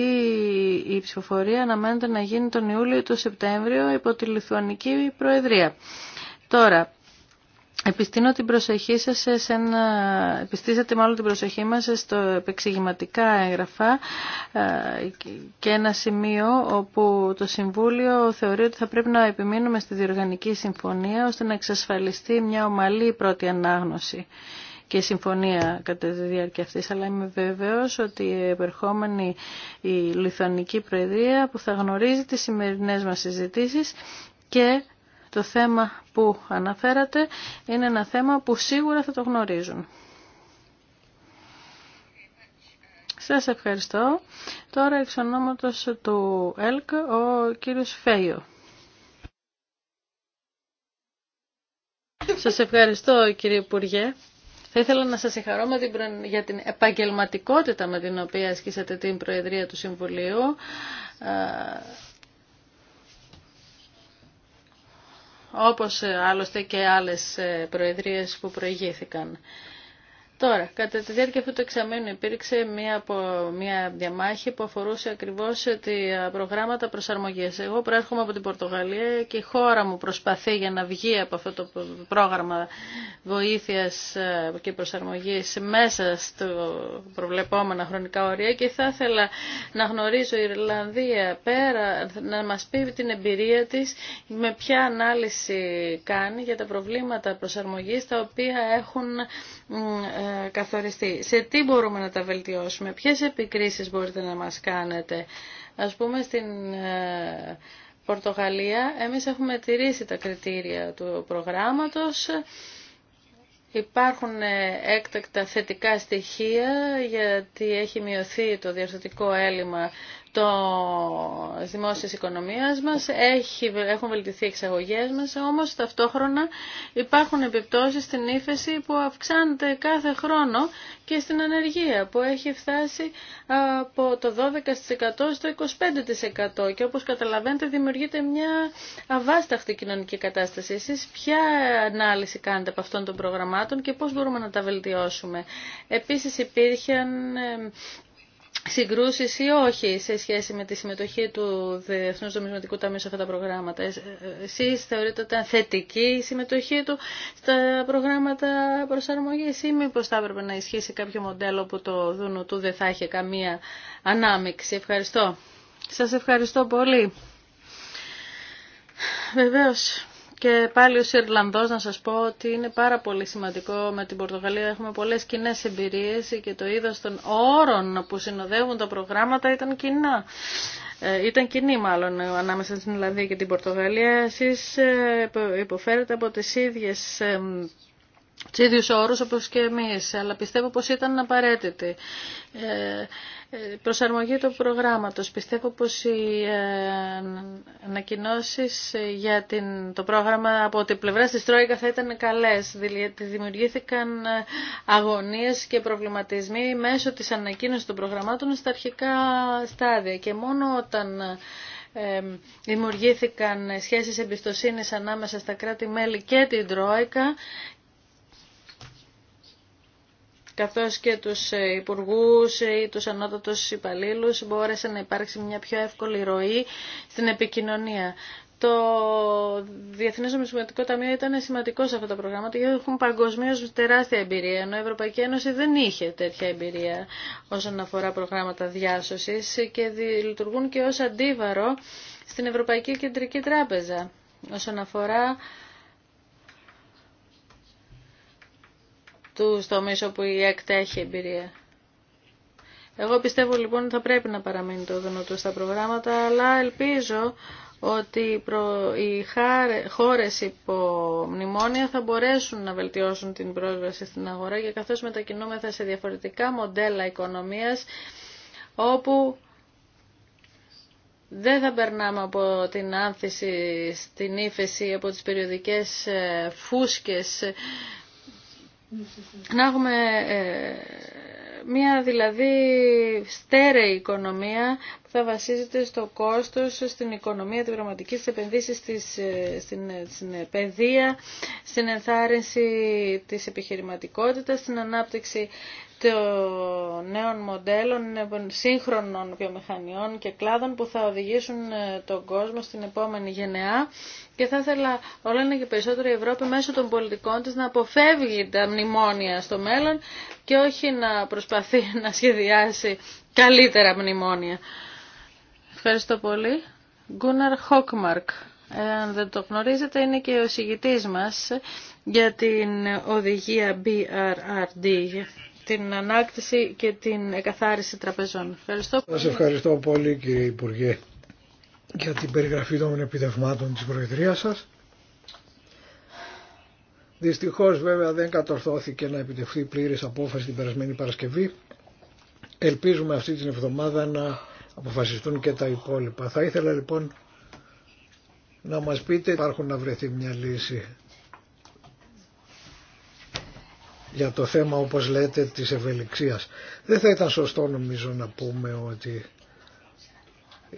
η ψηφοφορία αναμένεται να γίνει τον Ιούλιο ή τον Σεπτέμβριο υπό τη Λιθουανική Προεδρία. Τώρα, Επιστήνω την προσοχή σας σε ένα, επιστήσατε μάλλον την προσοχή μας στο επεξηγηματικά έγγραφα ε, και ένα σημείο όπου το Συμβούλιο θεωρεί ότι θα πρέπει να επιμείνουμε στη διοργανική συμφωνία ώστε να εξασφαλιστεί μια ομαλή πρώτη ανάγνωση και συμφωνία κατά τη διάρκεια αυτής, αλλά είμαι βεβαίω ότι η επερχόμενη η Λιθωνική Προεδρία που θα γνωρίζει τις σημερινές μας συζητήσεις και το θέμα που αναφέρατε είναι ένα θέμα που σίγουρα θα το γνωρίζουν. Σας ευχαριστώ. Τώρα εξ ονόματος του ΕΛΚ ο κύριος Φέιο. Σας ευχαριστώ κύριε Υπουργέ. Θα ήθελα να σας συγχαρώ για την επαγγελματικότητα με την οποία ασκήσατε την Προεδρία του Συμβουλίου. όπως άλλωστε και άλλες ε, προεδρίες που προηγήθηκαν. Τώρα, κατά τη διάρκεια αυτού του εξαμήνου υπήρξε μια, μια διαμάχη που αφορούσε ακριβώς ε, τα ε, προγράμματα προσαρμογής. Εγώ προέρχομαι από την Πορτογαλία και η χώρα μου προσπαθεί για να βγει από αυτό το πρόγραμμα βοήθειας ε, και προσαρμογής μέσα στο προβλεπόμενα χρονικά ωρία και θα ήθελα να γνωρίζω η Ιρλανδία πέρα, να μας πει την εμπειρία της με ποια ανάλυση κάνει για τα προβλήματα προσαρμογής τα οποία έχουν καθοριστεί. Σε τι μπορούμε να τα βελτιώσουμε, ποιες επικρίσεις μπορείτε να μας κάνετε. Ας πούμε στην ε, Πορτογαλία εμείς έχουμε τηρήσει τα κριτήρια του προγράμματος. Υπάρχουν ε, έκτακτα θετικά στοιχεία γιατί έχει μειωθεί το διαρθωτικό έλλειμμα το δημόσιας οικονομίας μας, έχει, έχουν βελτιθεί οι εξαγωγές μας, όμως ταυτόχρονα υπάρχουν επιπτώσεις στην ύφεση που αυξάνεται κάθε χρόνο και στην ανεργία που έχει φτάσει από το 12% στο 25% και όπως καταλαβαίνετε δημιουργείται μια αβάσταχτη κοινωνική κατάσταση. Εσείς ποια ανάλυση κάνετε από αυτών των προγραμμάτων και πώς μπορούμε να τα βελτιώσουμε. Επίσης υπήρχαν ε, Συγκρούσει ή όχι σε σχέση με τη συμμετοχή του Διεθνού Δομισματικού Ταμείου σε αυτά τα προγράμματα. Ε, ε, Εσεί θεωρείτε ότι ήταν θετική η συμμετοχή του στα προγράμματα προσαρμογής ή μήπω θα έπρεπε να ισχύσει κάποιο μοντέλο που το Δούνο του δεν θα είχε καμία ανάμειξη. Ευχαριστώ. Σας ευχαριστώ πολύ. Βεβαίως. Και πάλι ως Ιρλανδός να σας πω ότι είναι πάρα πολύ σημαντικό με την Πορτογαλία. Έχουμε πολλές κοινέ εμπειρίε και το είδος των όρων που συνοδεύουν τα προγράμματα ήταν κοινά. Ε, ήταν κοινή μάλλον ανάμεσα στην Ιρλανδία και την Πορτογαλία. Εσείς ε, υποφέρετε από τις ίδιες του ίδιου όρου όπω και εμεί, αλλά πιστεύω πω ήταν απαραίτητη. Ε, προσαρμογή του προγράμματος. Πιστεύω πως οι ε, ανακοινώσει για την, το πρόγραμμα από την πλευρά της Τρόικα θα ήταν καλές. Δημιουργήθηκαν ε, αγωνίες και προβληματισμοί μέσω της ανακοίνωσης των προγραμμάτων στα αρχικά στάδια και μόνο όταν ε, δημιουργήθηκαν σχέσεις εμπιστοσύνης ανάμεσα στα κράτη-μέλη και την Τρόικα καθώς και τους ε, υπουργούς ε, ή τους ανώτατους υπαλλήλους μπόρεσε να υπάρξει μια πιο εύκολη ροή στην επικοινωνία. Το Διεθνές Νομισματικό Ταμείο ήταν σημαντικό σε αυτά τα προγράμματα γιατί έχουν παγκοσμίω τεράστια εμπειρία, ενώ η Ευρωπαϊκή Ένωση δεν είχε τέτοια εμπειρία όσον αφορά προγράμματα διάσωσης και λειτουργούν και ως αντίβαρο στην Ευρωπαϊκή Κεντρική Τράπεζα όσον αφορά του τομεί όπου η ΕΚΤ έχει εμπειρία. Εγώ πιστεύω λοιπόν ότι θα πρέπει να παραμείνει το δυνατό στα προγράμματα, αλλά ελπίζω ότι οι χώρες υπό μνημόνια θα μπορέσουν να βελτιώσουν την πρόσβαση στην αγορά και καθώς μετακινούμεθα σε διαφορετικά μοντέλα οικονομίας όπου δεν θα περνάμε από την άνθηση στην ύφεση, από τις περιοδικές ε, φούσκες να έχουμε ε, μια δηλαδή στέρεη οικονομία που θα βασίζεται στο κόστος, στην οικονομία, την πραγματική, στις επενδύσεις, στις, ε, στην, ε, στην παιδεία, στην ενθάρρυνση της επιχειρηματικότητας, στην ανάπτυξη νέων μοντέλων, σύγχρονων βιομηχανιών και κλάδων που θα οδηγήσουν ε, τον κόσμο στην επόμενη γενεά και θα ήθελα όλα και περισσότερο η Ευρώπη μέσω των πολιτικών της να αποφεύγει τα μνημόνια στο μέλλον και όχι να προσπαθεί να σχεδιάσει καλύτερα μνημόνια. Ευχαριστώ πολύ. Γκούναρ Χόκμαρκ. Αν δεν το γνωρίζετε, είναι και ο συγητής μας για την οδηγία BRRD την ανάκτηση και την εκαθάριση τραπεζών. Ευχαριστώ. Σας ευχαριστώ πολύ κύριε Υπουργέ για την περιγραφή των επιδευμάτων της Προεδρίας σας. Δυστυχώς βέβαια δεν κατορθώθηκε να επιτευχθεί πλήρης απόφαση την περασμένη Παρασκευή. Ελπίζουμε αυτή την εβδομάδα να αποφασιστούν και τα υπόλοιπα. Θα ήθελα λοιπόν να μας πείτε υπάρχουν να βρεθεί μια λύση για το θέμα όπως λέτε της ευελιξίας. Δεν θα ήταν σωστό νομίζω να πούμε ότι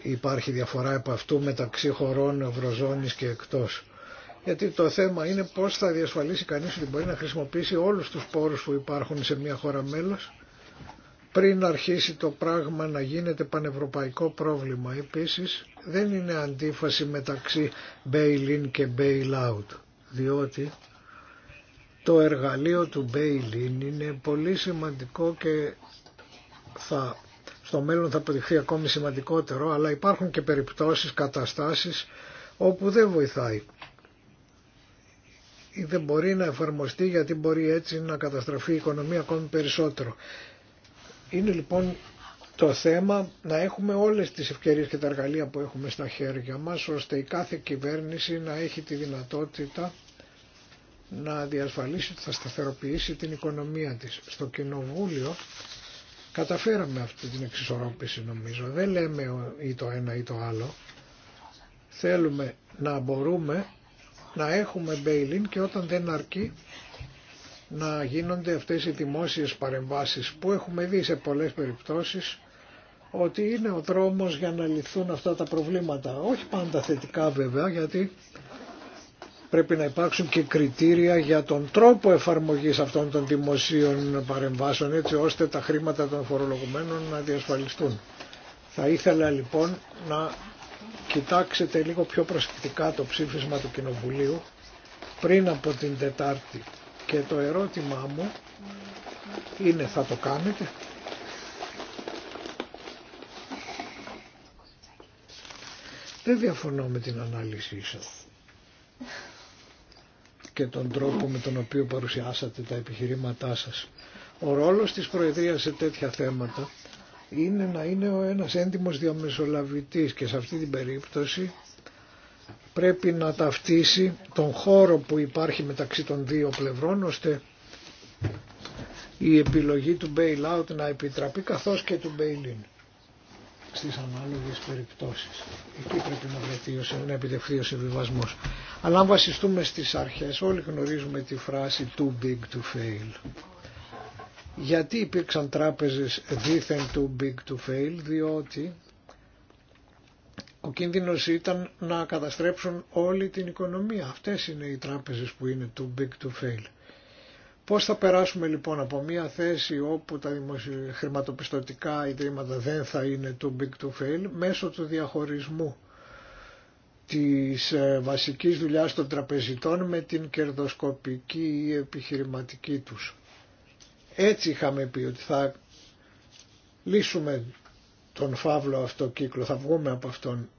υπάρχει διαφορά από αυτού μεταξύ χωρών Ευρωζώνης και εκτός. Γιατί το θέμα είναι πώς θα διασφαλίσει κανείς ότι μπορεί να χρησιμοποιήσει όλους τους πόρους που υπάρχουν σε μια χώρα μέλος πριν αρχίσει το πράγμα να γίνεται πανευρωπαϊκό πρόβλημα. Επίσης δεν είναι αντίφαση μεταξύ bail-in και bail-out, διότι το εργαλείο του Μπέιλιν είναι πολύ σημαντικό και θα, στο μέλλον θα αποδειχθεί ακόμη σημαντικότερο, αλλά υπάρχουν και περιπτώσεις, καταστάσεις όπου δεν βοηθάει ή δεν μπορεί να εφαρμοστεί γιατί μπορεί έτσι να καταστραφεί η οικονομία ακόμη περισσότερο. Είναι λοιπόν το θέμα να έχουμε όλες τις ευκαιρίες και τα εργαλεία που έχουμε στα χέρια μας ώστε η κάθε κυβέρνηση να έχει τη δυνατότητα να διασφαλίσει ότι θα σταθεροποιήσει την οικονομία της. Στο Κοινοβούλιο καταφέραμε αυτή την εξισορρόπηση νομίζω. Δεν λέμε ή το ένα ή το άλλο. Θέλουμε να μπορούμε να έχουμε και όταν δεν αρκεί να γίνονται αυτές οι δημόσιες παρεμβάσεις που έχουμε δει σε πολλές περιπτώσεις ότι είναι ο δρόμος για να λυθούν αυτά τα προβλήματα. Όχι πάντα θετικά βέβαια γιατί πρέπει να υπάρξουν και κριτήρια για τον τρόπο εφαρμογής αυτών των δημοσίων παρεμβάσεων έτσι ώστε τα χρήματα των φορολογουμένων να διασφαλιστούν. Θα ήθελα λοιπόν να κοιτάξετε λίγο πιο προσεκτικά το ψήφισμα του Κοινοβουλίου πριν από την Τετάρτη και το ερώτημά μου είναι θα το κάνετε. Δεν διαφωνώ με την ανάλυση σας και τον τρόπο με τον οποίο παρουσιάσατε τα επιχειρήματά σας. Ο ρόλος της Προεδρίας σε τέτοια θέματα είναι να είναι ο ένας έντιμος διαμεσολαβητής και σε αυτή την περίπτωση πρέπει να ταυτίσει τον χώρο που υπάρχει μεταξύ των δύο πλευρών ώστε η επιλογή του bailout να επιτραπεί καθώς και του bail-in στις ανάλογες περιπτώσεις. Εκεί πρέπει να, βρεθεί, να επιτευχθεί ο συμβιβασμό. Αλλά αν βασιστούμε στις αρχές, όλοι γνωρίζουμε τη φράση too big to fail. Γιατί υπήρξαν τράπεζες δήθεν too big to fail, διότι ο κίνδυνος ήταν να καταστρέψουν όλη την οικονομία. Αυτές είναι οι τράπεζες που είναι too big to fail. Πώς θα περάσουμε λοιπόν από μια θέση όπου τα χρηματοπιστωτικά ιδρύματα δεν θα είναι too big to fail μέσω του διαχωρισμού της ε, βασικής δουλειάς των τραπεζιτών με την κερδοσκοπική ή επιχειρηματική τους. Έτσι είχαμε πει ότι θα λύσουμε τον φαύλο αυτό κύκλο, θα βγούμε από αυτόν.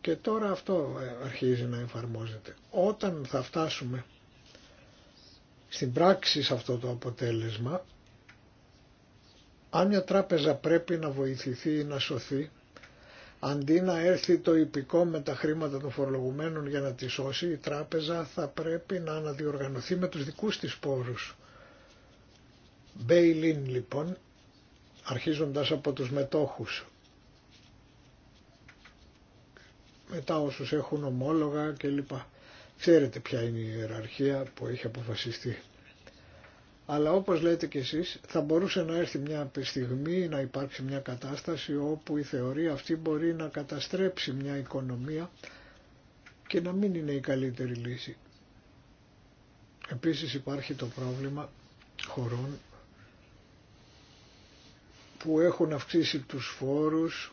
Και τώρα αυτό ε, αρχίζει να εφαρμόζεται. Όταν θα φτάσουμε στην πράξη σε αυτό το αποτέλεσμα. Αν μια τράπεζα πρέπει να βοηθηθεί ή να σωθεί, αντί να έρθει το υπηκό με τα χρήματα των φορολογουμένων για να τη σώσει, η τράπεζα θα πρέπει να αναδιοργανωθεί με τους δικούς της πορους Μπέιλιν λοιπόν, αρχίζοντας από τους μετόχους. Μετά όσους έχουν ομόλογα κλπ. Ξέρετε ποια είναι η ιεραρχία που έχει αποφασιστεί. Αλλά όπως λέτε κι εσείς θα μπορούσε να έρθει μια στιγμή να υπάρξει μια κατάσταση όπου η θεωρία αυτή μπορεί να καταστρέψει μια οικονομία και να μην είναι η καλύτερη λύση. Επίσης υπάρχει το πρόβλημα χωρών που έχουν αυξήσει τους φόρους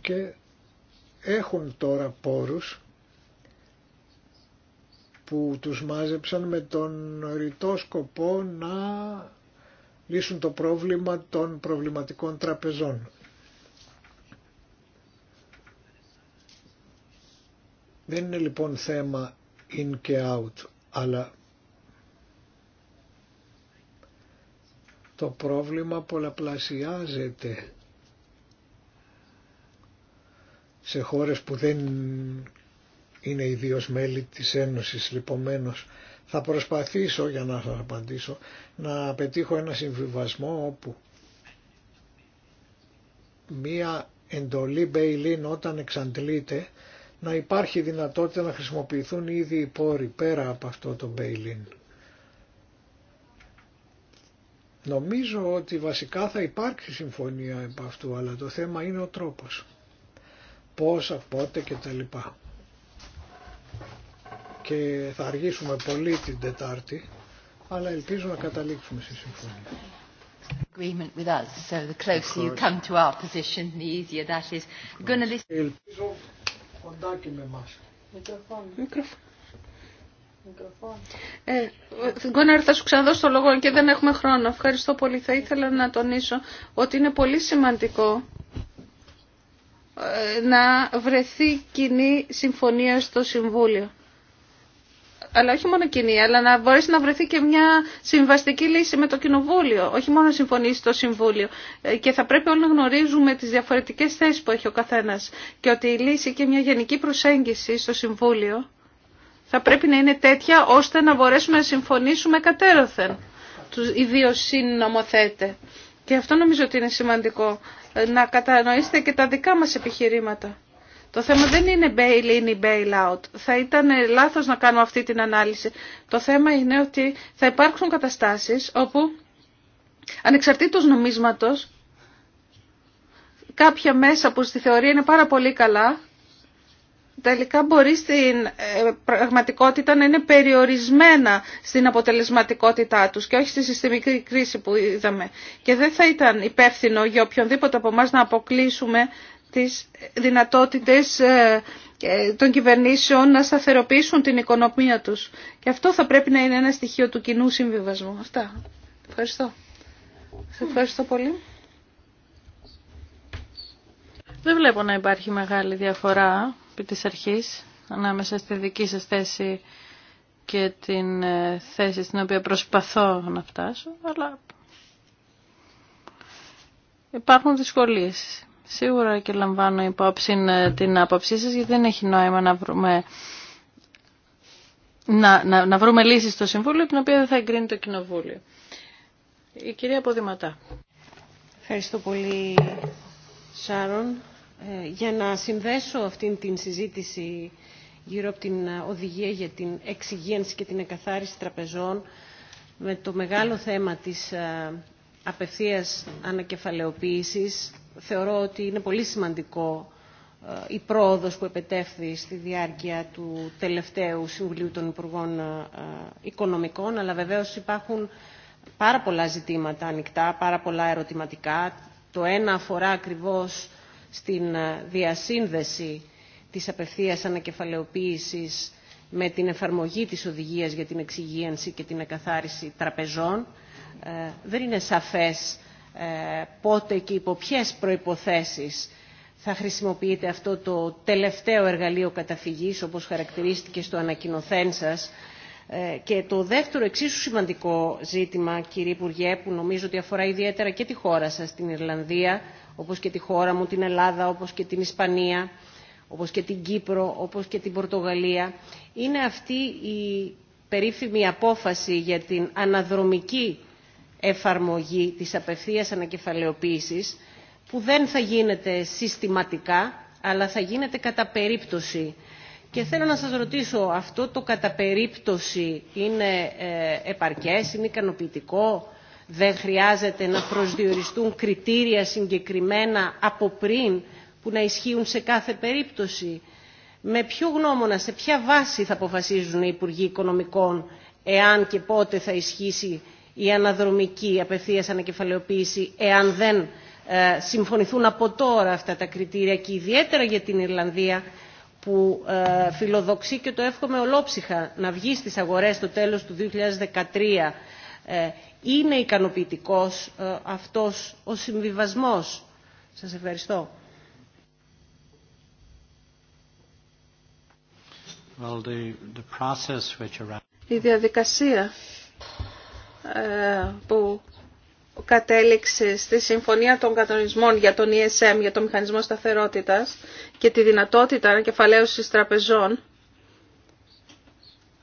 και έχουν τώρα πόρους που τους μάζεψαν με τον ρητό σκοπό να λύσουν το πρόβλημα των προβληματικών τραπεζών. Δεν είναι λοιπόν θέμα in και out, αλλά το πρόβλημα πολλαπλασιάζεται σε χώρες που δεν είναι ιδίω μέλη της Ένωσης. λοιπόν θα προσπαθήσω για να σας απαντήσω να πετύχω ένα συμβιβασμό όπου μία εντολή Μπέιλιν όταν εξαντλείται να υπάρχει δυνατότητα να χρησιμοποιηθούν ήδη οι πόροι πέρα από αυτό το Μπέιλιν. Νομίζω ότι βασικά θα υπάρξει συμφωνία από αυτού, αλλά το θέμα είναι ο τρόπος. Πώς, πότε και τα λοιπά θα αργήσουμε πολύ την Τετάρτη, αλλά ελπίζω να καταλήξουμε στη συμφωνία. Agreement Ελπίζω κοντά και με εμάς. Μικροφόνο. Ε, θα σου ξαναδώσω το λόγο και δεν έχουμε χρόνο. Ευχαριστώ πολύ. Θα ήθελα να τονίσω ότι είναι πολύ σημαντικό ε, να βρεθεί κοινή συμφωνία στο Συμβούλιο αλλά όχι μόνο κοινή, αλλά να μπορέσει να βρεθεί και μια συμβαστική λύση με το Κοινοβούλιο, όχι μόνο να συμφωνήσει το Συμβούλιο. Ε, και θα πρέπει όλοι να γνωρίζουμε τι διαφορετικέ θέσει που έχει ο καθένα και ότι η λύση και μια γενική προσέγγιση στο Συμβούλιο θα πρέπει να είναι τέτοια ώστε να μπορέσουμε να συμφωνήσουμε κατέρωθεν τους δύο συνομοθέτε. Και αυτό νομίζω ότι είναι σημαντικό, ε, να κατανοήσετε και τα δικά μας επιχειρήματα. Το θέμα δεν είναι bail-in ή bail-out. Θα ήταν λάθος να κάνουμε αυτή την ανάλυση. Το θέμα είναι ότι θα υπάρξουν καταστάσεις όπου ανεξαρτήτως νομίσματος κάποια μέσα που στη θεωρία είναι πάρα πολύ καλά τελικά μπορεί στην ε, πραγματικότητα να είναι περιορισμένα στην αποτελεσματικότητά τους και όχι στη συστημική κρίση που είδαμε. Και δεν θα ήταν υπεύθυνο για οποιονδήποτε από εμά να αποκλείσουμε τις δυνατότητες ε, ε, των κυβερνήσεων να σταθεροποιήσουν την οικονομία τους. Και αυτό θα πρέπει να είναι ένα στοιχείο του κοινού συμβιβασμού. Αυτά. Ευχαριστώ. Σας ευχαριστώ πολύ. Δεν βλέπω να υπάρχει μεγάλη διαφορά επί της αρχής ανάμεσα στη δική σας θέση και την ε, θέση στην οποία προσπαθώ να φτάσω, αλλά υπάρχουν δυσκολίες. Σίγουρα και λαμβάνω υπόψη ε, την άποψή σας γιατί δεν έχει νόημα να βρούμε, να, να, να βρούμε λύσεις στο Συμβούλιο την οποία δεν θα εγκρίνει το Κοινοβούλιο. Η κυρία Ποδηματά. Ευχαριστώ πολύ Σάρον. Ε, για να συνδέσω αυτήν την συζήτηση γύρω από την ε, οδηγία για την εξυγίανση και την εκαθάριση τραπεζών με το μεγάλο θέμα της απευθείας ανακεφαλαιοποίησης θεωρώ ότι είναι πολύ σημαντικό ε, η πρόοδος που επετεύθη στη διάρκεια του τελευταίου Συμβουλίου των Υπουργών ε, Οικονομικών, αλλά βεβαίως υπάρχουν πάρα πολλά ζητήματα ανοιχτά, πάρα πολλά ερωτηματικά. Το ένα αφορά ακριβώς στην ε, διασύνδεση της απευθείας ανακεφαλαιοποίησης με την εφαρμογή της οδηγίας για την εξυγίανση και την εκαθάριση τραπεζών. Δεν είναι σαφές ε, πότε και υπό ποιε προϋποθέσεις θα χρησιμοποιείτε αυτό το τελευταίο εργαλείο καταφυγής, όπως χαρακτηρίστηκε στο ανακοινοθέν σας. Ε, και το δεύτερο εξίσου σημαντικό ζήτημα, κύριε Υπουργέ, που νομίζω ότι αφορά ιδιαίτερα και τη χώρα σας, την Ιρλανδία, όπως και τη χώρα μου, την Ελλάδα, όπως και την Ισπανία, όπως και την Κύπρο, όπως και την Πορτογαλία, είναι αυτή η περίφημη απόφαση για την αναδρομική εφαρμογή της απευθείας ανακεφαλαιοποίησης που δεν θα γίνεται συστηματικά αλλά θα γίνεται κατά περίπτωση. Και θέλω να σας ρωτήσω, αυτό το κατά περίπτωση είναι ε, επαρκές, είναι ικανοποιητικό, δεν χρειάζεται να προσδιοριστούν κριτήρια συγκεκριμένα από πριν που να ισχύουν σε κάθε περίπτωση. Με ποιο γνώμονα, σε ποια βάση θα αποφασίζουν οι Υπουργοί Οικονομικών εάν και πότε θα ισχύσει η αναδρομική απευθείας ανακεφαλαιοποίηση εάν δεν ε, συμφωνηθούν από τώρα αυτά τα κριτήρια και ιδιαίτερα για την Ιρλανδία που ε, φιλοδοξεί και το εύχομαι ολόψυχα να βγει στις αγορές το τέλος του 2013 ε, είναι ικανοποιητικός αυτός ο συμβιβασμός. Σας ευχαριστώ. Η διαδικασία ε, που κατέληξε στη Συμφωνία των Κατονισμών για τον ESM, για το Μηχανισμό Σταθερότητας και τη δυνατότητα ανακεφαλαίωσης τραπεζών,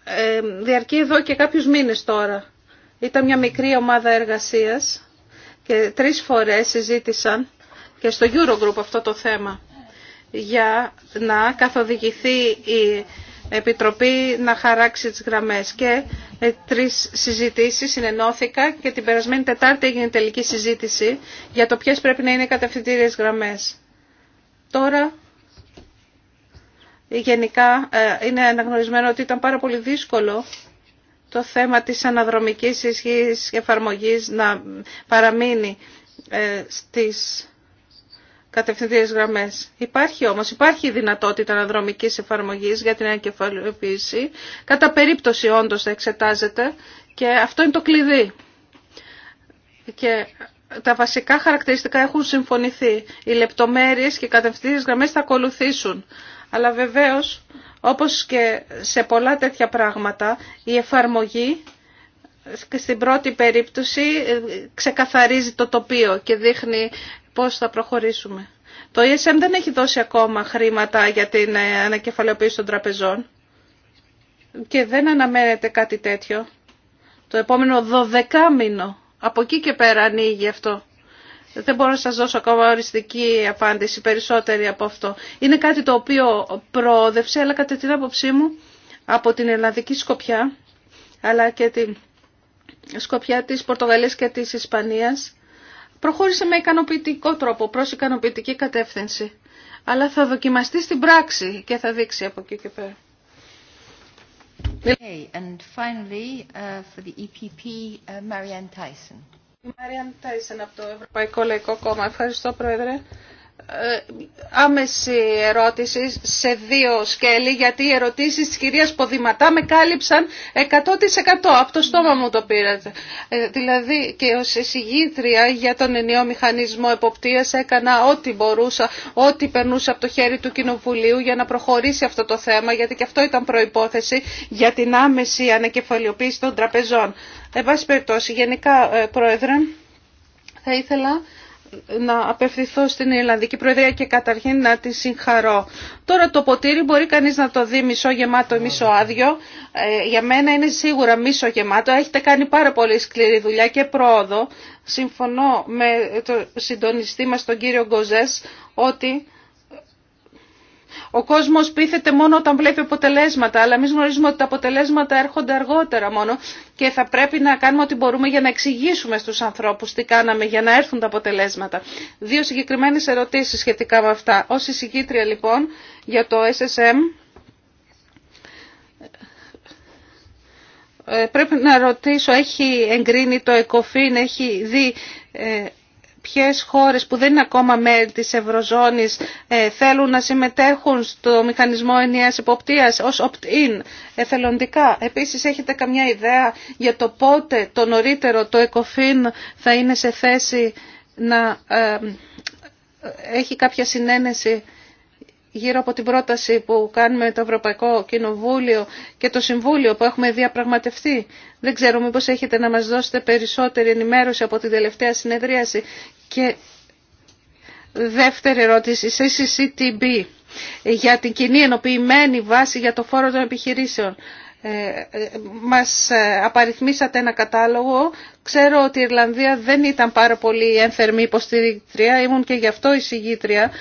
ε, διαρκεί εδώ και κάποιους μήνες τώρα. Ήταν μια μικρή ομάδα εργασίας και τρεις φορές συζήτησαν και στο Eurogroup αυτό το θέμα για να καθοδηγηθεί η Επιτροπή να χαράξει τις γραμμές και ε, τρεις συζητήσεις συνενώθηκα και την περασμένη Τετάρτη έγινε τελική συζήτηση για το ποιες πρέπει να είναι οι κατευθυντήριες γραμμές. Τώρα γενικά ε, είναι αναγνωρισμένο ότι ήταν πάρα πολύ δύσκολο το θέμα της αναδρομικής ισχύς και εφαρμογής να παραμείνει ε, στις κατευθυντήριε γραμμές. Υπάρχει όμως, υπάρχει η δυνατότητα αναδρομική εφαρμογής για την ανακεφαλαιοποίηση. Κατά περίπτωση όντω θα εξετάζεται και αυτό είναι το κλειδί. Και τα βασικά χαρακτηριστικά έχουν συμφωνηθεί. Οι λεπτομέρειες και οι κατευθυντήριες γραμμές θα ακολουθήσουν. Αλλά βεβαίως, όπως και σε πολλά τέτοια πράγματα, η εφαρμογή στην πρώτη περίπτωση ε, ξεκαθαρίζει το τοπίο και δείχνει πώς θα προχωρήσουμε. Το ESM δεν έχει δώσει ακόμα χρήματα για την ε, ανακεφαλαιοποίηση των τραπεζών και δεν αναμένεται κάτι τέτοιο. Το επόμενο 12 μήνο. Από εκεί και πέρα ανοίγει αυτό. Δεν μπορώ να σας δώσω ακόμα οριστική απάντηση περισσότερη από αυτό. Είναι κάτι το οποίο προόδευσε, αλλά κατά την άποψή μου, από την ελλαδική σκοπιά, αλλά και την σκοπιά της Πορτογαλίας και της Ισπανίας, προχώρησε με ικανοποιητικό τρόπο, προς ικανοποιητική κατεύθυνση. Αλλά θα δοκιμαστεί στην πράξη και θα δείξει από εκεί και πέρα. Okay, and finally, uh, for the EPP, uh, Marianne Tyson. Marianne Tyson από το Ευρωπαϊκό Λαϊκό Κόμμα. Ευχαριστώ, Πρόεδρε. Ε, άμεση ερώτηση σε δύο σκέλη γιατί οι ερωτήσεις της κυρίας Ποδηματά με κάλυψαν 100% από το στόμα μου το πήρατε. Ε, δηλαδή και ως εισηγήτρια για τον ενιαίο μηχανισμό εποπτείας έκανα ό,τι μπορούσα, ό,τι περνούσα από το χέρι του Κοινοβουλίου για να προχωρήσει αυτό το θέμα γιατί και αυτό ήταν προϋπόθεση για την άμεση ανακεφαλαιοποίηση των τραπεζών. Εν πάση περιπτώσει, γενικά ε, Πρόεδρε, θα ήθελα να απευθυνθώ στην Ιρλανδική Προεδρία και καταρχήν να τη συγχαρώ. Τώρα το ποτήρι μπορεί κανείς να το δει μισό γεμάτο ή μισό άδειο. Ε, για μένα είναι σίγουρα μισό γεμάτο. Έχετε κάνει πάρα πολύ σκληρή δουλειά και πρόοδο. Συμφωνώ με το συντονιστή μας τον κύριο Γκοζές ότι ο κόσμος πείθεται μόνο όταν βλέπει αποτελέσματα, αλλά εμεί γνωρίζουμε ότι τα αποτελέσματα έρχονται αργότερα μόνο και θα πρέπει να κάνουμε ό,τι μπορούμε για να εξηγήσουμε στους ανθρώπους τι κάναμε για να έρθουν τα αποτελέσματα. Δύο συγκεκριμένες ερωτήσεις σχετικά με αυτά. Ως εισηγήτρια λοιπόν για το SSM ε, πρέπει να ρωτήσω, έχει εγκρίνει το ΕΚΟΦΗΝ, έχει δει ε, ποιες χώρες που δεν είναι ακόμα μέλη της Ευρωζώνης ε, θέλουν να συμμετέχουν στο μηχανισμό ενιαίας υποπτίας ως opt-in εθελοντικά. Επίσης έχετε καμιά ιδέα για το πότε το νωρίτερο το ΕΚΟΦΗΝ θα είναι σε θέση να ε, ε, έχει κάποια συνένεση γύρω από την πρόταση που κάνουμε το Ευρωπαϊκό Κοινοβούλιο και το Συμβούλιο που έχουμε διαπραγματευτεί. Δεν ξέρω μήπως έχετε να μας δώσετε περισσότερη ενημέρωση από την τελευταία συνεδρίαση. Και δεύτερη ερώτηση, σε CCTB για την κοινή ενοποιημένη βάση για το φόρο των επιχειρήσεων. Ε, ε, μας ε, απαριθμίσατε ένα κατάλογο. Ξέρω ότι η Ιρλανδία δεν ήταν πάρα πολύ ένθερμη υποστηρίκτρια, ήμουν και γι' αυτό εισηγήτρια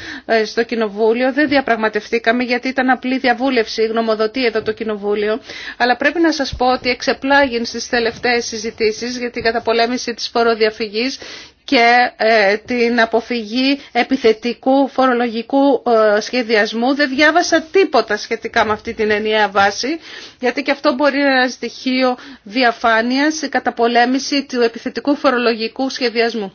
στο Κοινοβούλιο. Δεν διαπραγματευτήκαμε γιατί ήταν απλή διαβούλευση, γνωμοδοτή εδώ το Κοινοβούλιο. Αλλά πρέπει να σας πω ότι εξεπλάγει στις τελευταίες συζητήσεις για την καταπολέμηση της φοροδιαφυγής και ε, την αποφυγή επιθετικού φορολογικού ε, σχεδιασμού. Δεν διάβασα τίποτα σχετικά με αυτή την ενιαία βάση, γιατί και αυτό μπορεί να είναι ένα στοιχείο διαφάνειας, η καταπολέμηση του επιθετικού φορολογικού σχεδιασμού.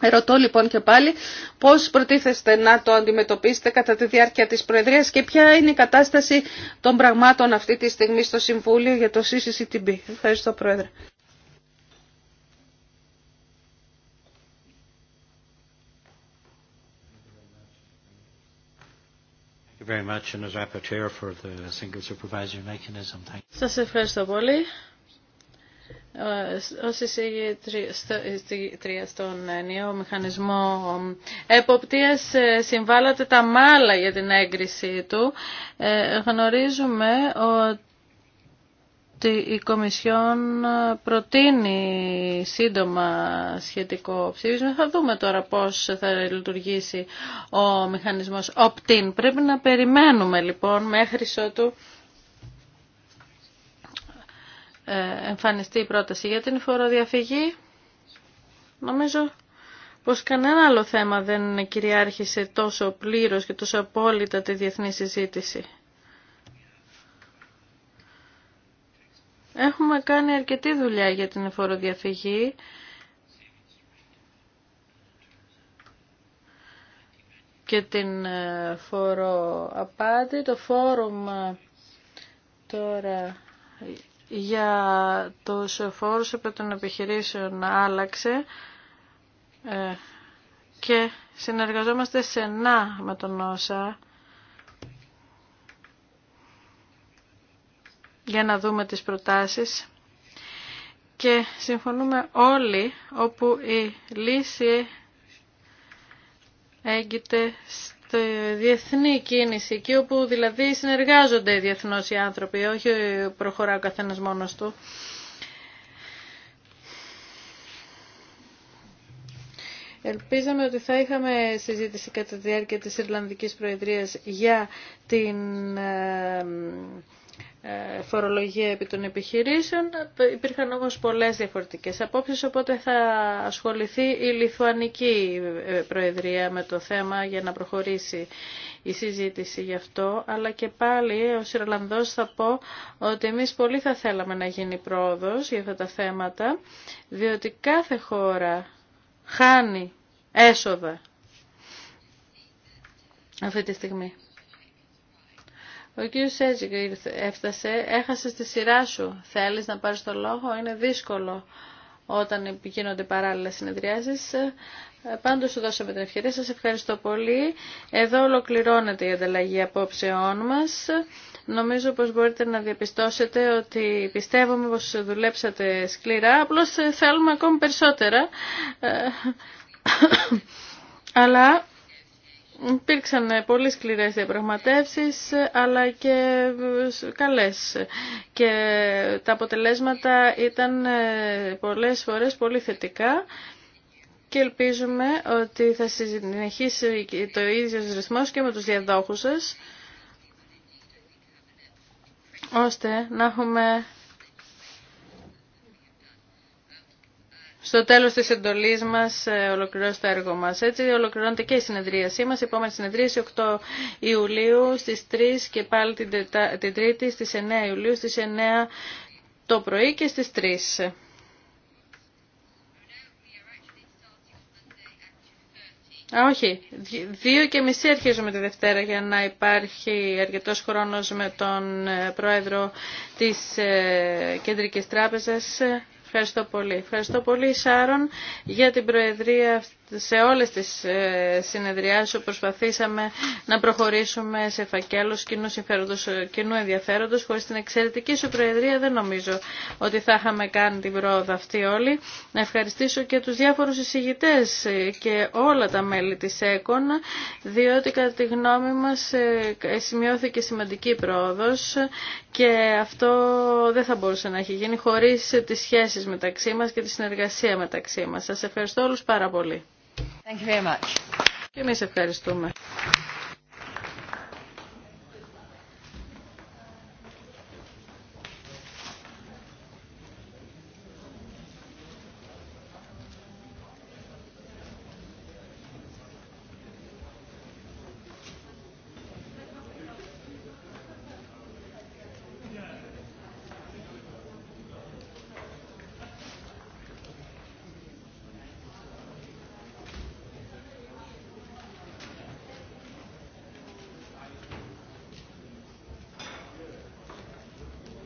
Ρωτώ λοιπόν και πάλι πώς προτίθεστε να το αντιμετωπίσετε κατά τη διάρκεια της Προεδρίας και ποια είναι η κατάσταση των πραγμάτων αυτή τη στιγμή στο Συμβούλιο για το CCCTB. Ευχαριστώ Πρόεδρε. very Σας ευχαριστώ πολύ. Ως εισηγητρία στον ε, νέο μηχανισμό εποπτείας ε, συμβάλλατε τα μάλα για την έγκριση του. Ε, γνωρίζουμε ότι ότι η Κομισιόν προτείνει σύντομα σχετικό ψήφισμα. Θα δούμε τώρα πώς θα λειτουργήσει ο μηχανισμός opt-in. Πρέπει να περιμένουμε λοιπόν μέχρι ότου ε, εμφανιστεί η πρόταση για την φοροδιαφυγή. Νομίζω πως κανένα άλλο θέμα δεν κυριάρχησε τόσο πλήρως και τόσο απόλυτα τη διεθνή συζήτηση. Έχουμε κάνει αρκετή δουλειά για την εφοροδιαφυγή. και την ε, φοροαπάτη. Το φόρουμ ε, τώρα για το φόρους από των επιχειρήσεων άλλαξε ε, και συνεργαζόμαστε σενά με τον ΩΣΑ για να δούμε τις προτάσεις και συμφωνούμε όλοι όπου η λύση έγκυται στη διεθνή κίνηση, εκεί όπου δηλαδή συνεργάζονται διεθνώς οι άνθρωποι, όχι προχωρά ο καθένας μόνος του. Ελπίζαμε ότι θα είχαμε συζήτηση κατά τη διάρκεια της Ιρλανδικής Προεδρίας για την ε, ε, φορολογία επί των επιχειρήσεων. Υπήρχαν όμως πολλές διαφορετικές απόψεις, οπότε θα ασχοληθεί η Λιθουανική ε, Προεδρία με το θέμα για να προχωρήσει η συζήτηση γι' αυτό. Αλλά και πάλι ο Ιρλανδός θα πω ότι εμείς πολύ θα θέλαμε να γίνει πρόοδος για αυτά τα θέματα, διότι κάθε χώρα χάνει έσοδα αυτή τη στιγμή. Ο κύριος Σέτζικ έφτασε, Έχασες τη σειρά σου. Θέλεις να πάρεις το λόγο, είναι δύσκολο όταν γίνονται παράλληλα συνεδριάσεις. Ε, πάντως σου δώσαμε την ευκαιρία. Σας ευχαριστώ πολύ. Εδώ ολοκληρώνεται η ανταλλαγή απόψεών μας. Νομίζω πως μπορείτε να διαπιστώσετε ότι πιστεύουμε πως δουλέψατε σκληρά. Απλώς ε, θέλουμε ακόμη περισσότερα. Ε, αλλά Υπήρξαν πολύ σκληρές διαπραγματεύσεις αλλά και καλές και τα αποτελέσματα ήταν ε, πολλές φορές πολύ θετικά και ελπίζουμε ότι θα συνεχίσει το ίδιο ρυθμός και με τους διαδόχους σας ώστε να έχουμε στο τέλος της εντολής μας ε, ολοκληρώσει το έργο μας. Έτσι ολοκληρώνεται και η συνεδρίασή μας. Η επόμενη συνεδρίαση 8 Ιουλίου στις 3 και πάλι την, Τετα... την Τρίτη στις 9 Ιουλίου στις 9 το πρωί και στις 3. Α, όχι. Δύο και μισή αρχίζουμε τη Δευτέρα για να υπάρχει αρκετός χρόνος με τον ε, Πρόεδρο της ε, Κεντρικής Τράπεζας. Ευχαριστώ πολύ. Ευχαριστώ πολύ, Σάρων, για την Προεδρία σε όλες τις ε, συνεδριάσεις που προσπαθήσαμε να προχωρήσουμε σε φακέλους κοινού, ε, κοινού ενδιαφέροντος. Χωρίς την εξαιρετική σου Προεδρία δεν νομίζω ότι θα είχαμε κάνει την πρόοδο αυτή όλοι. Να ευχαριστήσω και τους διάφορους εισηγητές ε, και όλα τα μέλη της ΕΚΟΝ, διότι κατά τη γνώμη μας σημειώθηκε σημαντική πρόοδος και αυτό δεν θα μπορούσε να έχει γίνει χωρίς τις σχέσεις σχέσεις μεταξύ μας και τη συνεργασία μεταξύ μας. Σας ευχαριστώ όλους πάρα πολύ. Thank you very much. Και εμείς ευχαριστούμε.